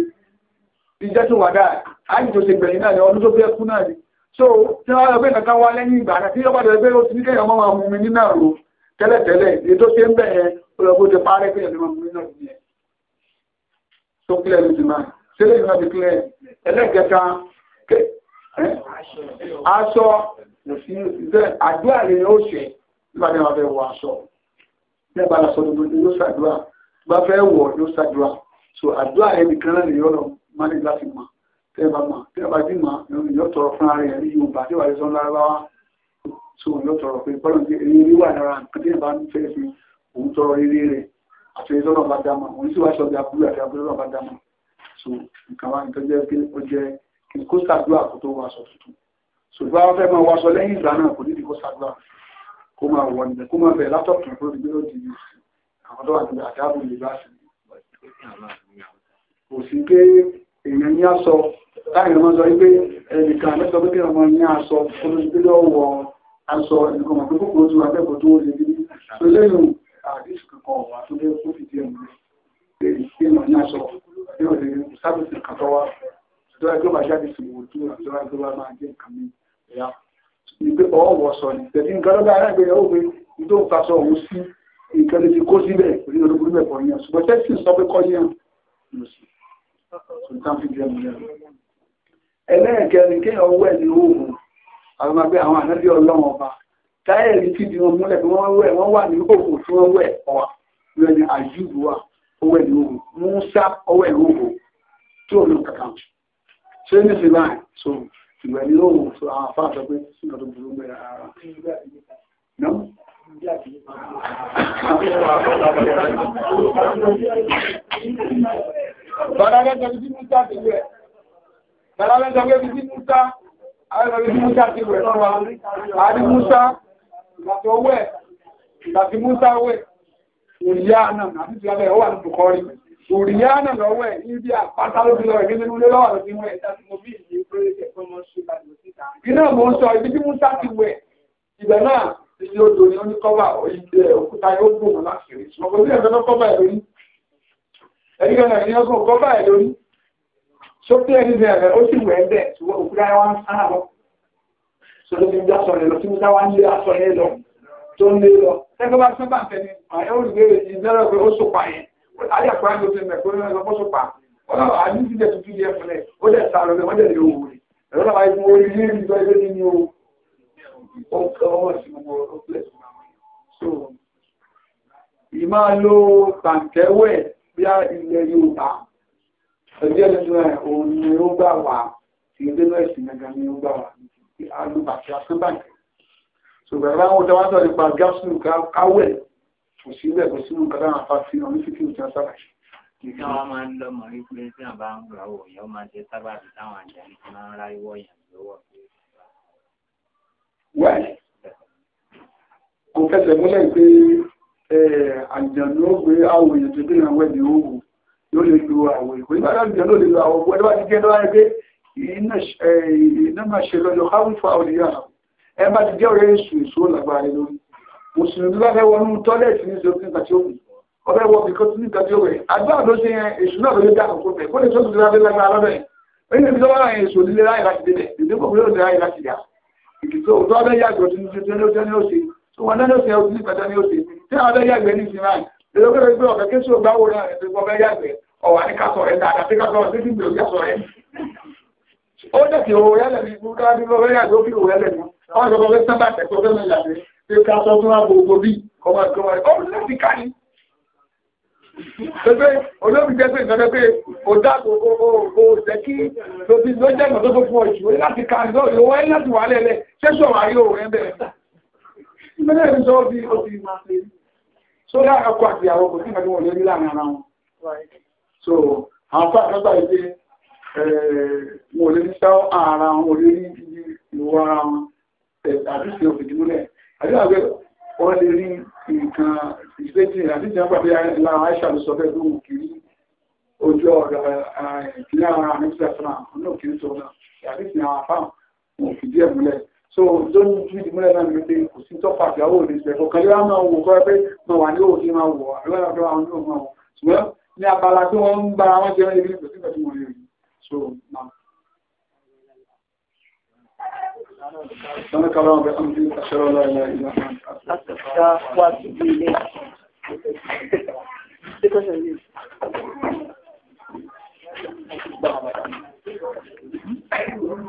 ìjẹ́ tó wà dáa àyè tó ṣe gbẹ̀yìn náà ni ọdún tó fẹ́ kú náà ni so tí wọ́n lọ pé kankan wá lẹ́yìn ìgbà náà tí yọ́pàá tẹ̀lé pé ó ti ní kéèyàn máa mú mi nínú àrò tẹ́lẹ̀tẹ́lẹ̀ èyí tó ṣe ń bẹ̀ yẹn ó lọ bó ti parẹ́ kéèyàn máa mú mi náà nìyẹn tó kílẹ̀ ló ti máa ṣé lè máa kílẹ̀ ẹlẹ́gẹ̀ta aṣọ àdúrà lè ó ṣe nígbà tí fẹ́ wọ aṣọ nígbà tí wọ́n fẹ́ wọ aṣọ má ní láti mọ̀ tẹ́ bá mọ̀ tẹ́ bá dì mọ̀ yóò tọrọ fún ara rẹ̀ ní yorùbá tí wà ní sọ́n lárúbáwá tó yóò tọrọ pé bọ́lá ní eré rí wà lára nǹkan tí ẹ̀ bá ń fẹ́ fi òun tọrọ eré rẹ̀ àti èyí tọ́lọ̀ bá dámọ̀ òun sì wá sọ́jà búrú àti abúlé lọ́ba dámọ̀ so nǹkan wá nǹkan jẹ́ pé ó jẹ́ kí kó ṣàdúrà kó tó wàṣọ tuntun so ìgbà wọn fẹ́ máa wàṣọ lẹ́yìn ìgbà náà kò nídìí kó ṣàdúrà kó máa wọ níbẹ̀ kó máa bẹ̀ látọ̀tún kó ti gbé lóde yìí àwọn tó wà níbẹ̀ àdáàbò lè bá sí i kò sí pé èèyàn ní aṣọ láàrin ọmọ sọ wípé ẹnìkan mẹ́sọ pé kí ọmọ ní aṣọ olóṣèlú ọwọ́ aṣọ ẹnìkan mọ̀ pé kòkòrò tí wà kẹ́kọ̀ọ́ tó lè rí tó lẹ́yìn àdíṣù kankan wà tó lé fún fìdí ẹ̀mù rẹ̀ pé ìmọ̀ ní aṣọ ní ọ̀lẹ́ sábẹ̀sì kan tó wá tó wá gbọ́n àṣà àdíṣù wò tó wà tó wá gbọ́n wá máa jẹ́ nǹkan mi ẹ̀yà ní pé ọwọ́ wọ̀ sọ ni tẹ̀sí nǹkan lọ́gbà arábìnrin ó gbé tó ń fasọ ẹlẹ́ẹ̀kẹrin kí ọwọ́ ẹ̀ ní oòrùn àwọn agbẹ́ àwọn ànábí ọlọ́run ọba táyẹ̀rí tí di wọn múlẹ̀ wọ́n wà ní òkò tí wọ́n wẹ̀ ọ̀wà rẹ̀ ní àjúbù ọwọ́ ẹ̀ ní oòrùn múnsá ọwọ́ ẹ̀ so ìwẹ̀ ní so àwọn afá sọ pé sínú ọdún Bàbá rẹ̀ sọ bí Musa ti wẹ̀. Bàbá rẹ̀ sọ bí Musa, àwọn ọmọ bí Musa ti wẹ̀ lọ́wọ́. Àbí Musa, ìgbàtọ̀ wẹ̀, ìgbàtí Musa wẹ̀, òrìyáàna, àti ti abẹ́ ọwà nìbùkọ́rí. Òrìyáàna lọ́wẹ̀, ibi àpáta ló fi lọ ẹ̀gbẹ́ nínú lọ́wọ́ lọ sí wẹ̀. Iná mo ń sọ ibi tí Musa ti wẹ̀, ìgbẹ̀ náà, ibi odò ni ó ní kọ́bà òkúta yóò gbòmọ̀ láti rí. Ṣùgbọ́n ẹ̀ríkọ́nà ní ọgbọ̀n kọ́ báyìí lórí sókè ẹni bẹ̀rẹ̀ ó sì wẹ̀ ẹ̀bẹ̀ ṣùgbọ́n òkúra wa ń sáà lọ sọ́dọ̀ ti ń já sọ̀rọ̀ lọ tí mo sáwá ń lé aṣọ yẹn lọ tó ń lé lọ tẹ́gbẹ́ bá sábà ń tẹni àyẹ̀ ó gbé èyí lọ́rọ̀ pé ó sopa yẹn ayé àkùrá ló ti mẹ̀kọ́ ló ń lọ bó sopa ọ̀nà àní ti dẹ̀ tuntun yẹ fúnlẹ̀ ó dẹ̀ sá lọ wọ́n dẹ̀ lé owó rẹ̀ ẹ̀rọ náà wáyé fún orí ilé ìlú tó ẹgbẹ́ nínú lo tàǹtẹ́wẹ̀ẹ́ bí a ilẹ̀ Yorùbá ẹgbẹ́ ẹlẹ́nu ẹ̀ òun ni ó gbà wá kì í dénú ẹ̀sìn gàgà ni ó gbà wá kí alùpàṣẹ asúnbàjẹ ṣùgbọ́n ẹ̀rọ àwọn ọ̀dọ́wọ́sọ nípa gáàsù káwẹ̀ kò sí ilẹ̀ kò sínú nǹkan láwọn afáfin ọ̀hún fífi ìjà sàlàyé. Ìjọ wọn máa ń lọ́mọ rí pé tí àbá ń gbà wò yẹn ó máa jẹ sábàbí táwọn àjẹ́ ní máa ń ráyé wọ̀nyàn lọ́wọ́. Wẹ́ẹ̀, kò fẹsẹ̀ múlẹ̀ pé àjẹ̀lú ó pé àwọn èèyàn tó gbéra wẹ́ ní òwò yóò lè lo àwọn ìkò ìbára ìjọ ló lè lo àwọn ọgbọ́n ẹgbẹ́ jẹ́ lọ́wọ́ pé iná máa ṣe lọ́jọ́ káwí fa òdìyà ẹ bá ti jẹ́ ọ̀rẹ́ èṣù èṣù lágbára lórí mùsùlùmí bá fẹ́ wọnú tọ́lẹ̀tì ní ìṣòro nígbà tí ó wù ọbẹ̀ wọ bìkan tí nígbà tí ó wẹ̀ agbára ló ṣe yẹn èṣù náà ló lè dá àkókò bẹ̀ kó lè tó ti lábẹ́ lágbára lọ́bẹ̀ ẹni níbi lọ́wọ́ àwọn èṣù nílé láì láti débẹ̀ tí ní ti ṣe tó ní ìpàdánù tí àwọn abẹ́ yàgbẹ́ ní ìsinmi àyè lọ́gbẹ́rẹ́ gbé ọ̀fẹ́ kéṣù gbáwó náà rẹ̀ pípọ́ bẹ́ yàgbẹ́ ọ̀wà ní kásọ̀ rẹ̀ dáadáa pé kásọ̀ rẹ̀ sí ìgbèrò yàsọ̀ rẹ̀ ó dẹ̀ kí owó yálẹ̀ ní gbúdá bí lọ́wọ́ yàgbẹ́ ó fi òwò yálẹ̀ ní wọ́n sọ pé sábà tẹ̀sọ́ fẹ́ mẹ́lẹ̀ àgbẹ̀ pé kásọ̀ tó wà gbogbo bí kọ́mọ kọ́mọ rẹ̀ ó lẹ́sì ká ní. pé olóbi jẹ́ pé ìtọ́jọ́ pé ó dá o o o jẹ́ kí lóbi ló jẹ́ ìmọ̀ tó tó fún ọ ìṣòro láti ká ní lọ́wọ́ ìwọ́ ẹ̀ láti wà lẹ́lẹ̀ ṣé sọ̀rọ̀ ayé òun ẹ̀ bẹ̀rẹ̀. ìmọ̀lẹ́ mi sọ ọ́ bí o ti máa ṣe so láàkọ́ àti ìyàwó kò sí ìgbàdí wọn lè láàrin ara wọn so àwọn fún àtọ́gbà ìpé wọn lè ní sáwọ́ ara wọn wọn lè ibi ìwọ ara wọn àti ìṣe òfìdí múlẹ̀ àti lè rí nǹkan ìṣẹ́jì àti ìṣẹ́ pàdé lára àìṣà ló sọ bẹ́ẹ̀ lóhùn kiri ojú ọ̀rọ̀ ìpínlẹ̀ ara àmì ìṣẹ́ fúnra wọn náà kiri sọ náà àti àwọn afáwọn òfìdí ẹ̀ so tó ń ju ìdìmúlẹ̀ náà ní pé kò sí tọ́pọ̀ àgbáwò lè sẹ̀ ọ̀kan yóò máa wò kọ́ pé mo wà ní òkè máa wò àríwá ọ̀dọ́ àwọn yóò máa wò ṣùgbọ́n ní abala tí wọ́n ń bára wọn jẹun ibi kò sí pẹ̀lú wọn yìí so náà. سبحانك اللهم وبحمدك أشهد أن لا إله إلا أنت